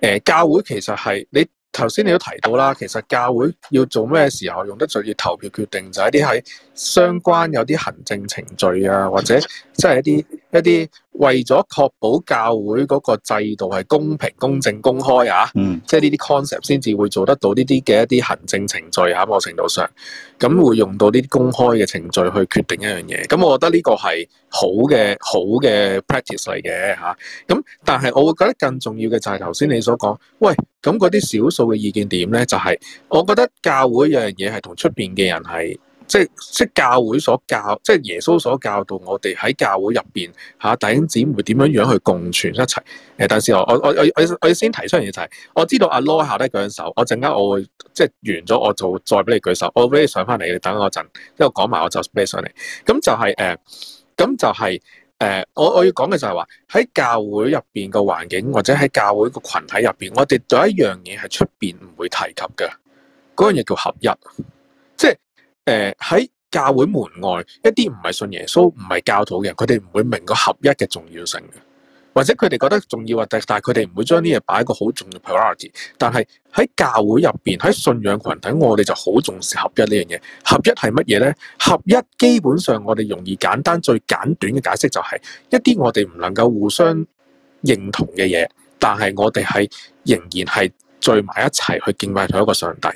呃、教會其實係你頭先你都提到啦，其實教會要做咩時候用得最要投票決定就，就係一啲喺相關有啲行政程序啊，或者即係一啲。一啲為咗確保教會嗰個制度係公平、公正、公開啊，嗯，即係呢啲 concept 先至會做得到呢啲嘅一啲行政程序啊，某程度上咁會用到呢啲公開嘅程序去決定一樣嘢。咁我覺得呢個係好嘅、好嘅 practice 嚟嘅嚇。咁、啊、但係我會覺得更重要嘅就係頭先你所講，喂，咁嗰啲少數嘅意見點咧？就係、是、我覺得教會一樣嘢係同出邊嘅人係。即係即係教會所教，即係耶穌所教導我哋喺教會入邊嚇弟兄姊妹點樣樣去共存一齊。誒，但係先我我我我我先提一樣嘢出嚟、就是。我知道阿 Law 下低舉手，我陣間我會即係完咗，我就再俾你舉手。我俾你上翻嚟，你等我陣，之後講埋我就俾你上嚟。咁就係、是、誒、咁、呃、就係、是、誒、呃，我我要講嘅就係話喺教會入邊個環境，或者喺教會個群體入邊，我哋有一樣嘢係出邊唔會提及嘅，嗰樣嘢叫合一，即係。誒，喺、呃、教會門外，一啲唔係信耶穌唔係教徒嘅人，佢哋唔會明個合一嘅重要性嘅，或者佢哋覺得重要啊，但係佢哋唔會將呢嘢擺一個好重要 priority。但係喺教會入邊，喺信仰群體，我哋就好重視合一呢樣嘢。合一係乜嘢呢？合一基本上我哋容易簡單最簡短嘅解釋就係、是、一啲我哋唔能夠互相認同嘅嘢，但係我哋係仍然係聚埋一齊去敬拜同一個上帝。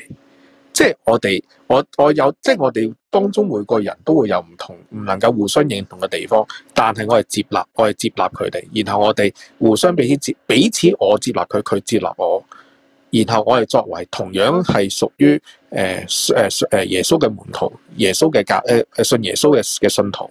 即係我哋，我我有，即係我哋當中每個人都會有唔同，唔能夠互相認同嘅地方。但係我係接納，我係接納佢哋，然後我哋互相彼此接，彼此我接納佢，佢接納我。然後我哋作為同樣係屬於誒誒誒耶穌嘅門徒，耶穌嘅教誒信耶穌嘅嘅信徒，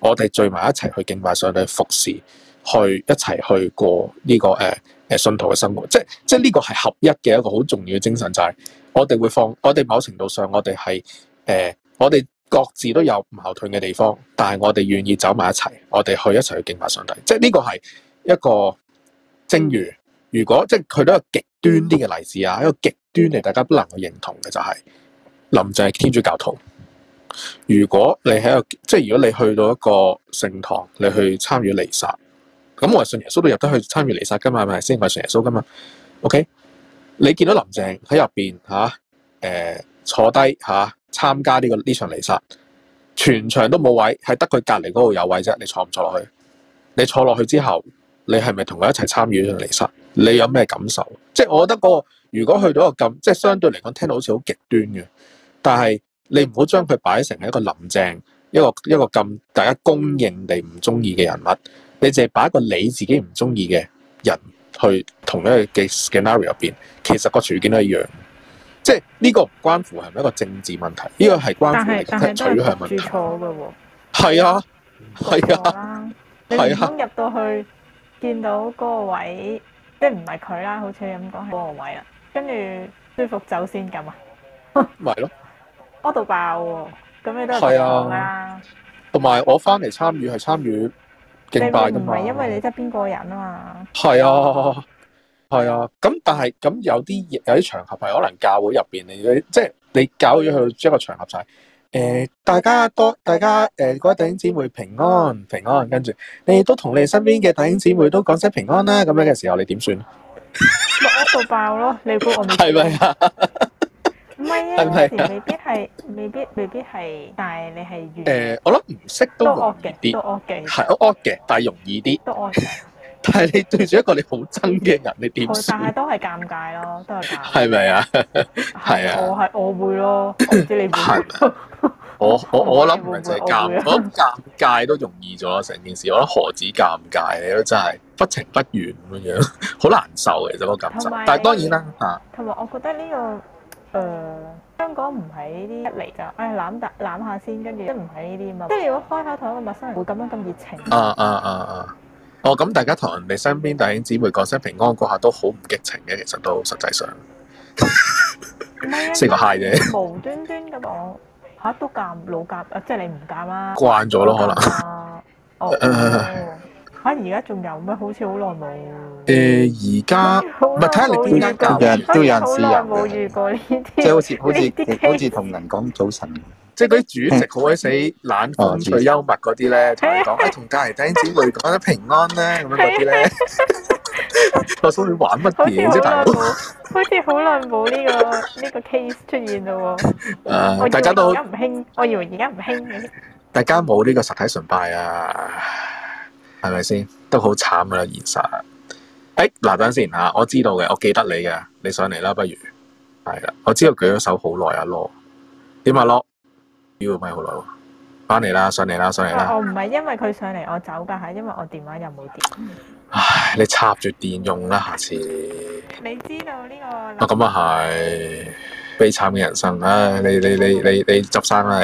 我哋聚埋一齊去敬拜上帝、服侍，去一齊去過呢個誒誒信徒嘅生活。即係即係呢個係合一嘅一個好重要嘅精神就係。我哋會放，我哋某程度上，我哋係誒，我哋各自都有矛盾嘅地方，但係我哋願意走埋一齊，我哋去一齊去敬拜上帝。即係呢個係一個，正如如果即係佢都係極端啲嘅例子啊，一個極端嚟，大家不能夠認同嘅就係林鄭天主教徒。如果你喺個，即係如果你去到一個聖堂，你去參與彌撒，咁我係信耶穌，都入得去參與彌撒噶嘛，係咪先係信耶穌噶嘛，OK？你見到林鄭喺入邊嚇，誒、啊呃、坐低嚇、啊、參加呢個呢場離殺，全場都冇位，係得佢隔離嗰度有位啫。你坐唔坐落去？你坐落去之後，你係咪同佢一齊參與呢場離殺？你有咩感受？即、就、係、是、我覺得嗰、那個，如果去到一個咁，即、就、係、是、相對嚟講聽到好似好極端嘅，但係你唔好將佢擺成係一個林鄭，一個一個咁大家公認地唔中意嘅人物，你淨係擺一個你自己唔中意嘅人。去同一嘅 scenario 入邊，其實個處境都一樣，即係呢個唔關乎係咪一個政治問題，呢個係關乎取向嘅問題。但係錯㗎喎。係啊，係啊。係啊。啊，你剛入到去見到嗰個位，啊、即係唔係佢啦？好似咁講係嗰個位啊？跟住舒服走先咁啊？咪係咯，屙到爆喎，咁你都係講啦。同埋、啊、我翻嚟參與係參與。即係唔係因為你得邊個人啊嘛，係啊係啊，咁、啊、但係咁有啲有啲場合係可能教會入邊你即係、就是、你搞咗去一個場合就誒、呃、大家多大家誒、呃、各位弟兄姊妹平安平安，跟住你都同你身邊嘅弟兄姊妹都講聲平安啦，咁樣嘅時候你點算？我一度爆咯，你估我係咪啊？ 唔係啊，有時未必係，未必未必係。但係你係遇誒，我覺得唔識都惡嘅啲，都惡嘅，係都惡嘅，但係容易啲。都惡嘅，但係你對住一個你好憎嘅人，你點？但係都係尷尬咯，都係尷。係咪啊？係啊。我係我會咯，唔知你會唔會？我我我諗唔係淨係尷，我覺得尷尬都容易咗成件事。我覺得何止尷尬，你都真係不情不願咁樣，好難受嘅。其實嗰個感受，但係當然啦嚇。同埋我覺得呢個。誒、呃，香港唔係呢啲，一嚟就唉攬大攬下先，跟住即係唔係呢啲嘛，即係如果開口同一個陌生人會咁樣咁熱情啊啊啊啊！哦，咁大家同人哋身邊弟兄姊妹講聲平安過下都好唔激情嘅。其實都實際上 是 四個蟹嘅，啫，無端端咁講吓，都夾老夾，即係你唔夾啦，慣咗咯可能哦。 嚇！而家仲有咩？好似好耐冇誒，而家唔係睇下你邊間都有人試，有冇遇過呢啲。即係好似好似好似同人講早晨，即係嗰啲主席好鬼死懶，最幽默嗰啲咧同你講，哎同隔籬啲姊妹講得平安咧，咁樣嗰啲咧。我所以玩乜嘢？即係好耐，好似好耐冇呢個呢個 case 出現嘞喎。誒，大家都我以為而家唔興嘅，大家冇呢個實體崇拜啊。係咪先都好慘噶啦現實？誒，嗱、欸、等先吓，我知道嘅，我記得你嘅，你上嚟啦，不如係啦，我知道舉咗手 media, 好耐啊，羅點啊，羅，要唔係好耐喎？翻嚟啦，上嚟啦，上嚟啦！我唔係因為佢上嚟我走噶，係因為我電話又冇電。唉，你插住電用啦，下次。你知道呢個？咁啊係，悲慘嘅人生啊！你你你你你執生啦，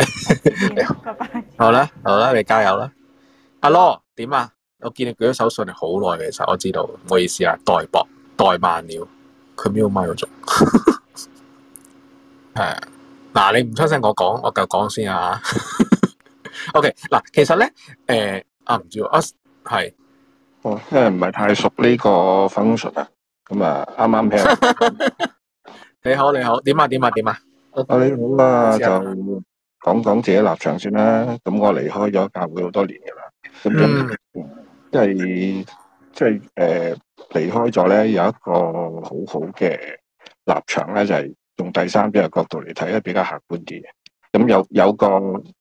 你好，拜拜。好啦，好啦，你加油啦，阿羅點啊？我見你舉咗手信係好耐嘅，其實我知道，唔好意思啊，代博怠慢了，佢邊個買咗中？係嗱， 啊，你唔出聲，我講，我就講先啊。 OK，嗱，啊，其實咧，誒，呃，啊，唔知啊，係，哦，因為唔係太熟呢個 function 啊，咁，嗯，啊，啱啱聽。你好，你好，點啊？點啊？點啊？你好啊，就講講自己立場先啦。咁我離開咗教會好多年噶啦，咁 即係即係誒，離、就是就是呃、開咗咧，有一個好好嘅立場咧，就係、是、用第三者嘅角度嚟睇咧，比較客觀啲。嘅，咁有有個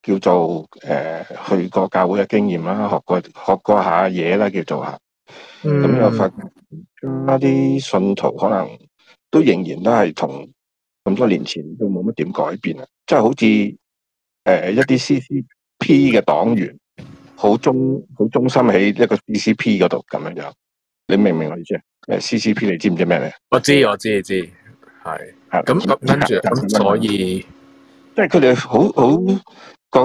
叫做誒、呃，去過教會嘅經驗啦，學過學過下嘢啦叫做吓。咁又發覺一啲信徒可能都仍然都係同咁多年前都冇乜點改變啊！即、就、係、是、好似誒、呃、一啲 CCP 嘅黨員。好中好忠心喺一個 CCP 嗰度，咁樣樣你明唔明我意思誒，CCP 你知唔知咩咧？我知，我知，你知係。咁跟住，咁所以即係佢哋好好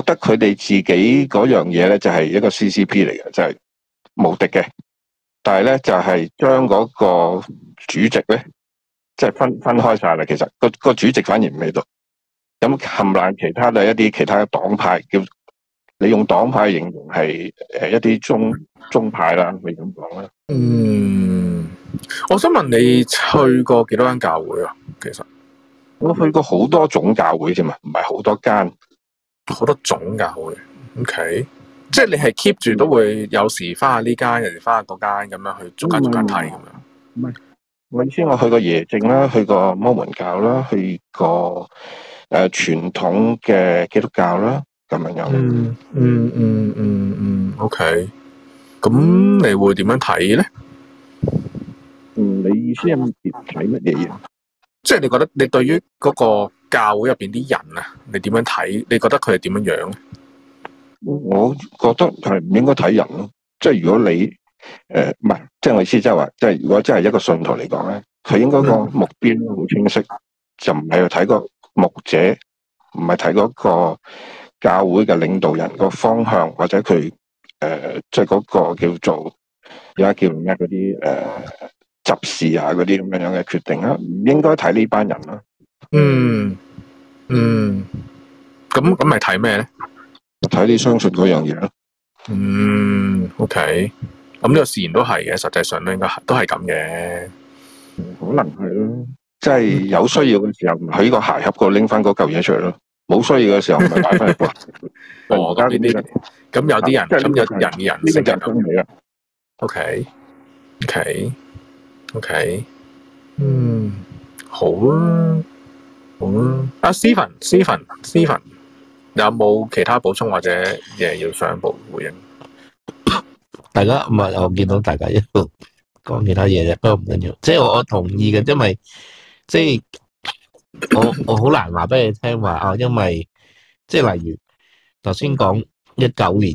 覺得佢哋自己嗰樣嘢咧，就係一個 CCP 嚟嘅，就係無敵嘅。但係咧，就係將嗰個主席咧，即係分分開晒啦。其實個個主席反而唔喺度，咁含埋其他嘅一啲其他嘅黨派叫。你用黨派形容係誒一啲宗，宗派啦，可以咁講啦？嗯，我想問你去過幾多間教會啊？其實我去過好多種教會添啊，唔係好多間，好多種教會。嗯、o、okay. K，、嗯、即係你係 keep 住都會，有時翻下呢間，有時翻下嗰間，咁樣去中間中間睇咁樣。唔係、嗯，我意思我去過耶正啦，去過摩門教啦，去過誒傳統嘅基督教啦。咁樣樣，嗯嗯嗯嗯嗯，O K。咁、OK. 你會點樣睇咧？嗯，你意思係唔係睇乜嘢嘢即係你覺得你對於嗰個教會入邊啲人啊，你點樣睇？你覺得佢係點樣樣咧？我覺得係唔應該睇人咯。即係如果你誒，唔係，即係我意思即係話，即係如果真係一個信徒嚟講咧，佢應該個目標好清晰，嗯、就唔係去睇個牧者，唔係睇嗰個。教會嘅領導人個方向，或者佢誒，即係嗰個叫做而家叫咩嗰啲誒，執、呃、事啊嗰啲咁樣樣嘅決定啊，唔應該睇呢班人啦、嗯。嗯嗯，咁咁咪睇咩咧？睇你相信嗰樣嘢咯、嗯 okay。嗯，OK。咁、這、呢個自然都係嘅，實際上都應該都係咁嘅。可能係咯，即係有需要嘅時候，喺、嗯、個鞋盒度拎翻嗰嚿嘢出嚟咯。冇需要嘅時候，咪擺翻入櫃。哦，咁呢啲，咁有啲人，咁有人人識嘅。O K，O K，O K，嗯，好，啊，好。啊。阿 Steven，Steven，Steven，有冇其他補充或者嘢要上一步回應？大家唔係我見到大家一路講其他嘢啫，都唔緊要。即係我我同意嘅，因為即係。我我好難話俾你聽話啊，因為即係例如頭先講一九年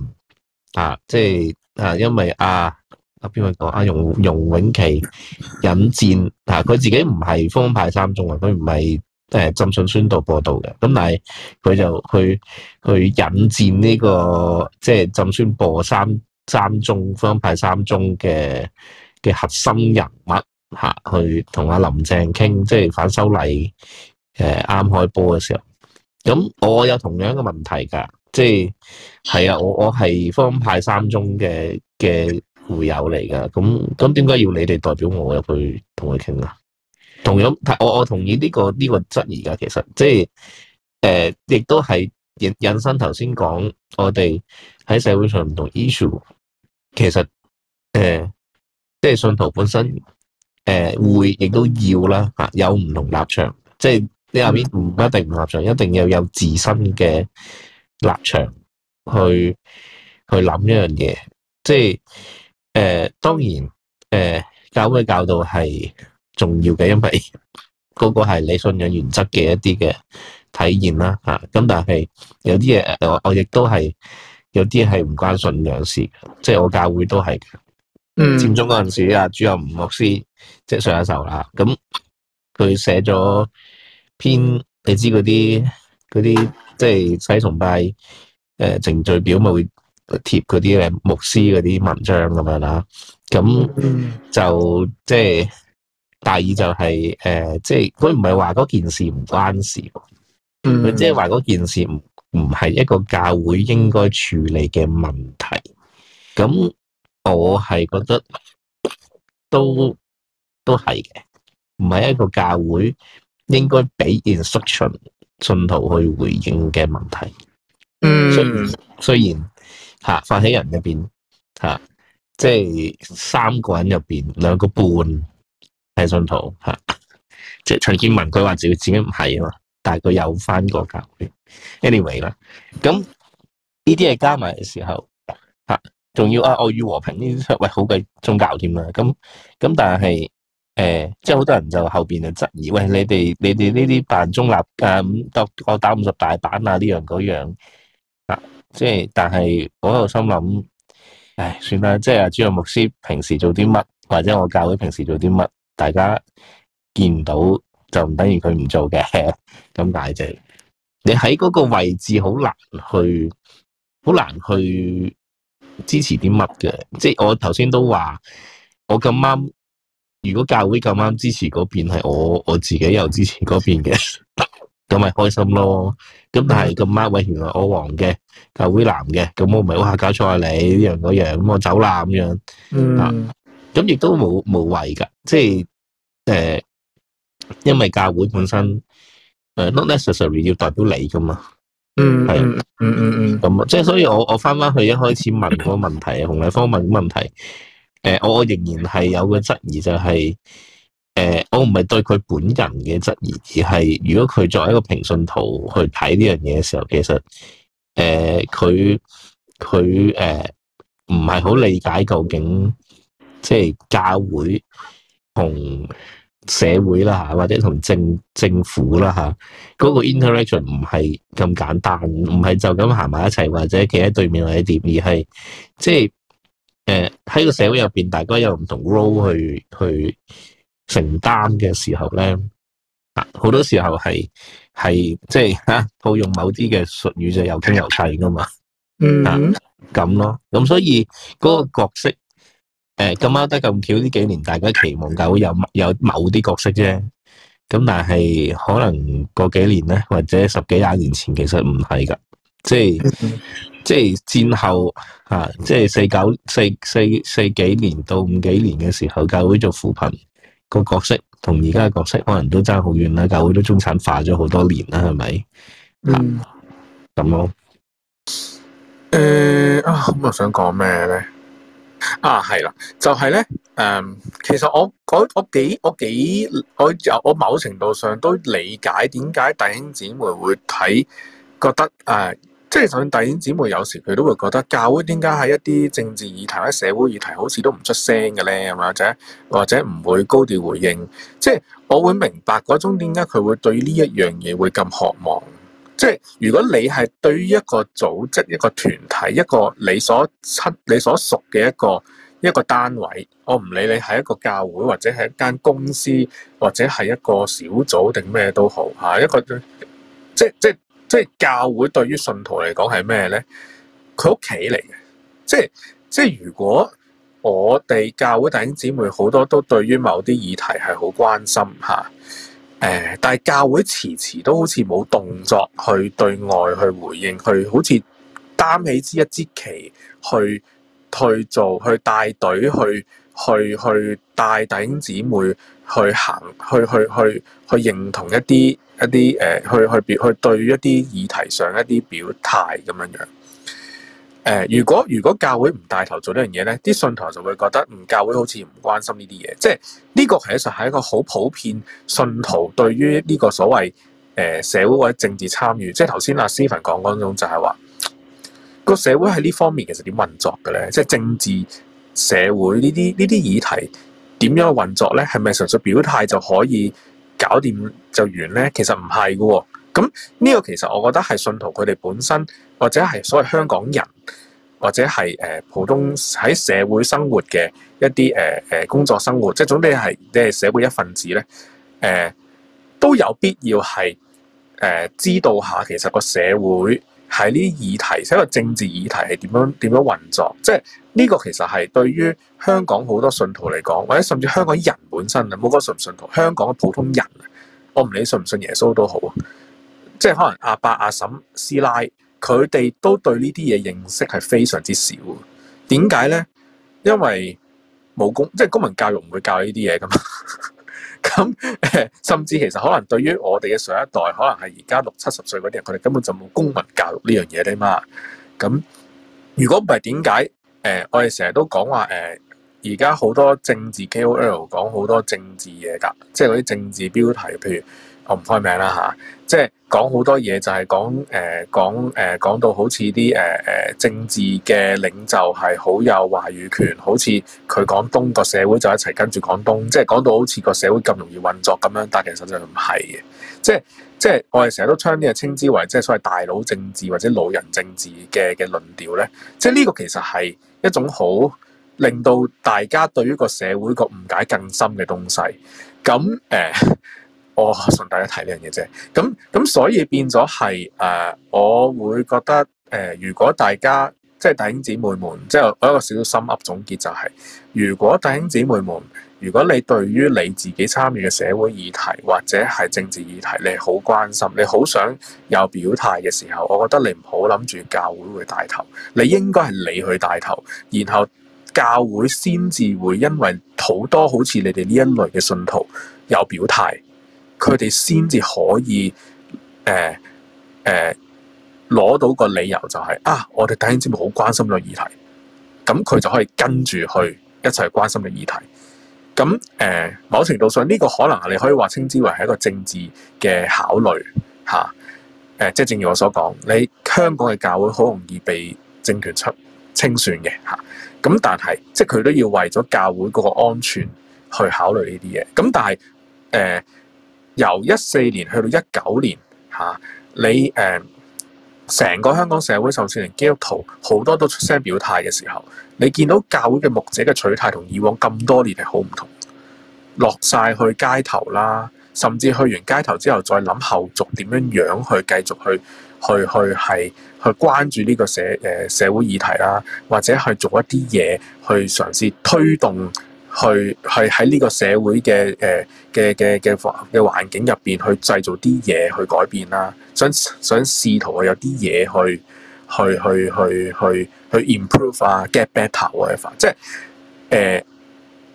啊，即係啊，因為啊，阿邊個講阿容容永琪引薦啊，佢自己唔係方派三宗啊，佢唔係誒浸信宣道播道嘅，咁但係佢就去去引薦呢、這個即係浸宣播三三宗方派三宗嘅嘅核心人物吓、啊，去同阿林鄭傾，即係反修例。誒，啱、嗯、開波嘅時候，咁我有同樣嘅問題噶，即係係啊，我我係方派三中嘅嘅會友嚟噶，咁咁點解要你哋代表我入去同佢傾啊？同樣，睇我我同意呢、這個呢、這個質疑噶，其實即係誒、呃，亦都係引引申頭先講，我哋喺社會上唔同 issue，其實誒、呃，即係信徒本身誒、呃、會亦都要啦，吓、啊、有唔同立場，即係。你下面唔一定唔立場，一定要有自身嘅立場去去諗一樣嘢，即係誒、呃、當然誒、呃、教會教導係重要嘅，因為嗰個係你信仰原則嘅一啲嘅體現啦嚇。咁、啊、但係有啲嘢我我亦都係有啲係唔關係信仰事嘅，即係我教會都係嘅。佔、嗯、中嗰陣時啊，主任吳牧師即係上一首啦，咁佢寫咗。偏你知嗰啲啲即係西崇拜，誒、呃、程序表咪會貼嗰啲咧，牧師嗰啲文章咁樣啦，咁就即係大意就係誒，即係佢唔係話嗰件事唔關事，佢即係話嗰件事唔唔係一個教會應該處理嘅問題。咁我係覺得都都係嘅，唔係一個教會，應該俾 instruction 信徒去回應嘅問題。嗯、mm.，雖然吓、啊，發起人入邊吓，即係三個人入邊兩個半係信徒吓，即係陳建文佢話自己自己唔係啊嘛，但係佢有翻個教會。anyway 啦，咁呢啲係加埋嘅時候嚇，仲、啊、要啊愛與和平呢啲喂好鬼宗教添啦。咁咁但係。誒、呃，即係好多人就後邊就質疑，喂，你哋你哋呢啲扮中立，咁、呃、打我打五十大板啊，呢樣嗰樣啊，即係但係我喺度心諗，唉，算啦，即係阿朱啊，牧師平時做啲乜，或者我教會平時做啲乜，大家見唔到就唔等於佢唔做嘅。咁大隻，你喺嗰個位置好難去，好難去支持啲乜嘅，即係我頭先都話，我咁啱。如果教會咁啱支持嗰邊，係我我自己又支持嗰邊嘅，咁 咪開心咯。咁但係咁啱，喂，原來我黃嘅，教會藍嘅，咁我唔係好吓搞錯、啊、你呢樣嗰樣，咁我走啦咁樣啊。咁亦都冇冇謂噶，即係誒、呃，因為教會本身誒，not necessary 要代表你噶嘛。嗯嗯嗯嗯嗯嗯，咁即係所以我我翻翻去一開始問嗰個問題，洪麗芳問嘅問題。誒、呃，我仍然係有個質疑，就是，就係誒，我唔係對佢本人嘅質疑，而係如果佢作為一個評訊圖去睇呢樣嘢嘅時候，其實誒，佢佢誒，唔係好理解究竟即係教會同社會啦吓，或者同政政府啦吓，嗰、啊那個 interaction 唔係咁簡單，唔係就咁行埋一齊或者企喺對面或者點，而係即係。誒，喺個、呃、社會入邊，大家有唔同 role 去去承擔嘅時候咧，好多時候係係即係吓、啊、套用某啲嘅術語就又輕又細噶嘛，啊咁咯，咁所以嗰個角色誒咁啱得咁巧呢幾年，大家期望教會有有某啲角色啫，咁但係可能過幾年咧，或者十幾廿年前，其實唔係噶，即係。 即係戰後吓、啊，即係四九四四四幾年到五幾年嘅時候，教會做扶貧個角色，同而家嘅角色可能都爭好遠啦。教會都中產化咗好多年啦，係咪？咁咯、嗯。誒、啊，咁我想講咩咧？啊，係、嗯、啦、啊，就係、是、咧。誒、嗯，其實我我，我，我，我幾我，我，我，我，我幾我有我某程度上都理解點解弟兄姊妹會睇覺得誒。啊即係就算弟兄姊妹有時佢都會覺得教會點解喺一啲政治議題、喺社會議題，好似都唔出聲嘅咧，或者或者唔會高調回應。即係我會明白嗰種點解佢會對呢一樣嘢會咁渴望。即係如果你係對於一個組織、一個團體、一個你所出、你所屬嘅一個一個單位，我唔理你係一個教會，或者係一間公司，或者係一個小組定咩都好，嚇一個即即。即即係教會對於信徒嚟講係咩呢？佢屋企嚟嘅，即係即係如果我哋教會弟兄姊妹好多都對於某啲議題係好關心吓，啊，但係教會遲遲遲都好似冇動作去對外去回應，去好似擔起支一支旗去去做，去帶隊去去去帶弟兄姊妹去行，去去去去去認同一啲。一啲誒、呃、去去去對一啲議題上一啲表態咁樣樣誒，如果如果教會唔帶頭做呢樣嘢咧，啲信徒就會覺得唔、呃、教會好似唔關心呢啲嘢。即係呢、這個其實係一個好普遍信徒對於呢個所謂誒、呃、社會或者政治參與。即係頭先阿 Stephen 講嗰種就係話個社會喺呢方面其實點運作嘅咧？即係政治社會呢啲呢啲議題點樣運作咧？係咪純粹表態就可以？搞掂就完咧？其實唔係嘅喎，咁、嗯、呢、這個其實我覺得係信徒佢哋本身，或者係所謂香港人，或者係誒、呃、普通喺社會生活嘅一啲誒誒工作生活，即係總之係即係社會一份子咧，誒、呃、都有必要係誒、呃、知道下其實個社會喺呢啲議題，即個政治議題係點樣點樣運作，即係。呢個其實係對於香港好多信徒嚟講，或者甚至香港人本身啊，冇講信唔信徒，香港嘅普通人，我唔理信唔信耶穌都好，即係可能阿伯阿嬸師奶，佢哋都對呢啲嘢認識係非常之少。點解呢？因為冇公即係公民教育唔會教呢啲嘢㗎嘛。咁 甚至其實可能對於我哋嘅上一代，可能係而家六七十歲嗰啲人，佢哋根本就冇公民教育呢樣嘢咧嘛。咁如果唔係點解？誒、呃，我哋成日都講話誒，而家好多政治 K O L 講好多政治嘢㗎，即係嗰啲政治標題，譬如我唔開名啦嚇、啊，即係講好多嘢就係講誒、呃、講誒、呃、講到好似啲誒誒政治嘅領袖係好有話語權，好似佢講東個社會就一齊跟住講東，即係講到好似個社會咁容易運作咁樣，但其實就唔係嘅，即係即係我哋成日都將呢個稱之為即係所謂大佬政治或者老人政治嘅嘅論調咧，即係呢個其實係。一種好令到大家對於個社會個誤解更深嘅東西，咁誒、呃，我順帶大家睇呢樣嘢啫。咁咁所以變咗係誒，我會覺得誒、呃，如果大家即係弟兄姊妹們，即係我一個少少心噏總結就係、是，如果弟兄姊妹們。如果你對於你自己參與嘅社會議題或者係政治議題，你好關心，你好想有表態嘅時候，我覺得你唔好諗住教會會帶頭，你應該係你去帶頭，然後教會先至會因為好多好似你哋呢一類嘅信徒有表態，佢哋先至可以誒誒攞到個理由、就係，就係啊，我哋弟兄姊妹好關心個議題，咁佢就可以跟住去一齊關心嘅議題。咁誒、呃，某程度上呢、呢個可能，你可以話稱之為係一個政治嘅考慮嚇。誒、啊，即、呃、係正如我所講，你香港嘅教會好容易被政權清清算嘅嚇。咁、啊、但係，即係佢都要為咗教會嗰個安全去考慮呢啲嘢。咁、啊、但係誒、呃，由一四年去到一九年嚇、啊，你誒。呃成個香港社會，尤其是連基督徒好多都出聲表態嘅時候，你見到教會嘅牧者嘅取態同以往咁多年係好唔同，落晒去街頭啦，甚至去完街頭之後再諗後續點樣樣去繼續去去去係去關注呢個社誒、呃、社會議題啦，或者去做一啲嘢去嘗試推動去，去去喺呢個社會嘅誒嘅嘅嘅嘅環境入邊去製造啲嘢去改變啦。呃想想試圖啊，有啲嘢去去去去去去 improve 啊，get better 啊，即係誒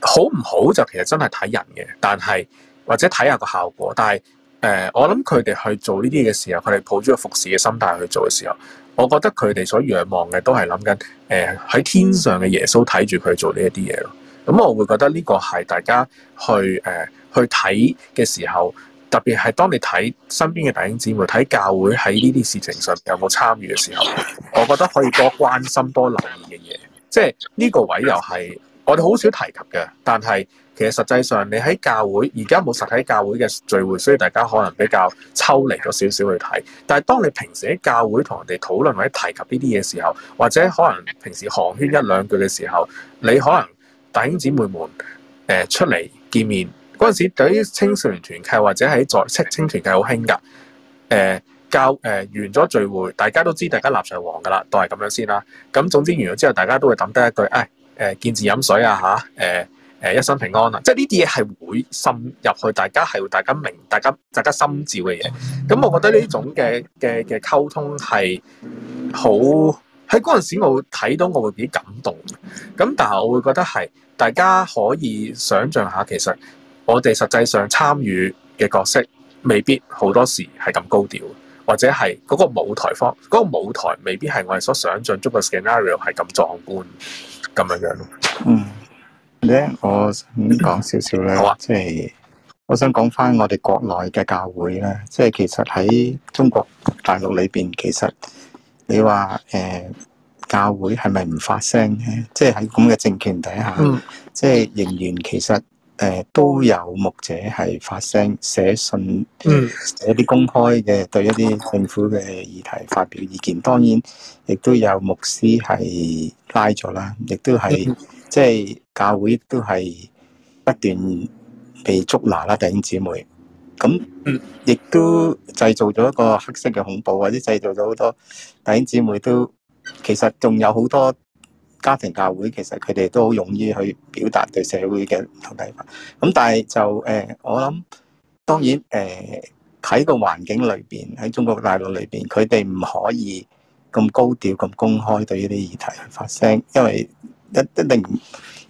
好唔好就其實真係睇人嘅，但係或者睇下個效果。但係誒、呃，我諗佢哋去做呢啲嘅時候，佢哋抱住個服侍嘅心態去做嘅時候，我覺得佢哋所仰望嘅都係諗緊誒喺天上嘅耶穌睇住佢做呢一啲嘢咯。咁、嗯、我會覺得呢個係大家去誒、呃、去睇嘅時候。特別係當你睇身邊嘅弟兄姊妹睇教會喺呢啲事情上有冇參與嘅時候，我覺得可以多關心多留意嘅嘢。即係呢個位又係我哋好少提及嘅，但係其實實際上你喺教會而家冇實體教會嘅聚會，所以大家可能比較抽離咗少少去睇。但係當你平時喺教會同人哋討論或者提及呢啲嘢嘅時候，或者可能平時寒暄一兩句嘅時候，你可能弟兄姊妹們出嚟見面。嗰陣時，對於青少年團契或者喺在即，青團契好興㗎。誒、呃，教誒、呃、完咗聚會，大家都知，大家立上王㗎啦，都係咁樣先啦。咁總之完咗之後，大家都會抌低一句誒，誒、哎呃、見字飲水啊，吓、呃，誒、呃、誒一生平安啊，即係呢啲嘢係會滲入去，大家係會大家明，大家大家心照嘅嘢。咁、嗯、我覺得呢種嘅嘅嘅溝通係好喺嗰陣時，我睇到我會幾感動。咁但係我會覺得係大家可以想象下，其實。我哋實際上參與嘅角色未必好多時係咁高調，或者係嗰個舞台方嗰、嗰個舞台未必係我哋所想像中嘅 scenario 係咁壯觀咁樣樣咯。嗯，咧我想講少少咧，好即、啊、係我想講翻我哋國內嘅教會咧，即、就、係、是、其實喺中國大陸裏邊，其實你話誒、欸、教會係咪唔發聲咧？即係喺咁嘅政權底下，即係 仍然其實。誒都有牧者係發聲、寫信、寫啲公開嘅對一啲政府嘅議題發表意見。當然，亦都有牧師係拉咗啦，亦都係即係教會都係不斷被捉拿啦，弟兄姊妹。咁亦都製造咗一個黑色嘅恐怖，或者製造咗好多弟兄姊妹都其實仲有好多。家庭教會其實佢哋都好勇於去表達對社會嘅唔同睇法，咁但係就誒，我諗當然誒喺、呃、個環境裏邊喺中國大陸裏邊，佢哋唔可以咁高調咁公開對呢啲議題去發聲，因為一定一定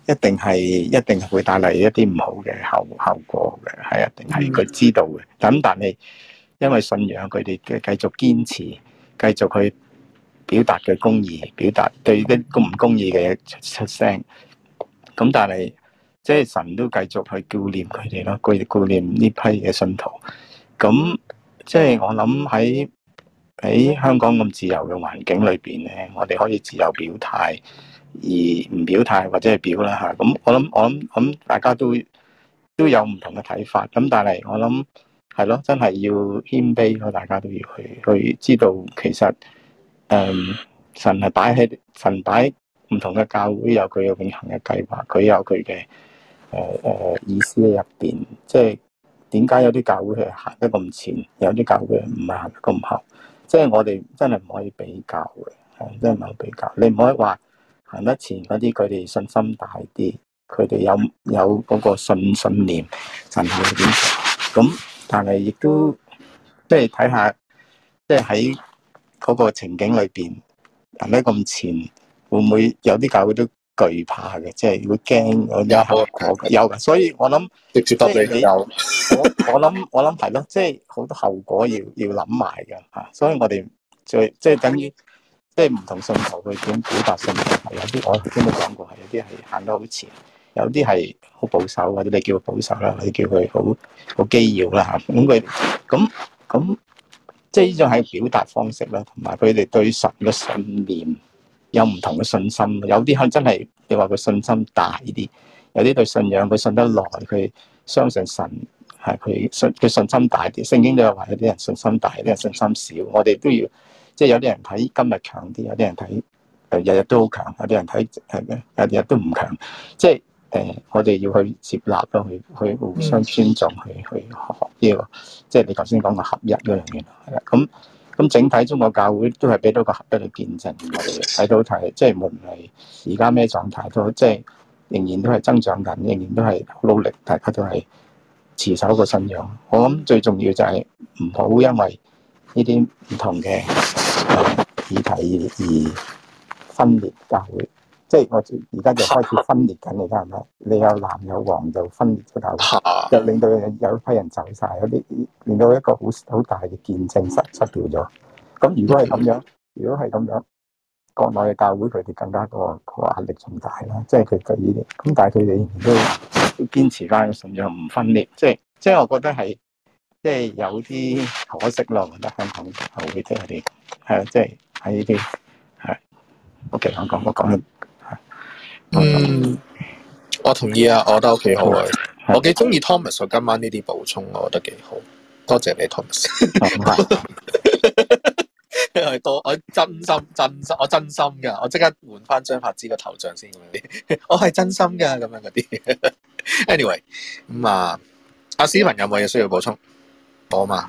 一定係一,一定會帶嚟一啲唔好嘅後後果嘅，係一定係佢知道嘅。咁但係因為信仰，佢哋繼繼續堅持，繼續去。表達嘅公義，表達對啲公唔公義嘅出出聲。咁但係即係神都繼續去顧念佢哋咯，顧顧念呢批嘅信徒。咁即係我諗喺喺香港咁自由嘅環境裏邊咧，我哋可以自由表態，而唔表態或者係表啦吓。咁我諗我諗咁，大家都都有唔同嘅睇法。咁但係我諗係咯，真係要謙卑咯，大家都要去去知道其實。誒、嗯，神係擺喺神擺唔同嘅教會有佢嘅永恆嘅計劃，佢有佢嘅誒誒意思喺入邊，即係點解有啲教會係行得咁前，有啲教會唔係行得咁後？即、就、係、是、我哋真係唔可以比較嘅，真係唔可以比較。你唔可以話行得前嗰啲，佢哋信心大啲，佢哋有有嗰個信信念神係點？咁但係亦都即係睇下，即係喺。就是嗰個情景裏邊行得咁前，會唔會有啲教會都懼怕嘅？即係會驚有後果，嗯、有嘅。所以我諗直接答你，你，有。我我諗我諗係咯，即係好多後果要要諗埋㗎吓。所以我哋最即係等於即係唔同信徒去點表達信，有啲我頭先都講過，係有啲係行得好前，有啲係好保守，或者你叫佢保守啦，你叫佢好好基要啦吓。咁佢咁咁。嗯即係呢種係表達方式啦，同埋佢哋對神嘅信念有唔同嘅信心，有啲可能真係你話佢信心大啲，有啲對信仰佢信得耐，佢相信神係佢信佢信心大啲。聖經都有話有啲人信心大，有啲人信心少。我哋都要即係有啲人睇今日強啲，有啲人睇誒日日都好強，有啲人睇係咩日日都唔強，即係。誒、呃，我哋要去接納咯，去去互相尊重，去去學學呢、這個，即係你頭先講嘅合一嗰樣嘢。係啦，咁、嗯、咁、嗯、整體中國教會都係俾到個合一嘅見證。我哋睇到睇，即係無論係而家咩狀態都，即係仍然都係增長緊，仍然都係努力，大家都係持守一個信仰。我諗最重要就係唔好因為呢啲唔同嘅、呃、議題而、而分裂教會。即係我而家就開始分裂緊，你睇下，你有藍有黃就分裂出嚟，就令到有一批人走晒。有啲令到一個好好大嘅見證失失掉咗。咁如果係咁樣，如果係咁樣，國內嘅教會佢哋更加個個壓力仲大啦。即係佢佢呢啲，咁但係佢哋都都堅持翻，信仰唔分裂。即係即係我覺得係即係有啲可惜咯，覺得香港同侯彼得哋係即係喺呢啲係。我講講我講。嗯，我同意啊，我覺得幾好啊，我幾中意 Thomas，今晚呢啲補充，我覺得幾好，多謝你 Thomas，因為 多，多我真心真心，我真心噶，我即刻換翻張柏芝個頭像先， 我係真心噶，咁樣嗰啲，anyway 咁啊，阿詩文有冇嘢需要補充？我嘛，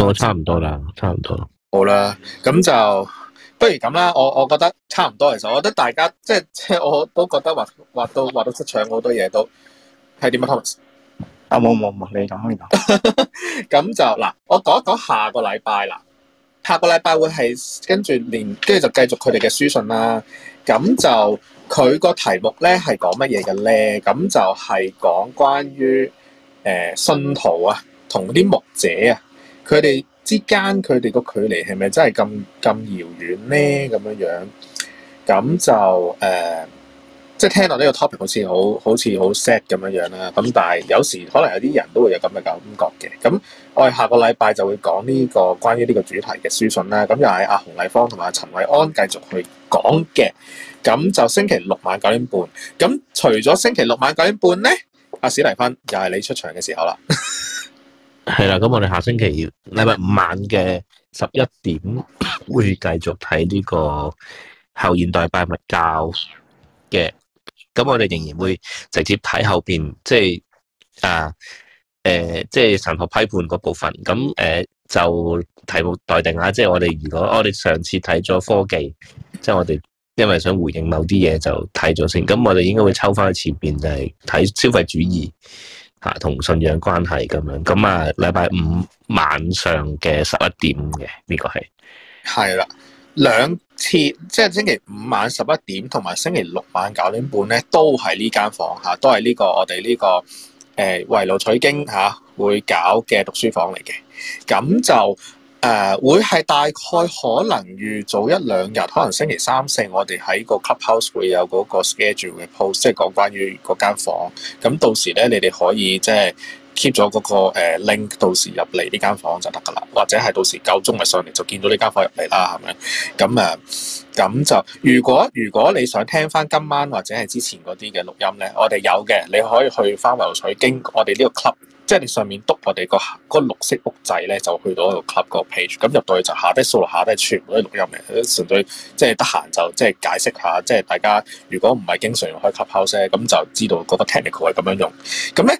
我差唔多啦，差唔多，多好啦，咁就。不如咁啦，我我覺得差唔多其實，我覺得大家即係即係我都覺得話話到話到出場好多嘢都係點樣 Thomas 啊，冇冇冇，你講你講，咁 就嗱，我講一講下個禮拜啦，下個禮拜會係跟住連跟住就繼續佢哋嘅書信啦。咁就佢個題目咧係講乜嘢嘅咧？咁就係講關於誒、呃、信徒啊，同啲牧者啊，佢哋。之間佢哋個距離係咪真係咁咁遙遠呢？咁樣樣咁就誒、呃，即係聽到呢個 topic 好似好好似好 sad 咁樣樣啦。咁但係有時可能有啲人都會有咁嘅感覺嘅。咁我哋下個禮拜就會講呢、這個關於呢個主題嘅書信啦。咁又係阿洪麗芳同埋阿陳偉安繼續去講嘅。咁就星期六晚九點半。咁除咗星期六晚九點半呢，阿、啊、史黎芬又係你出場嘅時候啦。 係啦，咁我哋下星期禮拜五晚嘅十一點會繼續睇呢個後現代拜物教嘅，咁我哋仍然會直接睇後邊，即係啊，誒、呃，即係神學批判嗰部分。咁誒、呃，就題目待定下，即係我哋如果、啊、我哋上次睇咗科技，即係我哋因為想回應某啲嘢就睇咗先，咁我哋應該會抽翻去前邊就係睇消費主義。吓，同、啊、信仰關係咁樣，咁啊，禮拜五晚上嘅十一點嘅呢個係，係啦，兩次，即係星期五晚十一點、這個、點，同埋星期六晚九點半咧，都係呢間房吓，都係呢、這個我哋呢、這個誒，圍、欸、爐取經吓、啊，會搞嘅讀書房嚟嘅，咁就。誒、uh, 會係大概可能預早一兩日，可能星期三四，我哋喺個 clubhouse 會有嗰個 schedule 嘅 post，即係講關於嗰間房。咁到時咧，你哋可以即係。keep 咗嗰個 link，到時入嚟呢間房就得噶啦，或者係到時夠鐘咪上嚟就見到呢間房入嚟啦，係咪？咁啊，咁就如果如果你想聽翻今晚或者係之前嗰啲嘅錄音咧，我哋有嘅，你可以去翻流水經我哋呢個 club，即係你上面督我哋、個嗰個綠色 box 仔咧，就去到嗰個 club 個 page，咁入到去就下低數落下低全部都係錄音嘅，純粹即係得閒就即係解釋下，即係大家如果唔係經常用開 clubhouse，咁就知道嗰個 technical 係咁樣用，咁咧。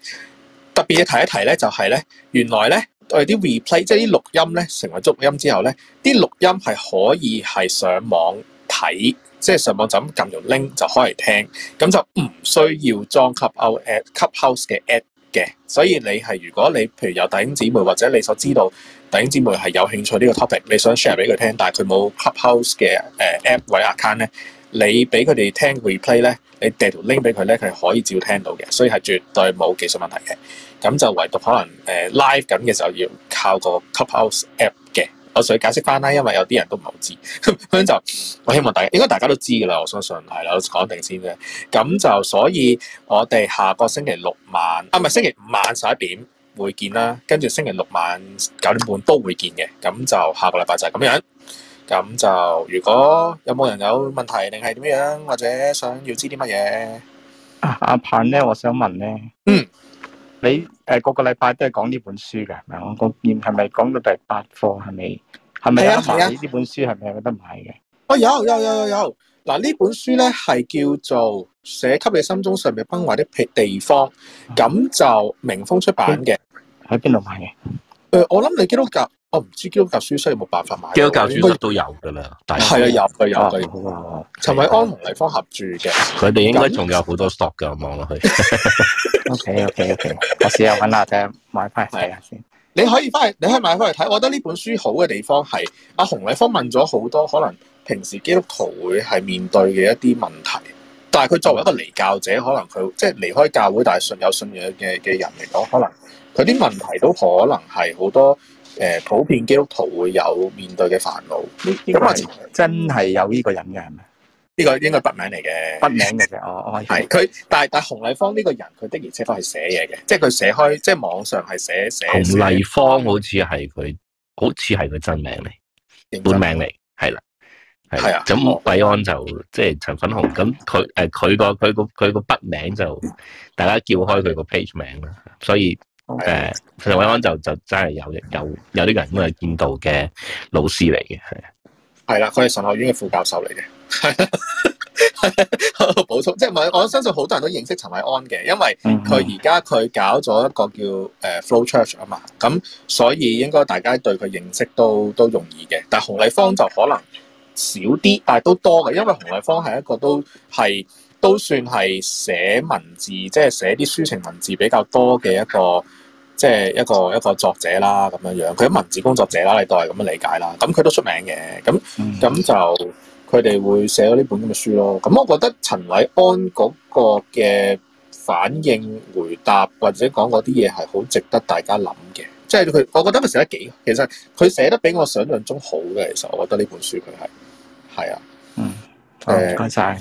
特別要提一提咧，就係咧，原來咧，我哋啲 replay 即係啲錄音咧，成為足音之後咧，啲錄音係可以係上網睇，即係上網就咁撳條 link 就可以聽，咁就唔需要裝 Clubhouse app Clubhouse 嘅 app 嘅。所以你係如果你譬如有弟兄姊妹或者你所知道弟兄姊妹係有興趣呢個 topic，你想 share 俾佢聽，但係佢冇 Clubhouse 嘅誒 app 位 account 咧，你俾佢哋聽 replay 咧，你掟條 link 俾佢咧，佢係可以照聽到嘅，所以係絕對冇技術問題嘅。咁就唯獨可能誒 live 緊嘅時候要靠個 Cup House app 嘅，我想解釋翻啦，因為有啲人都唔係好知，咁 就我希望大家應該大家都知嘅啦，我相信係啦，我講定先啫。咁就所以我哋下個星期六晚啊，唔係星期五晚十一點會見啦，跟住星期六晚九點半都會見嘅。咁就下個禮拜就係咁樣。咁就如果有冇人有問題定係點樣，或者想要知啲乜嘢？阿盼咧，我想問咧。嗯。你誒個個禮拜都係講呢本書嘅，係咪我講係咪講到第八課？係咪係咪得買呢本書？係咪有得買嘅？哦有有有有有，嗱呢本書咧係叫做寫給你心中尚未崩壞的地方，咁、啊、就明風出版嘅，喺邊度買嘅？誒、呃、我諗你幾多集？我唔知基督教書室有冇辦法買，基督教書都有噶啦。係啊，有嘅，有啊。陳偉安同麗芳合著嘅，佢哋應該仲有好多 stock 嘅。望落去，OK OK OK，我試下搵下睇下買翻。係啊。先你可以翻去，你可以買翻嚟睇。我覺得呢本書好嘅地方係阿洪麗芳問咗好多可能平時基督徒會係面對嘅一啲問題，但係佢作為一個離教者，可能佢即係離開教會但係信有信仰嘅嘅人嚟講，可能佢啲問題都可能係好多。誒，普遍基督徒會有面對嘅煩惱。咁係真係有呢個人嘅係咪？呢個應該筆名嚟嘅，筆名嘅啫。哦，係。係佢，但係但係洪麗芳呢個人，佢的而且確係寫嘢嘅，即係佢寫開，即係網上係寫寫。洪麗芳好似係佢，好似係佢真名嚟，本名嚟，係啦，係啊。咁偉安就即係陳粉紅，咁佢誒佢個佢個佢個筆名就大家叫開佢個 page 名啦，所以。誒，陳偉、嗯嗯、安就就真係有有有啲人應該係見到嘅老師嚟嘅，係啊，係啦，佢係神學院嘅副教授嚟嘅。補 充，即係我我相信好多人都認識陳偉安嘅，因為佢而家佢搞咗一個叫誒 Flow Church 啊嘛，咁、嗯、所以應該大家對佢認識都都容易嘅。但係洪麗芳就可能少啲，但係都多嘅，因為洪麗芳係一個都係都算係寫文字，即係寫啲抒情文字比較多嘅一個。即係一個一個作者啦，咁樣樣佢係文字工作者啦，你都係咁樣理解啦。咁佢都出名嘅，咁咁、嗯、就佢哋會寫到呢本咁嘅書咯。咁我覺得陳偉安嗰個嘅反應回答或者講嗰啲嘢係好值得大家諗嘅。即係佢，我覺得佢寫得幾其實佢寫得比我想象中好嘅。其實我覺得呢本書佢係係啊，嗯，唔該晒。呃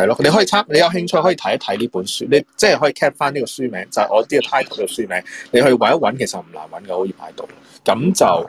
係咯，你可以參，你有興趣可以睇一睇呢本書，你即係可以 cap 翻呢個書名，就係、是、我呢個 title 嘅個書名，你去揾一揾其實唔難揾嘅，可以買到。咁就誒，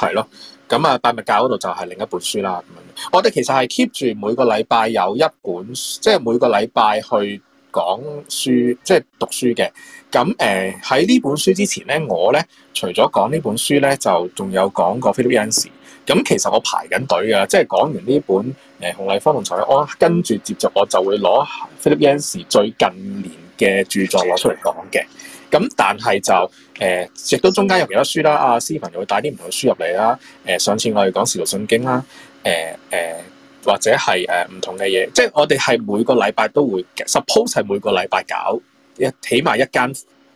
係、嗯、咯，咁啊拜物教嗰度就係另一本書啦。咁樣，我哋其實係 keep 住每個禮拜有一本，即、就、係、是、每個禮拜去講書，即、就、係、是、讀書嘅。咁誒喺呢本書之前咧，我咧除咗講呢本書咧，就仲有講過《Philip Yancey》。咁其實我排緊隊嘅，即係講完呢本。誒洪麗芳同財安跟住接續，我就會攞 Philip Yancey 最近年嘅著作攞出嚟講嘅。咁但係就誒，亦、呃、都中間有其他書啦。阿師朋友會帶啲唔同嘅書入嚟啦。誒、呃、上次我哋講《使徒信經》啦。誒、呃、誒、呃，或者係誒唔同嘅嘢，即係我哋係每個禮拜都會，suppose 係每個禮拜搞起碼一起埋一間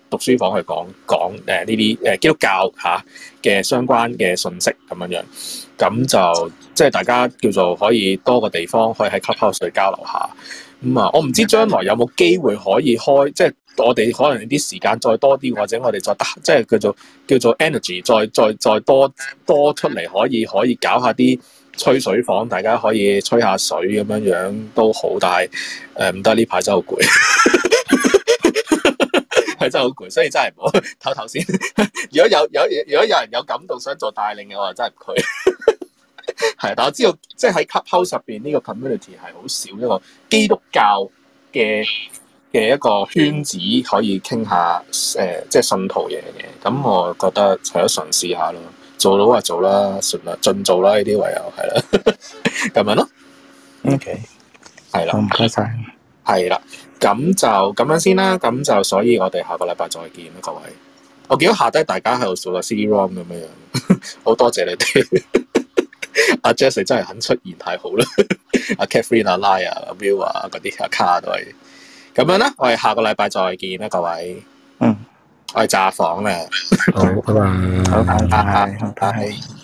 讀書房去講講誒呢啲誒基督教嚇嘅、啊、相關嘅信息咁樣樣。咁就即係大家叫做可以多個地方，可以喺吸泡水交流下。咁、嗯、啊，我唔知將來有冇機會可以開，即係我哋可能啲時間再多啲，或者我哋再打，即係叫做叫做 energy，再再再多多出嚟，可以可以搞下啲吹水房，大家可以吹下水咁樣樣都好。但係誒唔得，呢、呃、排真係好攰。 係真係好攰，所以真係唔好唞唞先。 如果有有如果有人有感動想做帶領嘅，我就真係唔攰。係， 但我知道即係喺 Clubhouse 上邊呢個 community 係好少一個基督教嘅嘅一個圈子，可以傾下誒、呃，即係信徒嘢嘅。咁我覺得除咗嘗試下咯，做到就做啦，盡力盡做啦。呢啲唯有係啦，咁 樣咯吧。OK，係啦了。唔該晒，係啦了。歉咁就咁樣先啦，咁就所以我哋下個禮拜再見啦，各位。我見到下低大家喺度做個 CD ROM 咁樣樣，好 多謝你哋。阿 Jesse 真係肯出現太好啦，阿 Katherine 啊、Liar 阿 Will 啊嗰啲阿 Car 都係咁樣啦。我哋下個禮拜再見啦，各位。各位嗯，我哋炸房咧。好，拜拜。 拜拜。拜，拜。拜拜。